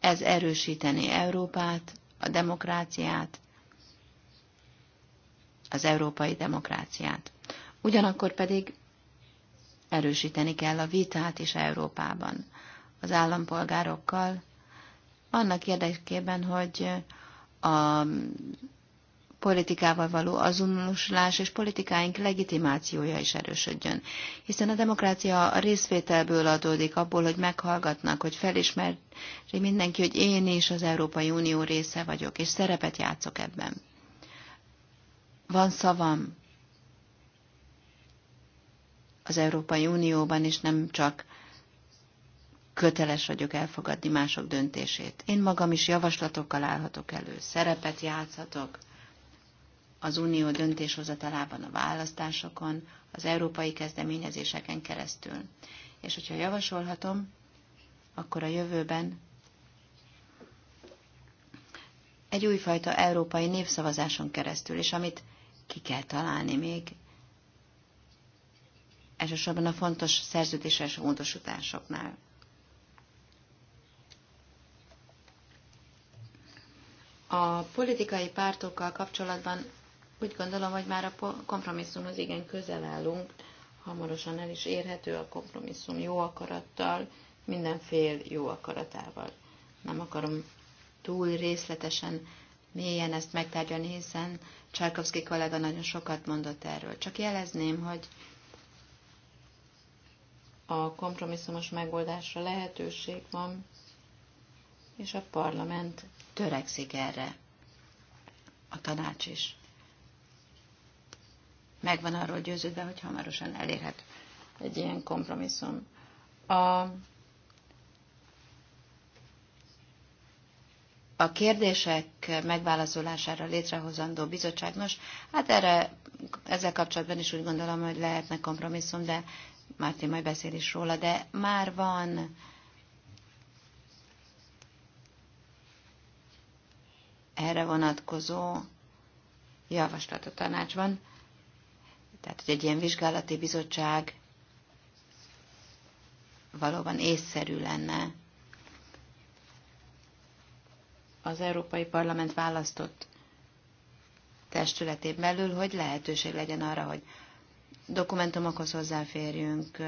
Ez erősíteni Európát, a demokráciát, az európai demokráciát. Ugyanakkor pedig erősíteni kell a vitát is Európában, az állampolgárokkal, annak érdekében, hogy a politikával való azonosulás és politikáink legitimációja is erősödjön. Hiszen a demokrácia a részvételből adódik, abból, hogy meghallgatnak, hogy felismeri mindenki, hogy én is az Európai Unió része vagyok, és szerepet játszok ebben. Van szavam az Európai Unióban, és nem csak köteles vagyok elfogadni mások döntését. Én magam is javaslatokkal állhatok elő, szerepet játszhatok, az unió döntéshozatalában a választásokon, az európai kezdeményezéseken keresztül. És hogyha javasolhatom, akkor a jövőben egy újfajta európai népszavazáson keresztül, és amit ki kell találni még, elsősorban a fontos szerződéses módosításoknál. A politikai pártokkal kapcsolatban úgy gondolom, hogy már a kompromisszumhoz igen közel állunk, hamarosan el is érhető a kompromisszum jó akarattal, mindenfél jó akaratával. Nem akarom túl részletesen mélyen ezt megtárgyalni, hiszen Csárkovszki kollega nagyon sokat mondott erről. Csak jelezném, hogy a kompromisszumos megoldásra lehetőség van, és a parlament törekszik erre. A tanács is meg van arról győződve, hogy hamarosan elérhet egy ilyen kompromisszum. A, a kérdések megválaszolására létrehozandó bizottság, nos, hát erre, ezzel kapcsolatban is úgy gondolom, hogy lehetne kompromisszum, de Márti majd beszél is róla, de már van erre vonatkozó javaslat a tanácsban. Tehát, hogy egy ilyen vizsgálati bizottság valóban észszerű lenne. Az Európai Parlament választott testületén belül, hogy lehetőség legyen arra, hogy dokumentumokhoz hozzáférjünk,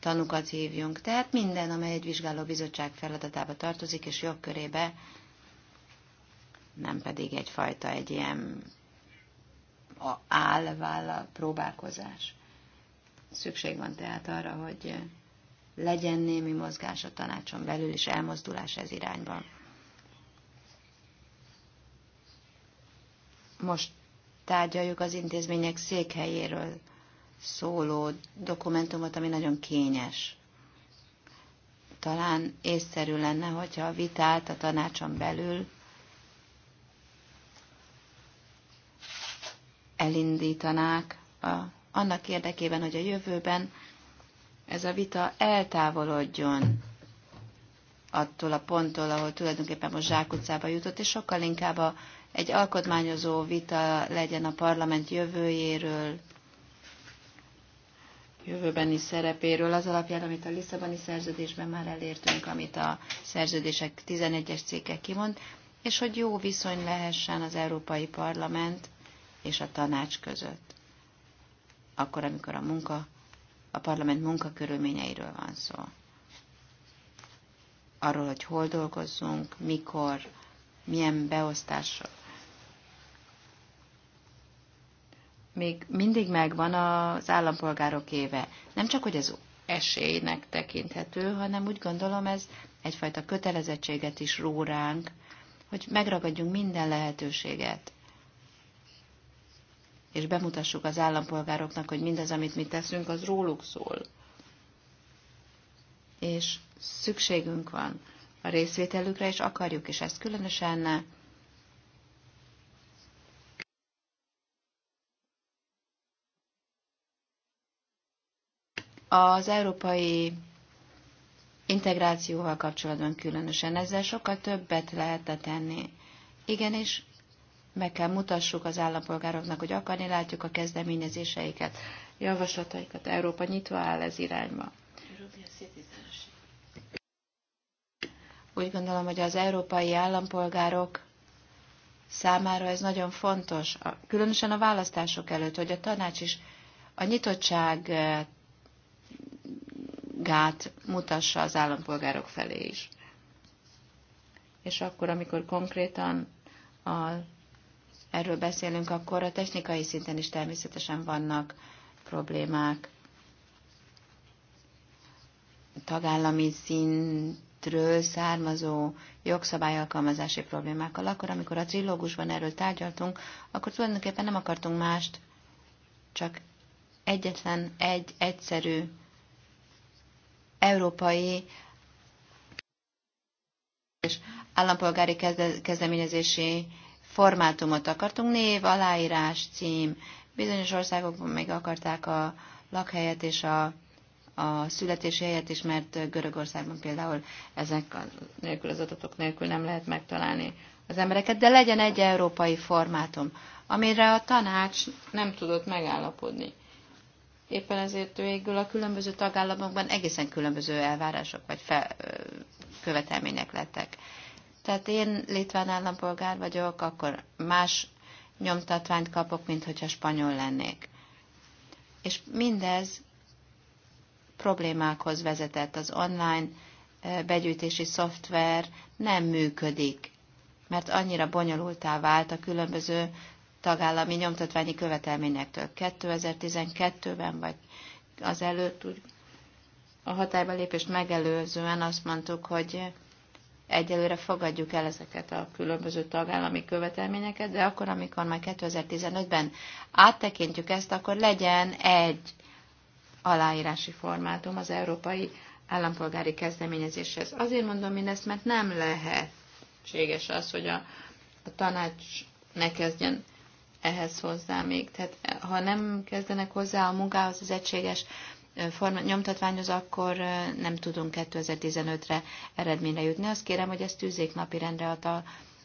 tanukat hívjunk. Tehát minden, amely egy bizottság feladatába tartozik és jogkörébe, nem pedig egyfajta egy ilyen a állvállal próbálkozás. Szükség van tehát arra, hogy legyen némi mozgás a tanácson belül, és elmozdulás ez irányban. Most tárgyaljuk az intézmények székhelyéről szóló dokumentumot, ami nagyon kényes. Talán észszerű lenne, hogyha a vitát a tanácson belül elindítanák a, annak érdekében, hogy a jövőben ez a vita eltávolodjon attól a ponttól, ahol tulajdonképpen most zsákutcába jutott, és sokkal inkább a, egy alkotmányozó vita legyen a parlament jövőjéről, jövőbeni szerepéről, az alapján, amit a Lisszaboni szerződésben már elértünk, amit a szerződések 11-es cikke kimond, és hogy jó viszony lehessen az Európai Parlament és a tanács között, akkor, amikor a munka, a parlament munka körülményeiről van szó. Arról, hogy hol dolgozzunk, mikor, milyen beosztással. Még mindig megvan az állampolgárok éve. Nem csak, hogy ez esélynek tekinthető, hanem úgy gondolom ez egyfajta kötelezettséget is ró ránk, hogy megragadjunk minden lehetőséget, és bemutassuk az állampolgároknak, hogy mindez, amit mi teszünk, az róluk szól. És szükségünk van a részvételükre, és akarjuk, és ezt különösen az európai integrációval kapcsolatban különösen. Ezzel sokkal többet lehetne tenni. Igenis, meg kell mutassuk az állampolgároknak, hogy akarni látjuk a kezdeményezéseiket, javaslataikat. Európa nyitva áll ez irányba. Úgy gondolom, hogy az európai állampolgárok számára ez nagyon fontos, különösen a választások előtt, hogy a tanács is a nyitottság gát mutassa az állampolgárok felé is. És akkor, amikor konkrétan a erről beszélünk, akkor a technikai szinten is természetesen vannak problémák. Tagállami szintről származó jogszabályalkalmazási problémákkal. Akkor, amikor a trilógusban erről tárgyaltunk, akkor tulajdonképpen nem akartunk mást, csak egyetlen egy egyszerű európai és állampolgári kezdeményezési formátumot akartunk, név, aláírás, cím. Bizonyos országokban még akarták a lakhelyet és a, a születési helyet is, mert Görögországban például ezek a, nélkül az adatok nélkül nem lehet megtalálni az embereket, de legyen egy európai formátum, amire a tanács nem tudott megállapodni. Éppen ezért végül a különböző tagállamokban egészen különböző elvárások vagy fel, követelmények lettek. Tehát én litván állampolgár vagyok, akkor más nyomtatványt kapok, mint hogyha spanyol lennék. És mindez problémákhoz vezetett. Az online begyűjtési szoftver nem működik, mert annyira bonyolultá vált a különböző tagállami nyomtatványi követelményektől. 2012-ben vagy az előtt úgy a hatályba lépést megelőzően azt mondtuk, hogy egyelőre fogadjuk el ezeket a különböző tagállami követelményeket, de akkor, amikor majd 2015-ben áttekintjük ezt, akkor legyen egy aláírási formátum az európai állampolgári kezdeményezéshez. Azért mondom mindezt, mert nem lehetséges az, hogy a, a tanács ne kezdjen ehhez hozzá még. Tehát ha nem kezdenek hozzá a munkához az egységes forma, nyomtatványoz, akkor nem tudunk 2015-re eredményre jutni. Azt kérem, hogy ezt tűzzék napirendre a,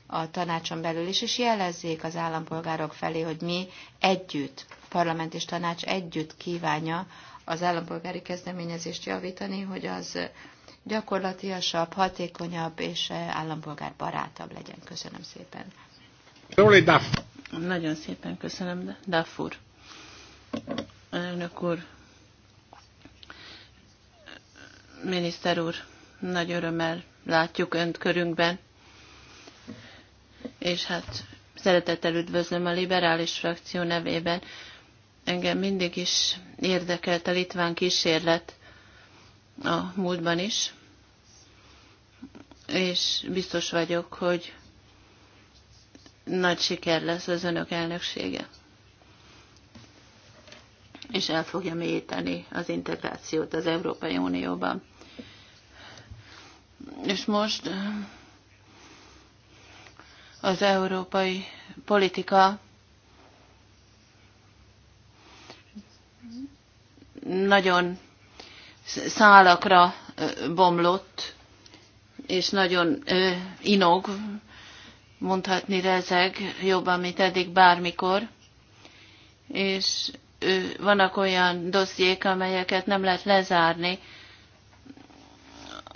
a tanácson belül is, és jelezzék az állampolgárok felé, hogy mi együtt, parlament és tanács együtt kívánja az állampolgári kezdeményezést javítani, hogy az gyakorlatiasabb, hatékonyabb és állampolgár barátabb legyen. Köszönöm szépen. Nagyon szépen köszönöm, Duff úr. Elnök úr, Miniszter úr, nagy örömmel látjuk Önt körünkben, és hát szeretettel üdvözlöm a liberális frakció nevében. Engem mindig is érdekelt a litván kísérlet a múltban is, és biztos vagyok, hogy nagy siker lesz az önök elnöksége. És el fogja mélyíteni az integrációt az Európai Unióban. És most az európai politika nagyon szálakra bomlott, és nagyon inog, mondhatni rezeg, jobban, mint eddig bármikor. És vannak olyan dossziék, amelyeket nem lehet lezárni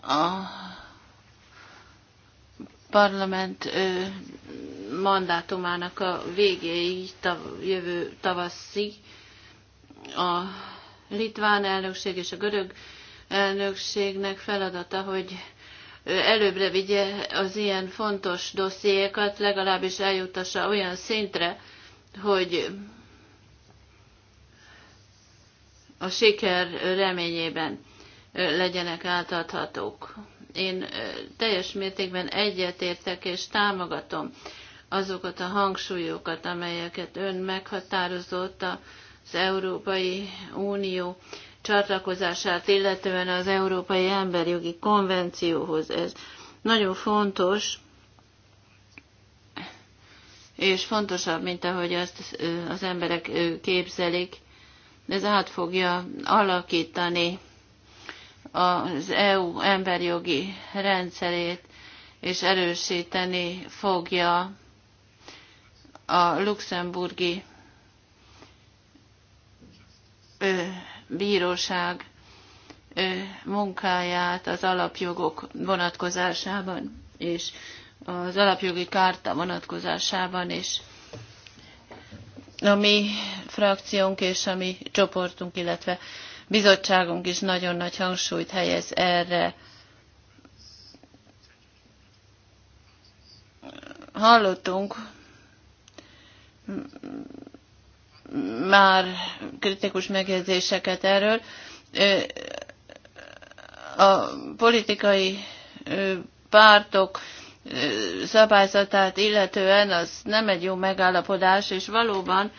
a parlament mandátumának a végéig, tav, jövő tavaszig a litván elnökség és a görög elnökségnek feladata, hogy előbbre vigye az ilyen fontos dossziékat, legalábbis eljutassa olyan szintre, hogy a siker reményében legyenek átadhatók. Én teljes mértékben egyetértek és támogatom azokat a hangsúlyokat, amelyeket ön meghatározott az Európai Unió csatlakozását, illetően az Európai Emberjogi Konvencióhoz. Ez nagyon fontos, és fontosabb, mint ahogy azt az emberek képzelik. Ez át fogja alakítani az EU emberjogi rendszerét, és erősíteni fogja a luxemburgi ö, bíróság ö, munkáját az alapjogok vonatkozásában, és az alapjogi kárta vonatkozásában, és a mi frakciónk és a mi csoportunk, illetve bizottságunk is nagyon nagy hangsúlyt helyez erre. Hallottunk már kritikus megjegyzéseket erről. A politikai pártok szabályzatát illetően az nem egy jó megállapodás, és valóban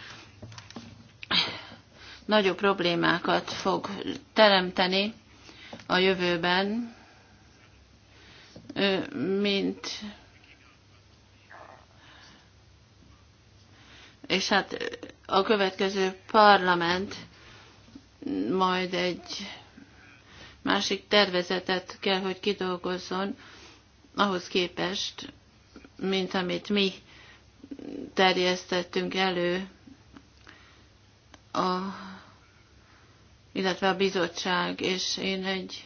nagyobb problémákat fog teremteni a jövőben, mint és hát a következő parlament majd egy másik tervezetet kell, hogy kidolgozzon ahhoz képest, mint amit mi terjesztettünk elő a illetve a bizottság, és én egy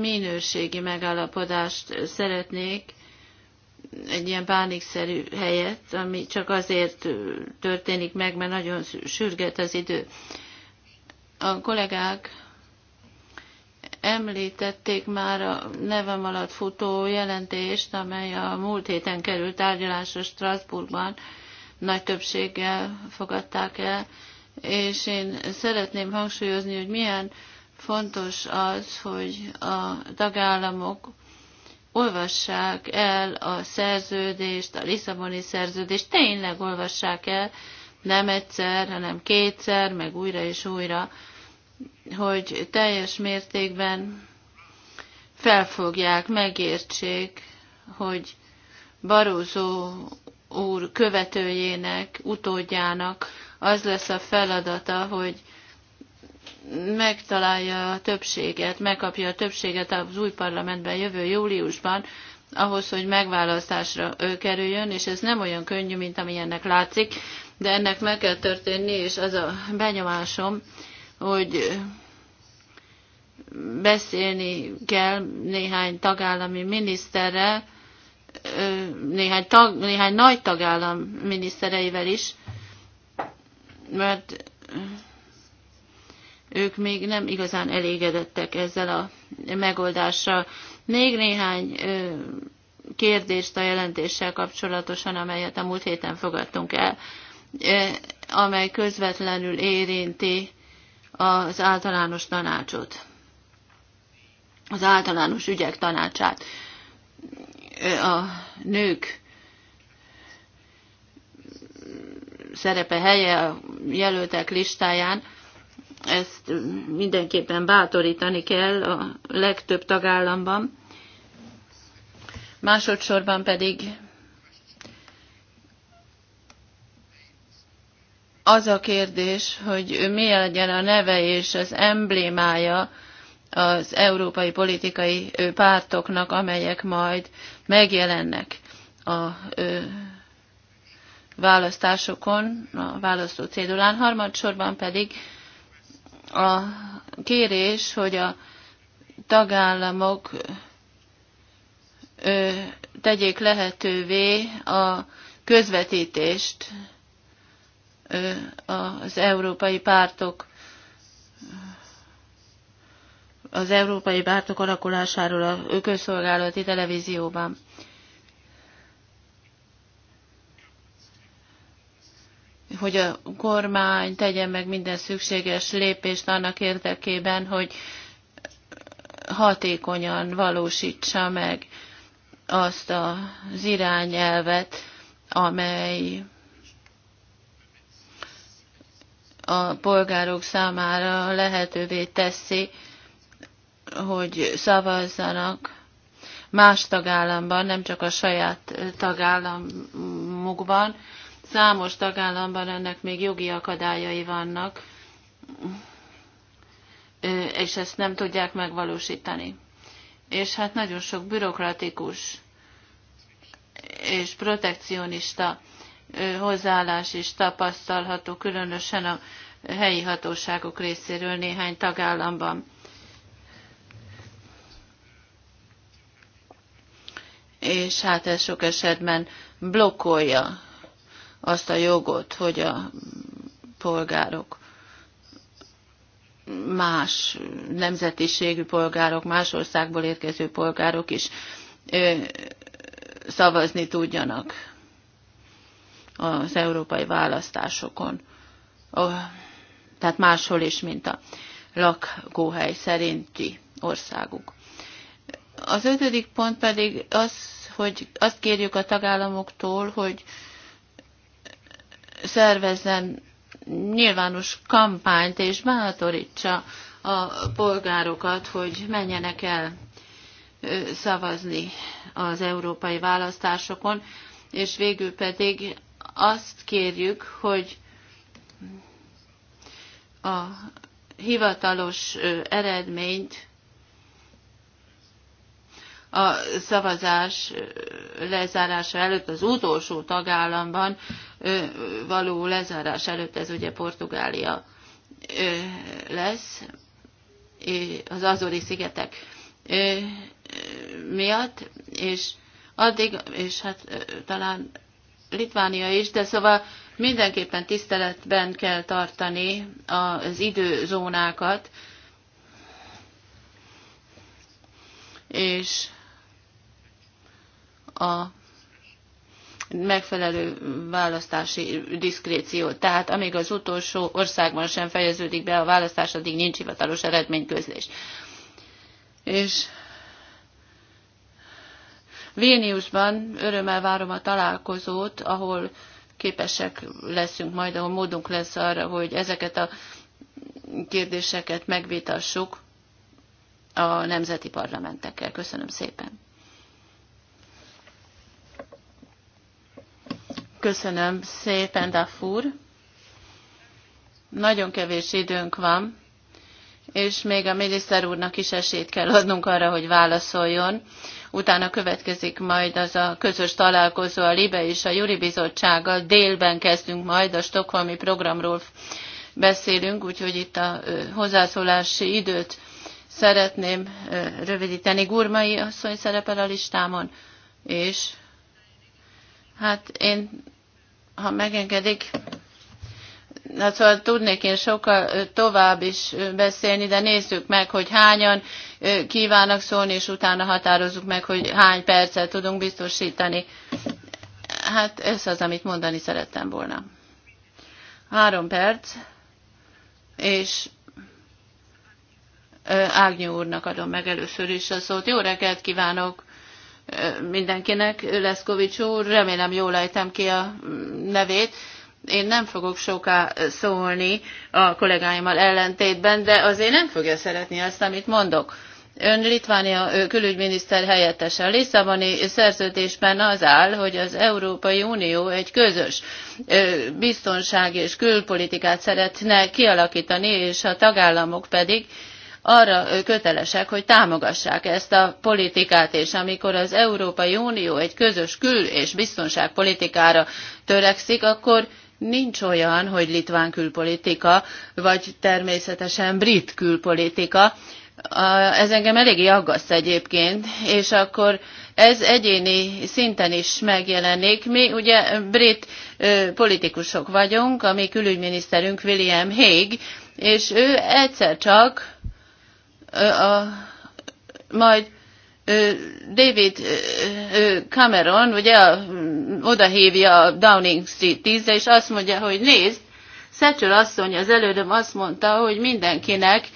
minőségi megállapodást szeretnék, egy ilyen pánikszerű helyet, ami csak azért történik meg, mert nagyon sürget az idő. A kollégák említették már a nevem alatt futó jelentést, amely a múlt héten került tárgyalásra Strasbourgban, nagy többséggel fogadták el, és én szeretném hangsúlyozni, hogy milyen fontos az, hogy a tagállamok olvassák el a szerződést, a Lisszaboni szerződést, tényleg olvassák el, nem egyszer, hanem kétszer, meg újra és újra, hogy teljes mértékben felfogják, megértsék, hogy Barózó úr követőjének, utódjának az lesz a feladata, hogy megtalálja a többséget, megkapja a többséget az új parlamentben jövő júliusban, ahhoz, hogy megválasztásra ő kerüljön, és ez nem olyan könnyű, mint amilyennek látszik, de ennek meg kell történni, és az a benyomásom, hogy beszélni kell néhány tagállami miniszterrel, néhány, tag, néhány nagy tagállam minisztereivel is, mert ők még nem igazán elégedettek ezzel a megoldással. Még néhány kérdést a jelentéssel kapcsolatosan, amelyet a múlt héten fogadtunk el, amely közvetlenül érinti az általános tanácsot, az általános ügyek tanácsát. A nők szerepe, helye a jelöltek listáján, ezt mindenképpen bátorítani kell a legtöbb tagállamban. Másodszorban pedig az a kérdés, hogy mi legyen a neve és az emblémája az európai politikai pártoknak, amelyek majd megjelennek a választásokon, a választó cédulán, harmadsorban pedig a kérés, hogy a tagállamok ö, tegyék lehetővé a közvetítést ö, az európai pártok az európai pártok alakulásáról a közszolgálati televízióban. hogy a kormány tegyen meg minden szükséges lépést annak érdekében, hogy hatékonyan valósítsa meg azt az irányelvet, amely a polgárok számára lehetővé teszi, hogy szavazzanak más tagállamban, nem csak a saját tagállamukban, Számos tagállamban ennek még jogi akadályai vannak, és ezt nem tudják megvalósítani. És hát nagyon sok bürokratikus és protekcionista hozzáállás is tapasztalható, különösen a helyi hatóságok részéről néhány tagállamban. És hát ez sok esetben blokkolja azt a jogot, hogy a polgárok más nemzetiségű polgárok, más országból érkező polgárok is szavazni tudjanak az európai választásokon. Tehát máshol is, mint a lakóhely szerinti országuk. Az ötödik pont pedig az, hogy azt kérjük a tagállamoktól, hogy szervezzen nyilvános kampányt és bátorítsa a polgárokat, hogy menjenek el szavazni az európai választásokon, és végül pedig azt kérjük, hogy a hivatalos eredményt a szavazás lezárása előtt, az utolsó tagállamban való lezárás előtt, ez ugye Portugália lesz, az Azori szigetek miatt, és addig, és hát talán Litvánia is, de szóval mindenképpen tiszteletben kell tartani az időzónákat, és a megfelelő választási diszkréció. Tehát amíg az utolsó országban sem fejeződik be a választás, addig nincs hivatalos eredményközlés. És Vilniusban örömmel várom a találkozót, ahol képesek leszünk majd, ahol módunk lesz arra, hogy ezeket a kérdéseket megvitassuk a nemzeti parlamentekkel. Köszönöm szépen. Köszönöm szépen, Dafur. Nagyon kevés időnk van, és még a miniszter úrnak is esélyt kell adnunk arra, hogy válaszoljon. Utána következik majd az a közös találkozó a Libe és a Juri Bizottsággal. Délben kezdünk majd a Stockholmi programról beszélünk, úgyhogy itt a hozzászólási időt szeretném rövidíteni. Gurmai asszony szerepel a listámon, és hát én ha megengedik, hát szóval tudnék én sokkal tovább is beszélni, de nézzük meg, hogy hányan kívánnak szólni, és utána határozzuk meg, hogy hány percet tudunk biztosítani. Hát ez az, amit mondani szerettem volna. Három perc, és Ágnyú úrnak adom meg először is a szót. Jó reggelt kívánok! mindenkinek, Leszkovics úr, remélem jól ejtem ki a nevét. Én nem fogok soká szólni a kollégáimmal ellentétben, de azért nem fogja szeretni azt, amit mondok. Ön Litvánia külügyminiszter helyettese. A Lisszaboni szerződésben az áll, hogy az Európai Unió egy közös biztonság és külpolitikát szeretne kialakítani, és a tagállamok pedig arra kötelesek, hogy támogassák ezt a politikát, és amikor az Európai Unió egy közös kül- és biztonságpolitikára törekszik, akkor nincs olyan, hogy litván külpolitika, vagy természetesen brit külpolitika. Ez engem eléggé aggaszt egyébként, és akkor ez egyéni szinten is megjelenik. Mi ugye brit ö, politikusok vagyunk, a mi külügyminiszterünk William Hague, és ő egyszer csak a, majd David Cameron ugye hívja a Downing Street 10 és azt mondja, hogy nézd, Szecsör asszony az elődöm azt mondta, hogy mindenkinek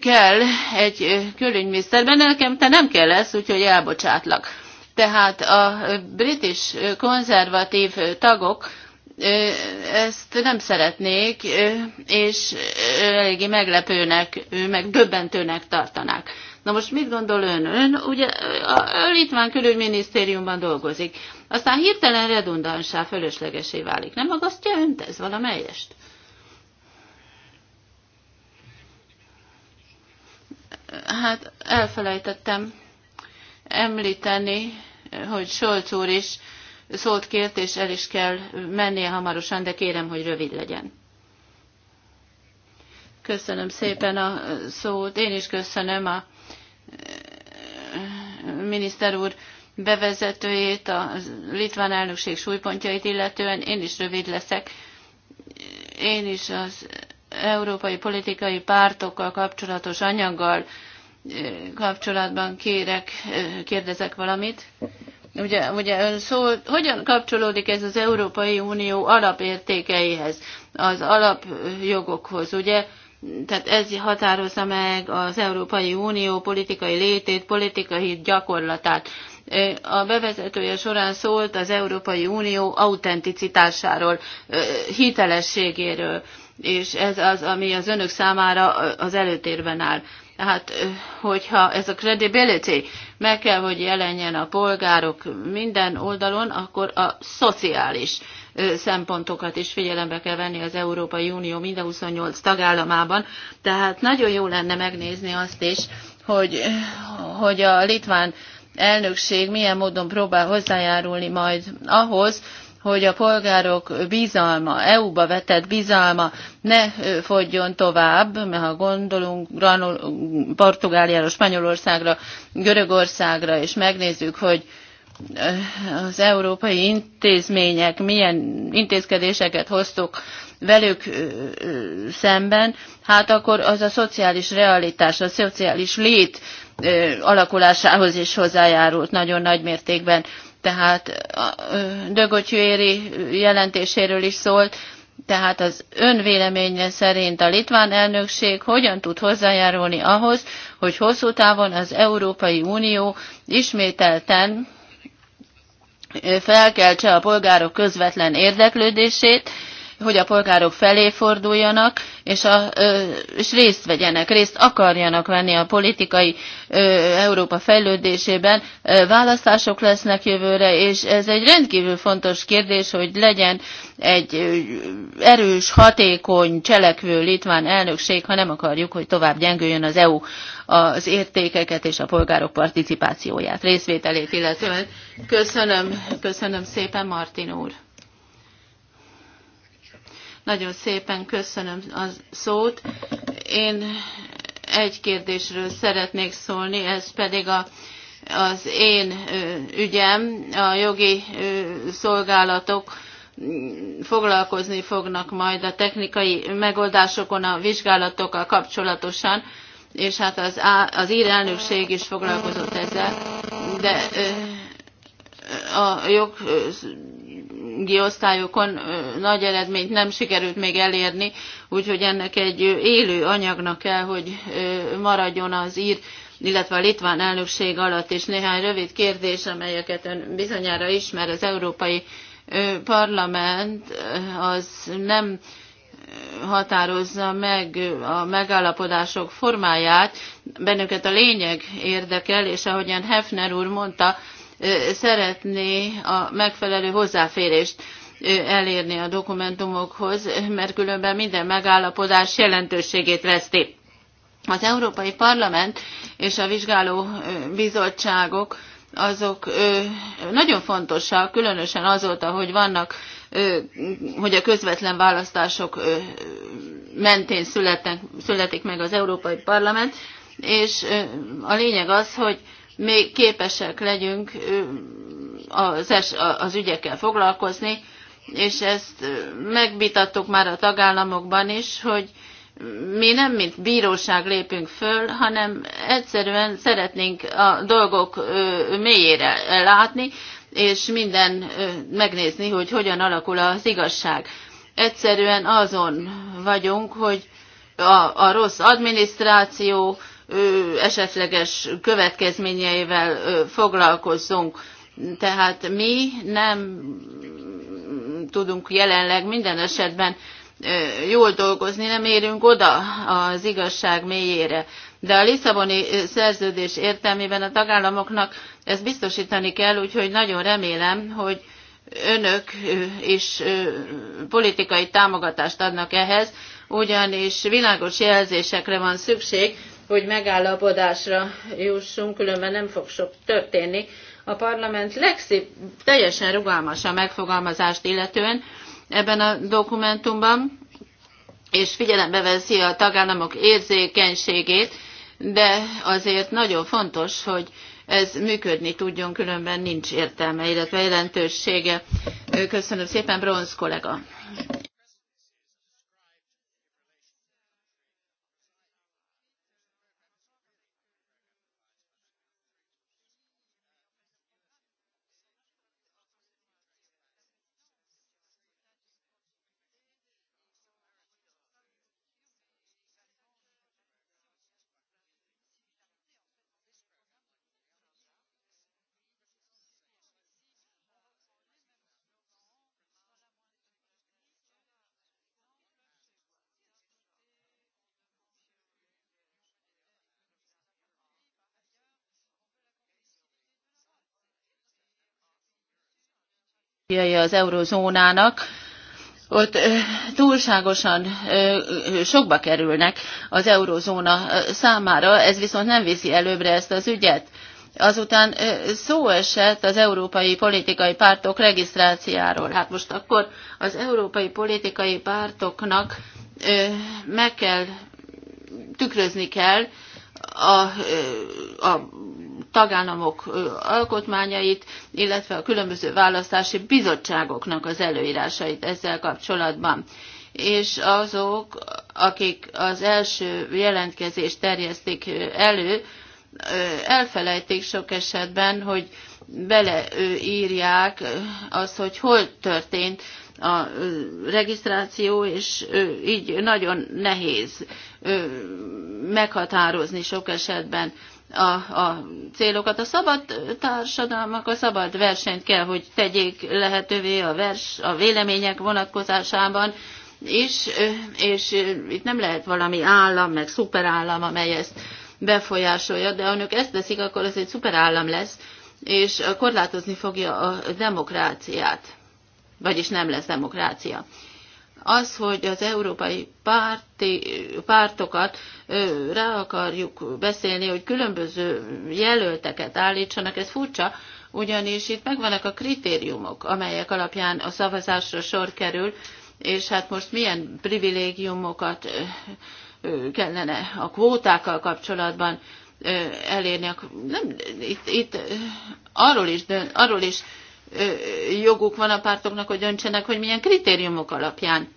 kell egy mert nekem te nem kell lesz, úgyhogy elbocsátlak. Tehát a british konzervatív tagok ezt nem szeretnék, és eléggé meglepőnek, meg döbbentőnek tartanák. Na most mit gondol ön? Ön ugye a Litván külügyminisztériumban dolgozik, aztán hirtelen redundánsá fölöslegesé válik. Nem magasztja önt ez valamelyest? Hát elfelejtettem említeni, hogy Solc úr is szót kért, és el is kell mennie hamarosan, de kérem, hogy rövid legyen. Köszönöm szépen a szót. Én is köszönöm a eh, miniszter úr bevezetőjét, a litván elnökség súlypontjait illetően. Én is rövid leszek. Én is az európai politikai pártokkal kapcsolatos anyaggal eh, kapcsolatban kérek, eh, kérdezek valamit. Ugye, ugye szó, hogyan kapcsolódik ez az Európai Unió alapértékeihez, az alapjogokhoz, ugye? Tehát ez határozza meg az Európai Unió politikai létét, politikai gyakorlatát. A bevezetője során szólt az Európai Unió autenticitásáról, hitelességéről, és ez az, ami az önök számára az előtérben áll. Tehát, hogyha ez a credibility meg kell, hogy jelenjen a polgárok minden oldalon, akkor a szociális szempontokat is figyelembe kell venni az Európai Unió mind a 28 tagállamában. Tehát nagyon jó lenne megnézni azt is, hogy, hogy a litván elnökség milyen módon próbál hozzájárulni majd ahhoz, hogy a polgárok bizalma, EU-ba vetett bizalma ne fogyjon tovább, mert ha gondolunk granul, Portugáliára, Spanyolországra, Görögországra, és megnézzük, hogy az európai intézmények milyen intézkedéseket hoztuk velük szemben, hát akkor az a szociális realitás, a szociális lét alakulásához is hozzájárult nagyon nagy mértékben tehát Dögotyűéri jelentéséről is szólt, tehát az ön véleménye szerint a litván elnökség hogyan tud hozzájárulni ahhoz, hogy hosszú távon az Európai Unió ismételten felkeltse a polgárok közvetlen érdeklődését, hogy a polgárok felé forduljanak, és, a, és részt vegyenek, részt akarjanak venni a politikai Európa fejlődésében. Választások lesznek jövőre, és ez egy rendkívül fontos kérdés, hogy legyen egy erős, hatékony, cselekvő litván elnökség, ha nem akarjuk, hogy tovább gyengüljön az EU az értékeket és a polgárok participációját, részvételét illetően. Köszönöm, köszönöm szépen, Martin úr. Nagyon szépen köszönöm a szót. Én egy kérdésről szeretnék szólni, ez pedig a, az én ügyem, a jogi szolgálatok foglalkozni fognak majd a technikai megoldásokon a vizsgálatokkal kapcsolatosan, és hát az, az ír elnökség is foglalkozott ezzel, de a jog osztályokon nagy eredményt nem sikerült még elérni, úgyhogy ennek egy élő anyagnak kell, hogy maradjon az ír illetve a litván elnökség alatt is néhány rövid kérdés, amelyeket ön bizonyára ismer az Európai Parlament, az nem határozza meg a megállapodások formáját. Bennünket a lényeg érdekel, és ahogyan Hefner úr mondta, szeretné a megfelelő hozzáférést elérni a dokumentumokhoz, mert különben minden megállapodás jelentőségét veszti. Az Európai Parlament és a vizsgáló bizottságok azok nagyon fontosak, különösen azóta, hogy vannak, hogy a közvetlen választások mentén születnek, születik meg az Európai Parlament, és a lényeg az, hogy még képesek legyünk az, es, az ügyekkel foglalkozni, és ezt megvitattuk már a tagállamokban is, hogy mi nem mint bíróság lépünk föl, hanem egyszerűen szeretnénk a dolgok mélyére látni, és minden megnézni, hogy hogyan alakul az igazság. Egyszerűen azon vagyunk, hogy a, a rossz adminisztráció, esetleges következményeivel foglalkozzunk. Tehát mi nem tudunk jelenleg minden esetben jól dolgozni, nem érünk oda az igazság mélyére. De a Lisszaboni szerződés értelmében a tagállamoknak ezt biztosítani kell, úgyhogy nagyon remélem, hogy önök is politikai támogatást adnak ehhez, ugyanis világos jelzésekre van szükség, hogy megállapodásra jussunk, különben nem fog sok történni. A parlament legszép, teljesen rugalmas a megfogalmazást illetően ebben a dokumentumban, és figyelembe veszi a tagállamok érzékenységét, de azért nagyon fontos, hogy ez működni tudjon, különben nincs értelme, illetve jelentősége. Köszönöm szépen, Bronz kollega. az eurozónának, ott túlságosan sokba kerülnek az eurozóna számára, ez viszont nem viszi előbbre ezt az ügyet. Azután szó esett az európai politikai pártok regisztráciáról. Hát most akkor az európai politikai pártoknak meg kell, tükrözni kell a, a tagállamok alkotmányait, illetve a különböző választási bizottságoknak az előírásait ezzel kapcsolatban és azok, akik az első jelentkezést terjesztik elő, elfelejtik sok esetben, hogy beleírják az, hogy hol történt a regisztráció, és így nagyon nehéz meghatározni sok esetben a, a célokat. A szabad társadalmak a szabad versenyt kell, hogy tegyék lehetővé a, vers, a vélemények vonatkozásában, és, és itt nem lehet valami állam, meg szuperállam, amely ezt befolyásolja, de ha önök ezt teszik, akkor ez egy szuperállam lesz, és korlátozni fogja a demokráciát. Vagyis nem lesz demokrácia az, hogy az európai párti, pártokat rá akarjuk beszélni, hogy különböző jelölteket állítsanak, ez furcsa, ugyanis itt megvannak a kritériumok, amelyek alapján a szavazásra sor kerül, és hát most milyen privilégiumokat kellene a kvótákkal kapcsolatban elérni. Nem, itt, itt arról is, arról is joguk van a pártoknak, hogy döntsenek, hogy milyen kritériumok alapján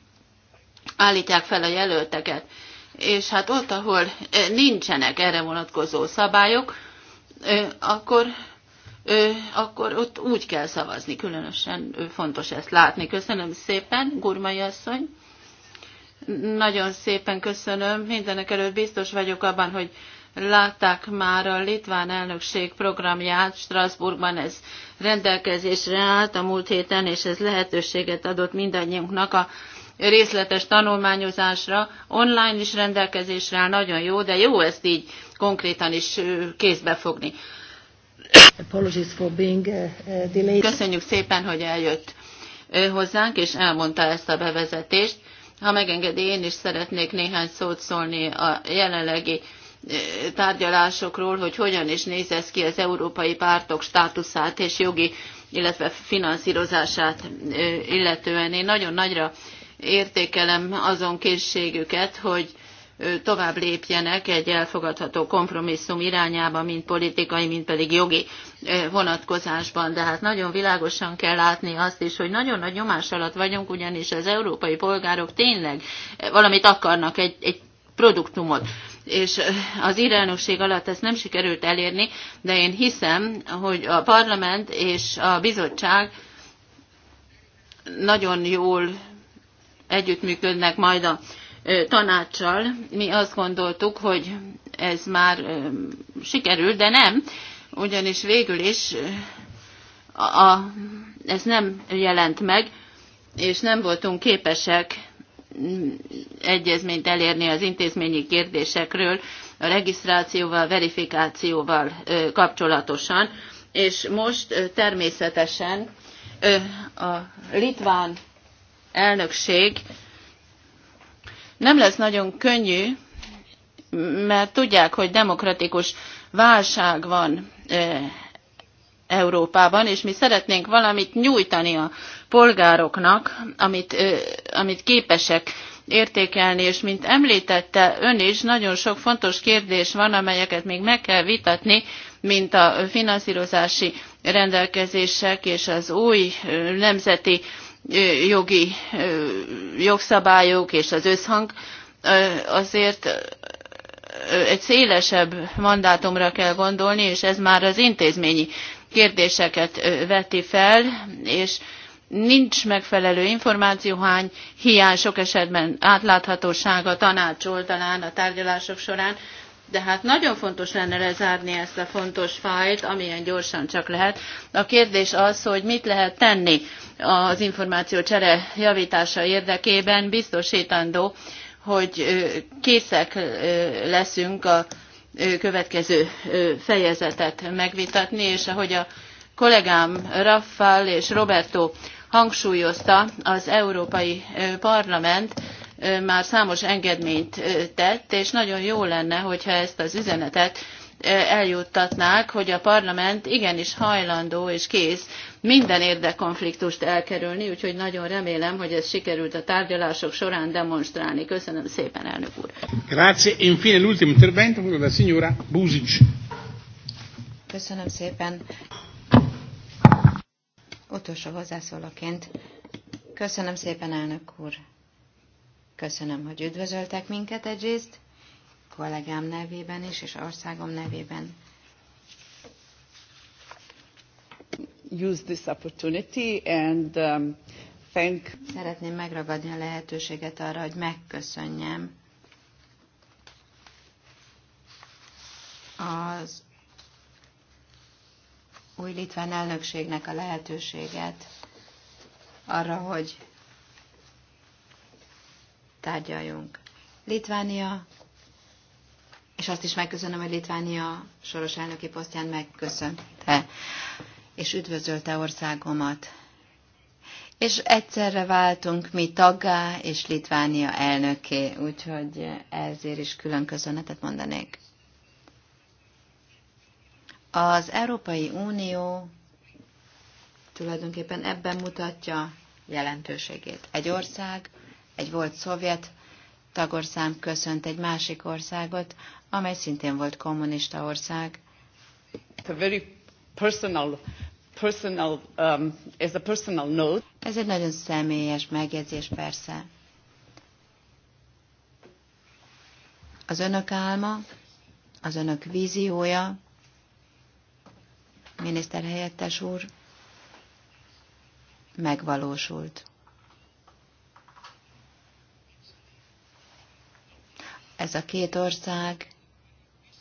állítják fel a jelölteket. És hát ott, ahol nincsenek erre vonatkozó szabályok, akkor, akkor ott úgy kell szavazni. Különösen fontos ezt látni. Köszönöm szépen, Gurmai asszony. Nagyon szépen köszönöm. Mindenek előtt biztos vagyok abban, hogy látták már a litván elnökség programját Strasbourgban, ez rendelkezésre állt a múlt héten, és ez lehetőséget adott mindannyiunknak a részletes tanulmányozásra. Online is rendelkezésre áll, nagyon jó, de jó ezt így konkrétan is kézbe fogni. Köszönjük szépen, hogy eljött hozzánk, és elmondta ezt a bevezetést. Ha megengedi, én is szeretnék néhány szót szólni a jelenlegi tárgyalásokról, hogy hogyan is néz ez ki az európai pártok státuszát és jogi, illetve finanszírozását illetően. Én nagyon nagyra értékelem azon készségüket, hogy tovább lépjenek egy elfogadható kompromisszum irányába, mind politikai, mind pedig jogi vonatkozásban. De hát nagyon világosan kell látni azt is, hogy nagyon nagy nyomás alatt vagyunk, ugyanis az európai polgárok tényleg valamit akarnak, egy, egy produktumot és az irányokség alatt ezt nem sikerült elérni, de én hiszem, hogy a parlament és a bizottság nagyon jól együttműködnek majd a tanácssal. Mi azt gondoltuk, hogy ez már sikerült, de nem, ugyanis végül is a, a, ez nem jelent meg, és nem voltunk képesek egyezményt elérni az intézményi kérdésekről a regisztrációval, verifikációval kapcsolatosan. És most természetesen a litván elnökség nem lesz nagyon könnyű, mert tudják, hogy demokratikus válság van Európában, és mi szeretnénk valamit nyújtani a polgároknak, amit, amit képesek értékelni, és mint említette ön is, nagyon sok fontos kérdés van, amelyeket még meg kell vitatni, mint a finanszírozási rendelkezések és az új nemzeti jogi jogszabályok és az összhang azért egy szélesebb mandátumra kell gondolni, és ez már az intézményi kérdéseket veti fel, és nincs megfelelő információ, hány hiány sok esetben átláthatósága tanács oldalán a tárgyalások során, de hát nagyon fontos lenne lezárni ezt a fontos fájt, amilyen gyorsan csak lehet. A kérdés az, hogy mit lehet tenni az információ csere javítása érdekében, biztosítandó, hogy készek leszünk a következő fejezetet megvitatni, és ahogy a kollégám Raffal és Roberto hangsúlyozta, az Európai Parlament már számos engedményt tett, és nagyon jó lenne, hogyha ezt az üzenetet eljuttatnák, hogy a parlament igenis hajlandó és kész minden érdekkonfliktust elkerülni, úgyhogy nagyon remélem, hogy ez sikerült a tárgyalások során demonstrálni. Köszönöm szépen, elnök úr. Grazie. E infine l'ultimo intervento, la signora Buzic. Köszönöm szépen utolsó hozzászólóként. Köszönöm szépen, elnök úr. Köszönöm, hogy üdvözöltek minket egyrészt, kollégám nevében is, és országom nevében. Use this opportunity and um, thank... Szeretném megragadni a lehetőséget arra, hogy megköszönjem az új litván elnökségnek a lehetőséget arra, hogy tárgyaljunk. Litvánia, és azt is megköszönöm, hogy Litvánia soros elnöki posztján megköszönte, és üdvözölte országomat. És egyszerre váltunk mi taggá és Litvánia elnöké, úgyhogy ezért is külön köszönetet mondanék. Az Európai Unió tulajdonképpen ebben mutatja jelentőségét. Egy ország, egy volt szovjet tagország köszönt egy másik országot, amely szintén volt kommunista ország. It's a very personal, personal, um, it's a personal note. Ez egy nagyon személyes megjegyzés persze. Az önök álma, az önök víziója, miniszterhelyettes úr, megvalósult. Ez a két ország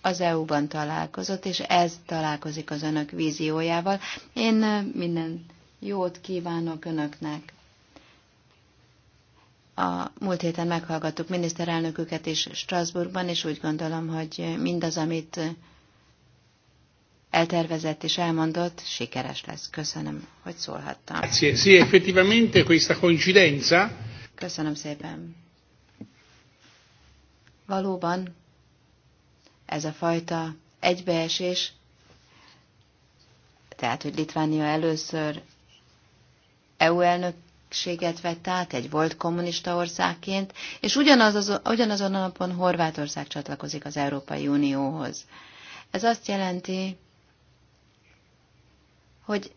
az EU-ban találkozott, és ez találkozik az önök víziójával. Én minden jót kívánok önöknek. A múlt héten meghallgattuk miniszterelnöküket is Strasbourgban, és úgy gondolom, hogy mindaz, amit eltervezett és elmondott, sikeres lesz. Köszönöm, hogy szólhattam. Sì, effettivamente questa coincidenza. Köszönöm szépen. Valóban ez a fajta egybeesés, tehát, hogy Litvánia először EU elnökséget vett át egy volt kommunista országként, és ugyanaz az, ugyanazon a napon Horvátország csatlakozik az Európai Unióhoz. Ez azt jelenti, hogy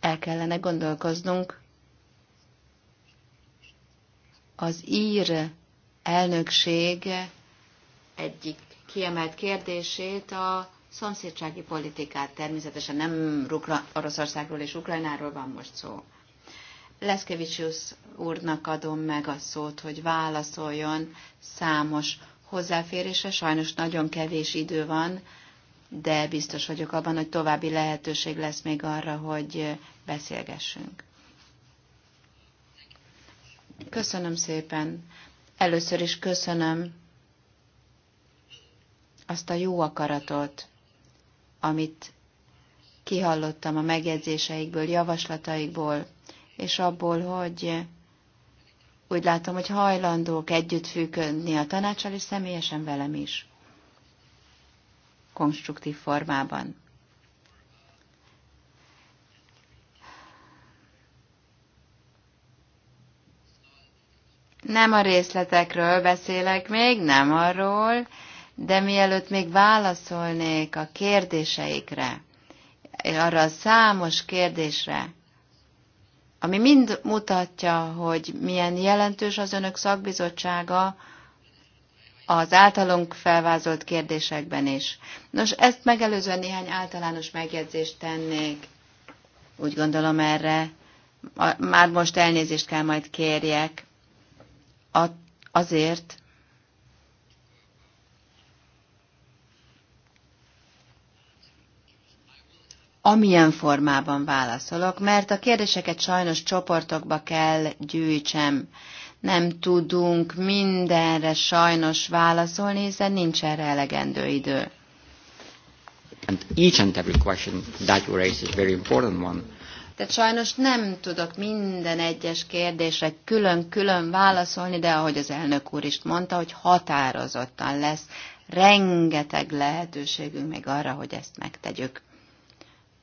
el kellene gondolkoznunk az ír elnökség egyik kiemelt kérdését a szomszédsági politikát. Természetesen nem Rukra- Oroszországról és Ukrajnáról van most szó. Leszkevicius úrnak adom meg a szót, hogy válaszoljon számos hozzáférése, Sajnos nagyon kevés idő van, de biztos vagyok abban, hogy további lehetőség lesz még arra, hogy beszélgessünk. Köszönöm szépen. Először is köszönöm azt a jó akaratot, amit kihallottam a megjegyzéseikből, javaslataikból, és abból, hogy úgy látom, hogy hajlandók együtt a tanácsal, és személyesen velem is konstruktív formában. Nem a részletekről beszélek még, nem arról, de mielőtt még válaszolnék a kérdéseikre, arra a számos kérdésre, ami mind mutatja, hogy milyen jelentős az önök szakbizottsága az általunk felvázolt kérdésekben is. Nos, ezt megelőzően néhány általános megjegyzést tennék. Úgy gondolom erre már most elnézést kell majd kérjek. A, azért, amilyen formában válaszolok, mert a kérdéseket sajnos csoportokba kell gyűjtsem nem tudunk mindenre sajnos válaszolni, hiszen nincs erre elegendő idő. And each and every question that you raise is very important one. Tehát sajnos nem tudok minden egyes kérdésre külön-külön válaszolni, de ahogy az elnök úr is mondta, hogy határozottan lesz rengeteg lehetőségünk még arra, hogy ezt megtegyük.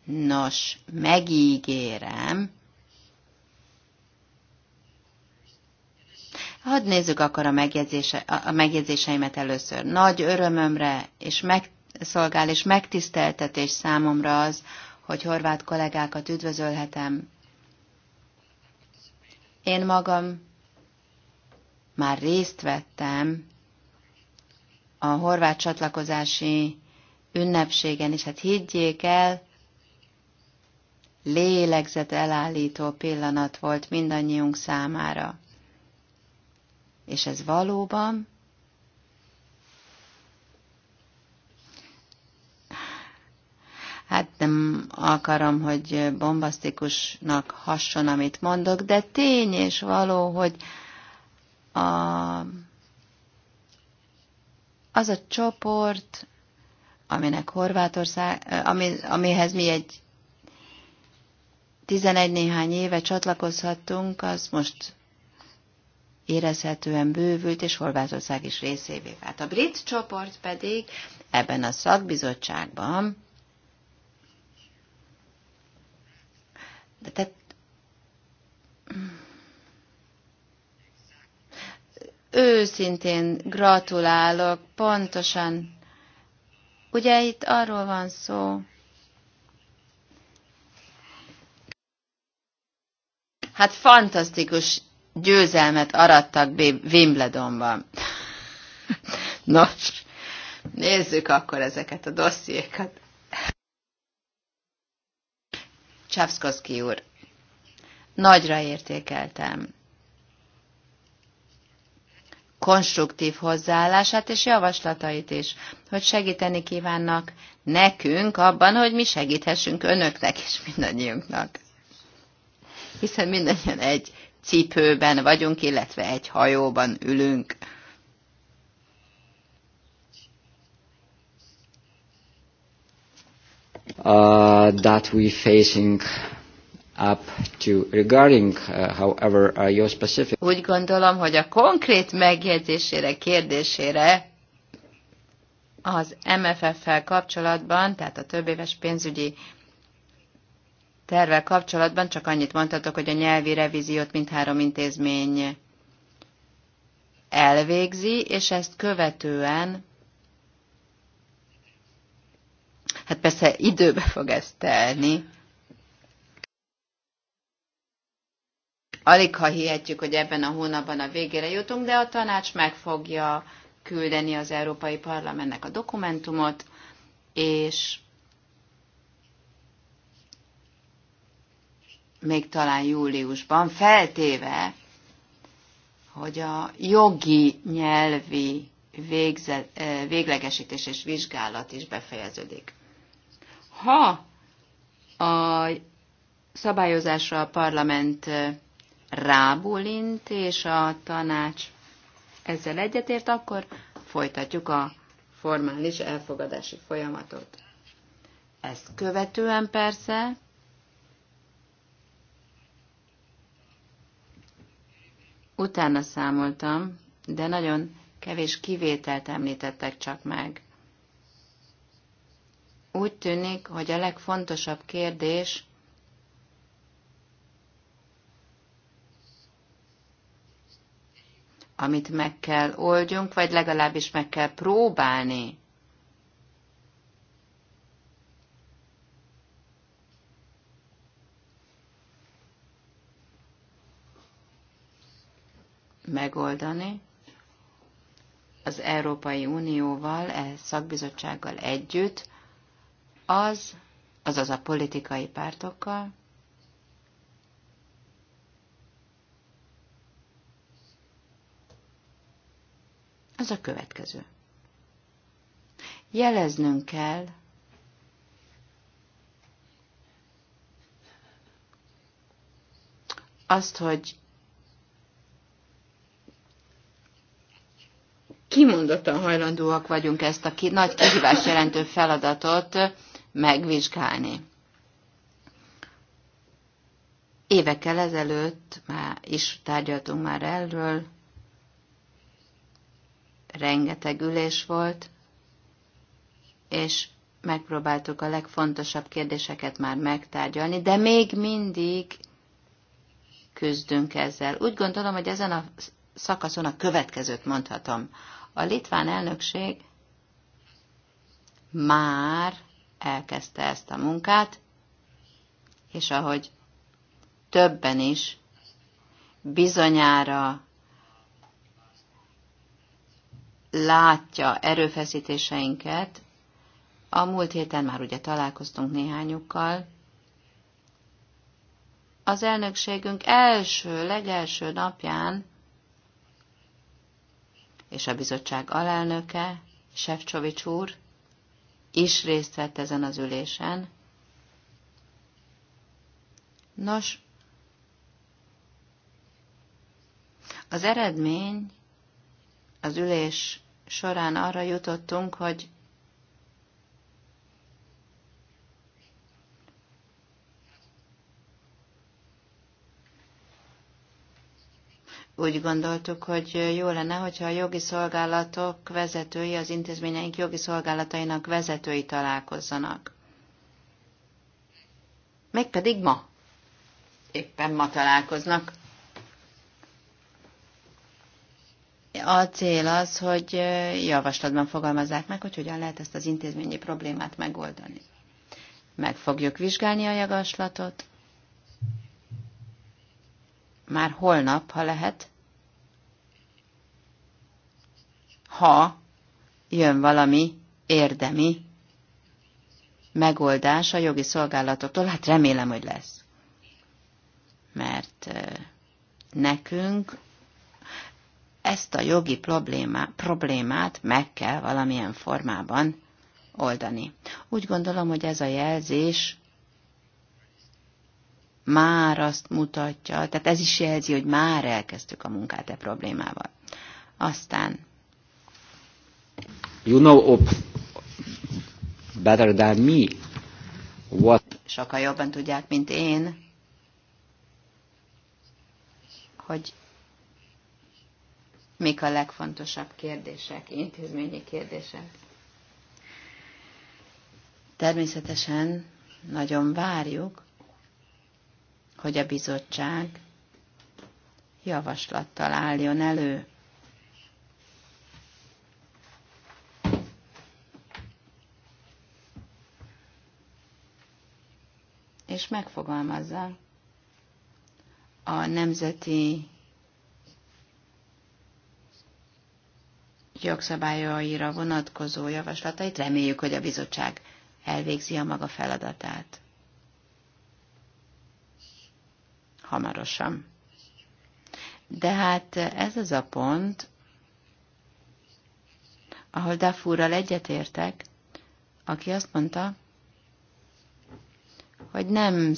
Nos, megígérem, Hadd nézzük akkor a, megjegyzése, a megjegyzéseimet először. Nagy örömömre és megszolgál és megtiszteltetés számomra az, hogy horvát kollégákat üdvözölhetem. Én magam már részt vettem a horvát csatlakozási ünnepségen, és hát higgyék el, lélegzet elállító pillanat volt mindannyiunk számára és ez valóban hát nem akarom, hogy bombasztikusnak hasson, amit mondok, de tény és való, hogy a, az a csoport, aminek Horvátország, ami, amihez mi egy 11 néhány éve csatlakozhattunk, az most érezhetően bővült, és Horvátország is részévé vált. A brit csoport pedig ebben a szakbizottságban de tehát őszintén gratulálok, pontosan. Ugye itt arról van szó, Hát fantasztikus győzelmet arattak Wimbledonban. Nos, nézzük akkor ezeket a dossziékat. Csapszkoszki úr, nagyra értékeltem konstruktív hozzáállását és javaslatait is, hogy segíteni kívánnak nekünk abban, hogy mi segíthessünk önöknek és mindannyiunknak. Hiszen mindannyian egy cipőben vagyunk, illetve egy hajóban ülünk. Uh, that we facing up to regarding, uh, however, uh, your specific. Úgy gondolom, hogy a konkrét megjegyzésére, kérdésére az MFF-fel kapcsolatban, tehát a többéves pénzügyi tervvel kapcsolatban csak annyit mondhatok, hogy a nyelvi revíziót mindhárom intézmény elvégzi, és ezt követően Hát persze időbe fog ez telni. Alig ha hihetjük, hogy ebben a hónapban a végére jutunk, de a tanács meg fogja küldeni az Európai Parlamentnek a dokumentumot, és még talán júliusban, feltéve, hogy a jogi nyelvi végze, eh, véglegesítés és vizsgálat is befejeződik. Ha a szabályozásra a parlament eh, rábulint, és a tanács ezzel egyetért, akkor folytatjuk a formális elfogadási folyamatot. Ezt követően persze Utána számoltam, de nagyon kevés kivételt említettek csak meg. Úgy tűnik, hogy a legfontosabb kérdés amit meg kell oldjunk, vagy legalábbis meg kell próbálni megoldani az Európai Unióval, e szakbizottsággal együtt, az, azaz a politikai pártokkal, az a következő. Jeleznünk kell, azt, hogy kimondottan hajlandóak vagyunk ezt a ki, nagy kihívást jelentő feladatot megvizsgálni. Évekkel ezelőtt már is tárgyaltunk már erről, rengeteg ülés volt, és megpróbáltuk a legfontosabb kérdéseket már megtárgyalni, de még mindig küzdünk ezzel. Úgy gondolom, hogy ezen a szakaszon a következőt mondhatom. A litván elnökség már elkezdte ezt a munkát, és ahogy többen is bizonyára látja erőfeszítéseinket, a múlt héten már ugye találkoztunk néhányukkal, az elnökségünk első, legelső napján és a bizottság alelnöke, Sefcsovics úr, is részt vett ezen az ülésen. Nos, az eredmény az ülés során arra jutottunk, hogy úgy gondoltuk, hogy jó lenne, hogyha a jogi szolgálatok vezetői, az intézményeink jogi szolgálatainak vezetői találkozzanak. Mégpedig ma. Éppen ma találkoznak. A cél az, hogy javaslatban fogalmazzák meg, hogy hogyan lehet ezt az intézményi problémát megoldani. Meg fogjuk vizsgálni a javaslatot, már holnap, ha lehet, ha jön valami érdemi megoldás a jogi szolgálatoktól, hát remélem, hogy lesz. Mert nekünk ezt a jogi problémát, problémát meg kell valamilyen formában oldani. Úgy gondolom, hogy ez a jelzés már azt mutatja, tehát ez is jelzi, hogy már elkezdtük a munkát e problémával. Aztán. You know op better than me what... Sokkal jobban tudják, mint én, hogy mik a legfontosabb kérdések, intézményi kérdések. Természetesen nagyon várjuk, hogy a bizottság javaslattal álljon elő. És megfogalmazza a nemzeti jogszabályaira vonatkozó javaslatait. Reméljük, hogy a bizottság elvégzi a maga feladatát. hamarosan. De hát ez az a pont, ahol Dafúrral egyetértek, aki azt mondta, hogy nem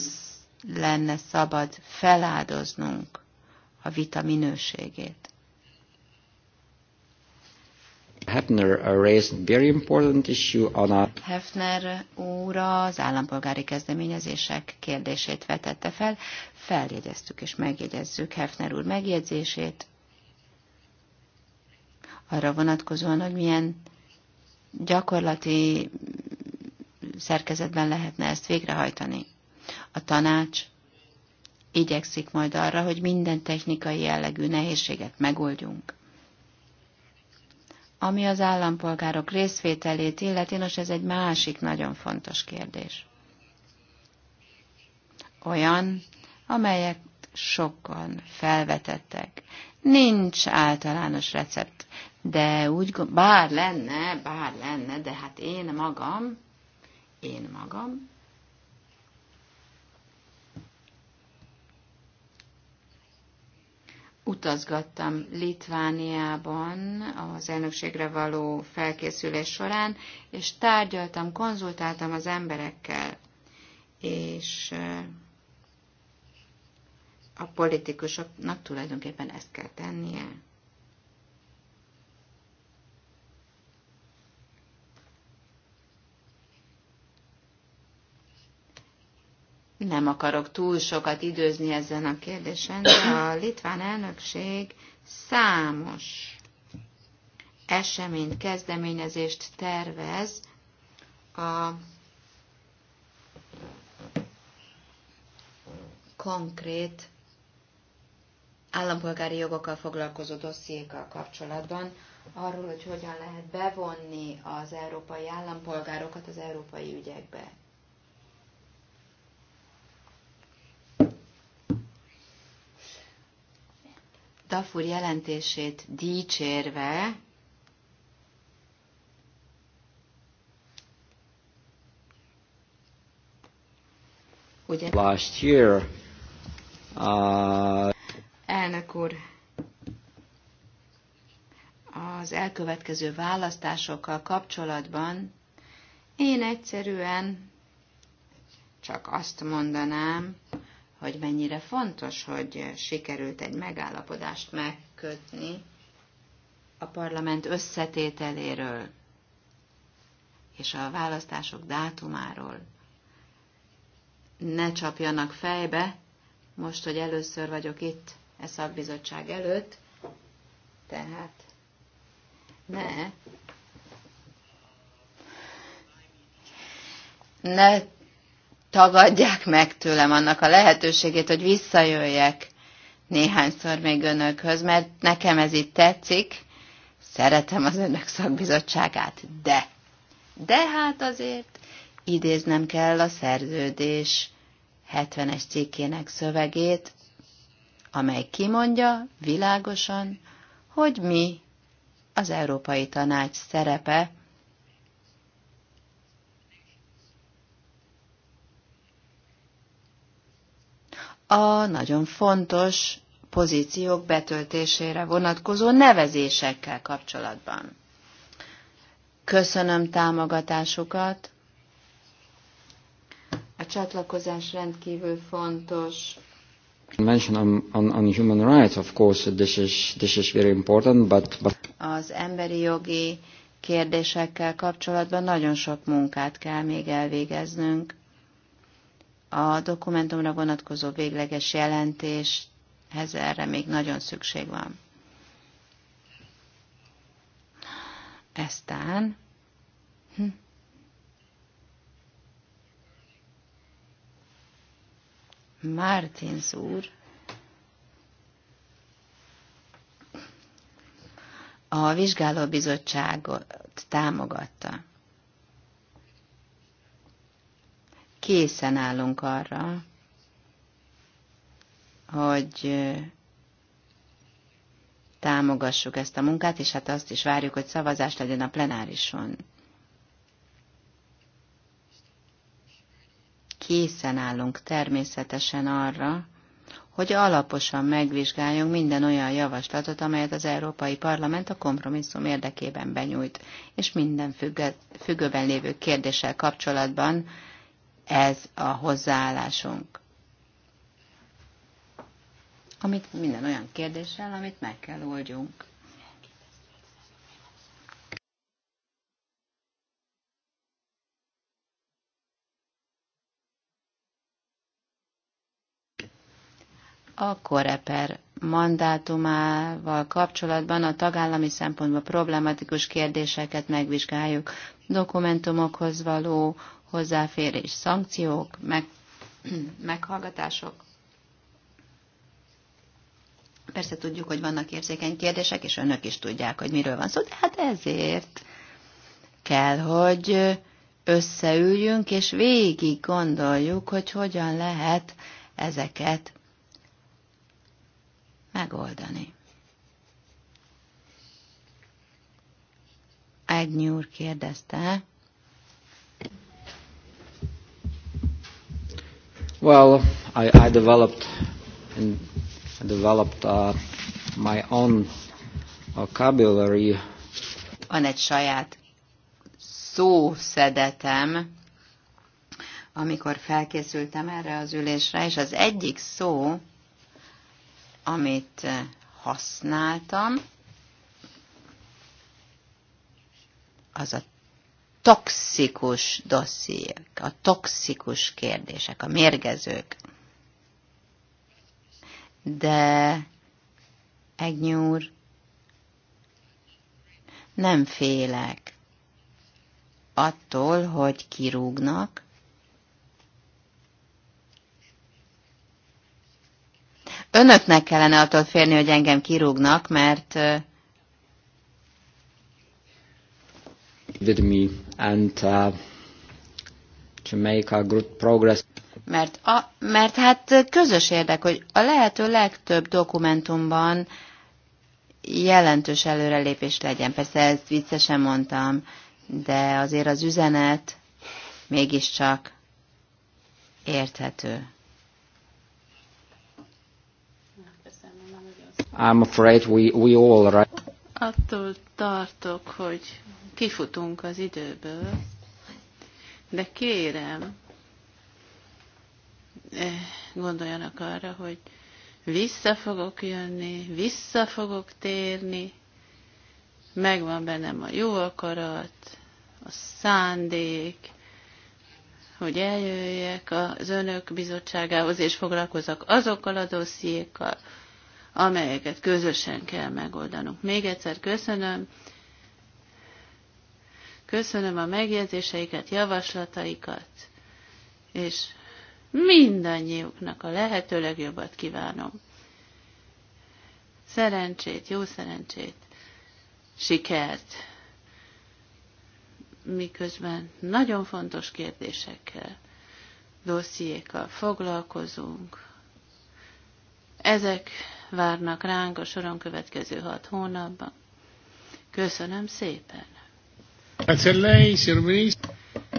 lenne szabad feláldoznunk a vita minőségét. Hefner raised very important issue on a... Hefner úr az állampolgári kezdeményezések kérdését vetette fel. Feljegyeztük és megjegyezzük Hefner úr megjegyzését. Arra vonatkozóan, hogy milyen gyakorlati szerkezetben lehetne ezt végrehajtani. A tanács igyekszik majd arra, hogy minden technikai jellegű nehézséget megoldjunk. Ami az állampolgárok részvételét illeti, nos ez egy másik nagyon fontos kérdés. Olyan, amelyek sokan felvetettek. Nincs általános recept, de úgy, bár lenne, bár lenne, de hát én magam, én magam utazgattam Litvániában az elnökségre való felkészülés során, és tárgyaltam, konzultáltam az emberekkel, és a politikusoknak tulajdonképpen ezt kell tennie. Nem akarok túl sokat időzni ezen a kérdésen, de a litván elnökség számos eseményt, kezdeményezést tervez a konkrét állampolgári jogokkal foglalkozó dossziékkal kapcsolatban, arról, hogy hogyan lehet bevonni az európai állampolgárokat az európai ügyekbe. Dafur jelentését dicsérve, ugye... Last year, uh... Elnök úr, az elkövetkező választásokkal kapcsolatban én egyszerűen csak azt mondanám, hogy mennyire fontos, hogy sikerült egy megállapodást megkötni a parlament összetételéről és a választások dátumáról. Ne csapjanak fejbe, most, hogy először vagyok itt e szakbizottság előtt, tehát ne ne tagadják meg tőlem annak a lehetőségét, hogy visszajöjjek néhányszor még önökhöz, mert nekem ez itt tetszik, szeretem az önök szakbizottságát, de, de hát azért idéznem kell a szerződés 70-es cikkének szövegét, amely kimondja világosan, hogy mi az Európai Tanács szerepe a nagyon fontos pozíciók betöltésére vonatkozó nevezésekkel kapcsolatban. Köszönöm támogatásukat. A csatlakozás rendkívül fontos. Mention on, on, on human rights, of course, this is, this is very important, but, but... Az emberi jogi kérdésekkel kapcsolatban nagyon sok munkát kell még elvégeznünk. A dokumentumra vonatkozó végleges jelentéshez erre még nagyon szükség van. Eztán hm. Martins úr a vizsgálóbizottságot támogatta. készen állunk arra, hogy támogassuk ezt a munkát, és hát azt is várjuk, hogy szavazás legyen a plenárison. Készen állunk természetesen arra, hogy alaposan megvizsgáljunk minden olyan javaslatot, amelyet az Európai Parlament a kompromisszum érdekében benyújt, és minden függőben lévő kérdéssel kapcsolatban ez a hozzáállásunk. Amit minden olyan kérdéssel, amit meg kell oldjunk. a koreper mandátumával kapcsolatban a tagállami szempontból problematikus kérdéseket megvizsgáljuk, dokumentumokhoz való hozzáférés, szankciók, meg, meghallgatások. Persze tudjuk, hogy vannak érzékeny kérdések, és önök is tudják, hogy miről van szó, de hát ezért kell, hogy összeüljünk, és végig gondoljuk, hogy hogyan lehet ezeket megoldani. Egy nyúr kérdezte, Well, I, I developed and developed uh, my own vocabulary. Van egy saját szószedetem, amikor felkészültem erre az ülésre, és az egyik szó, amit eh, használtam, az a toxikus dossziék, a toxikus kérdések, a mérgezők. De nyúr nem félek attól, hogy kirúgnak, Önöknek kellene attól félni, hogy engem kirúgnak, mert with me and uh, to make a good progress. Mert, a, mert hát közös érdek, hogy a lehető legtöbb dokumentumban jelentős előrelépés legyen. Persze ezt viccesen mondtam, de azért az üzenet mégiscsak érthető. I'm afraid we, we all attól tartok, hogy kifutunk az időből, de kérem, eh, gondoljanak arra, hogy vissza fogok jönni, vissza fogok térni, megvan bennem a jó akarat, a szándék, hogy eljöjjek az önök bizottságához, és foglalkozok azokkal a dossziékkal, amelyeket közösen kell megoldanunk. Még egyszer köszönöm. Köszönöm a megjegyzéseiket, javaslataikat, és mindannyiuknak a lehető legjobbat kívánom. Szerencsét, jó szerencsét, sikert, miközben nagyon fontos kérdésekkel, dossziékkal foglalkozunk. Ezek várnak ránk a soron következő hat hónapban. Köszönöm szépen!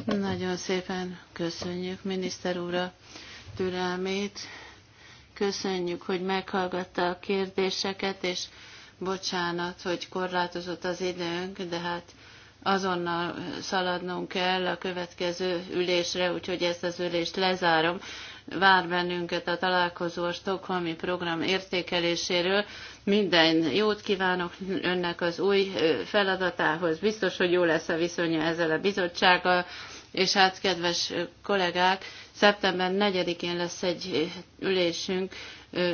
Nagyon szépen köszönjük miniszter úr türelmét. Köszönjük, hogy meghallgatta a kérdéseket, és bocsánat, hogy korlátozott az időnk, de hát azonnal szaladnunk kell a következő ülésre, úgyhogy ezt az ülést lezárom vár bennünket a találkozó a Stockholmi program értékeléséről. Minden jót kívánok önnek az új feladatához. Biztos, hogy jó lesz a viszonya ezzel a bizottsággal, és hát kedves kollégák, szeptember 4-én lesz egy ülésünk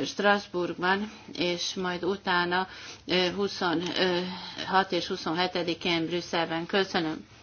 Strasbourgban, és majd utána 26 és 27-én Brüsszelben. Köszönöm.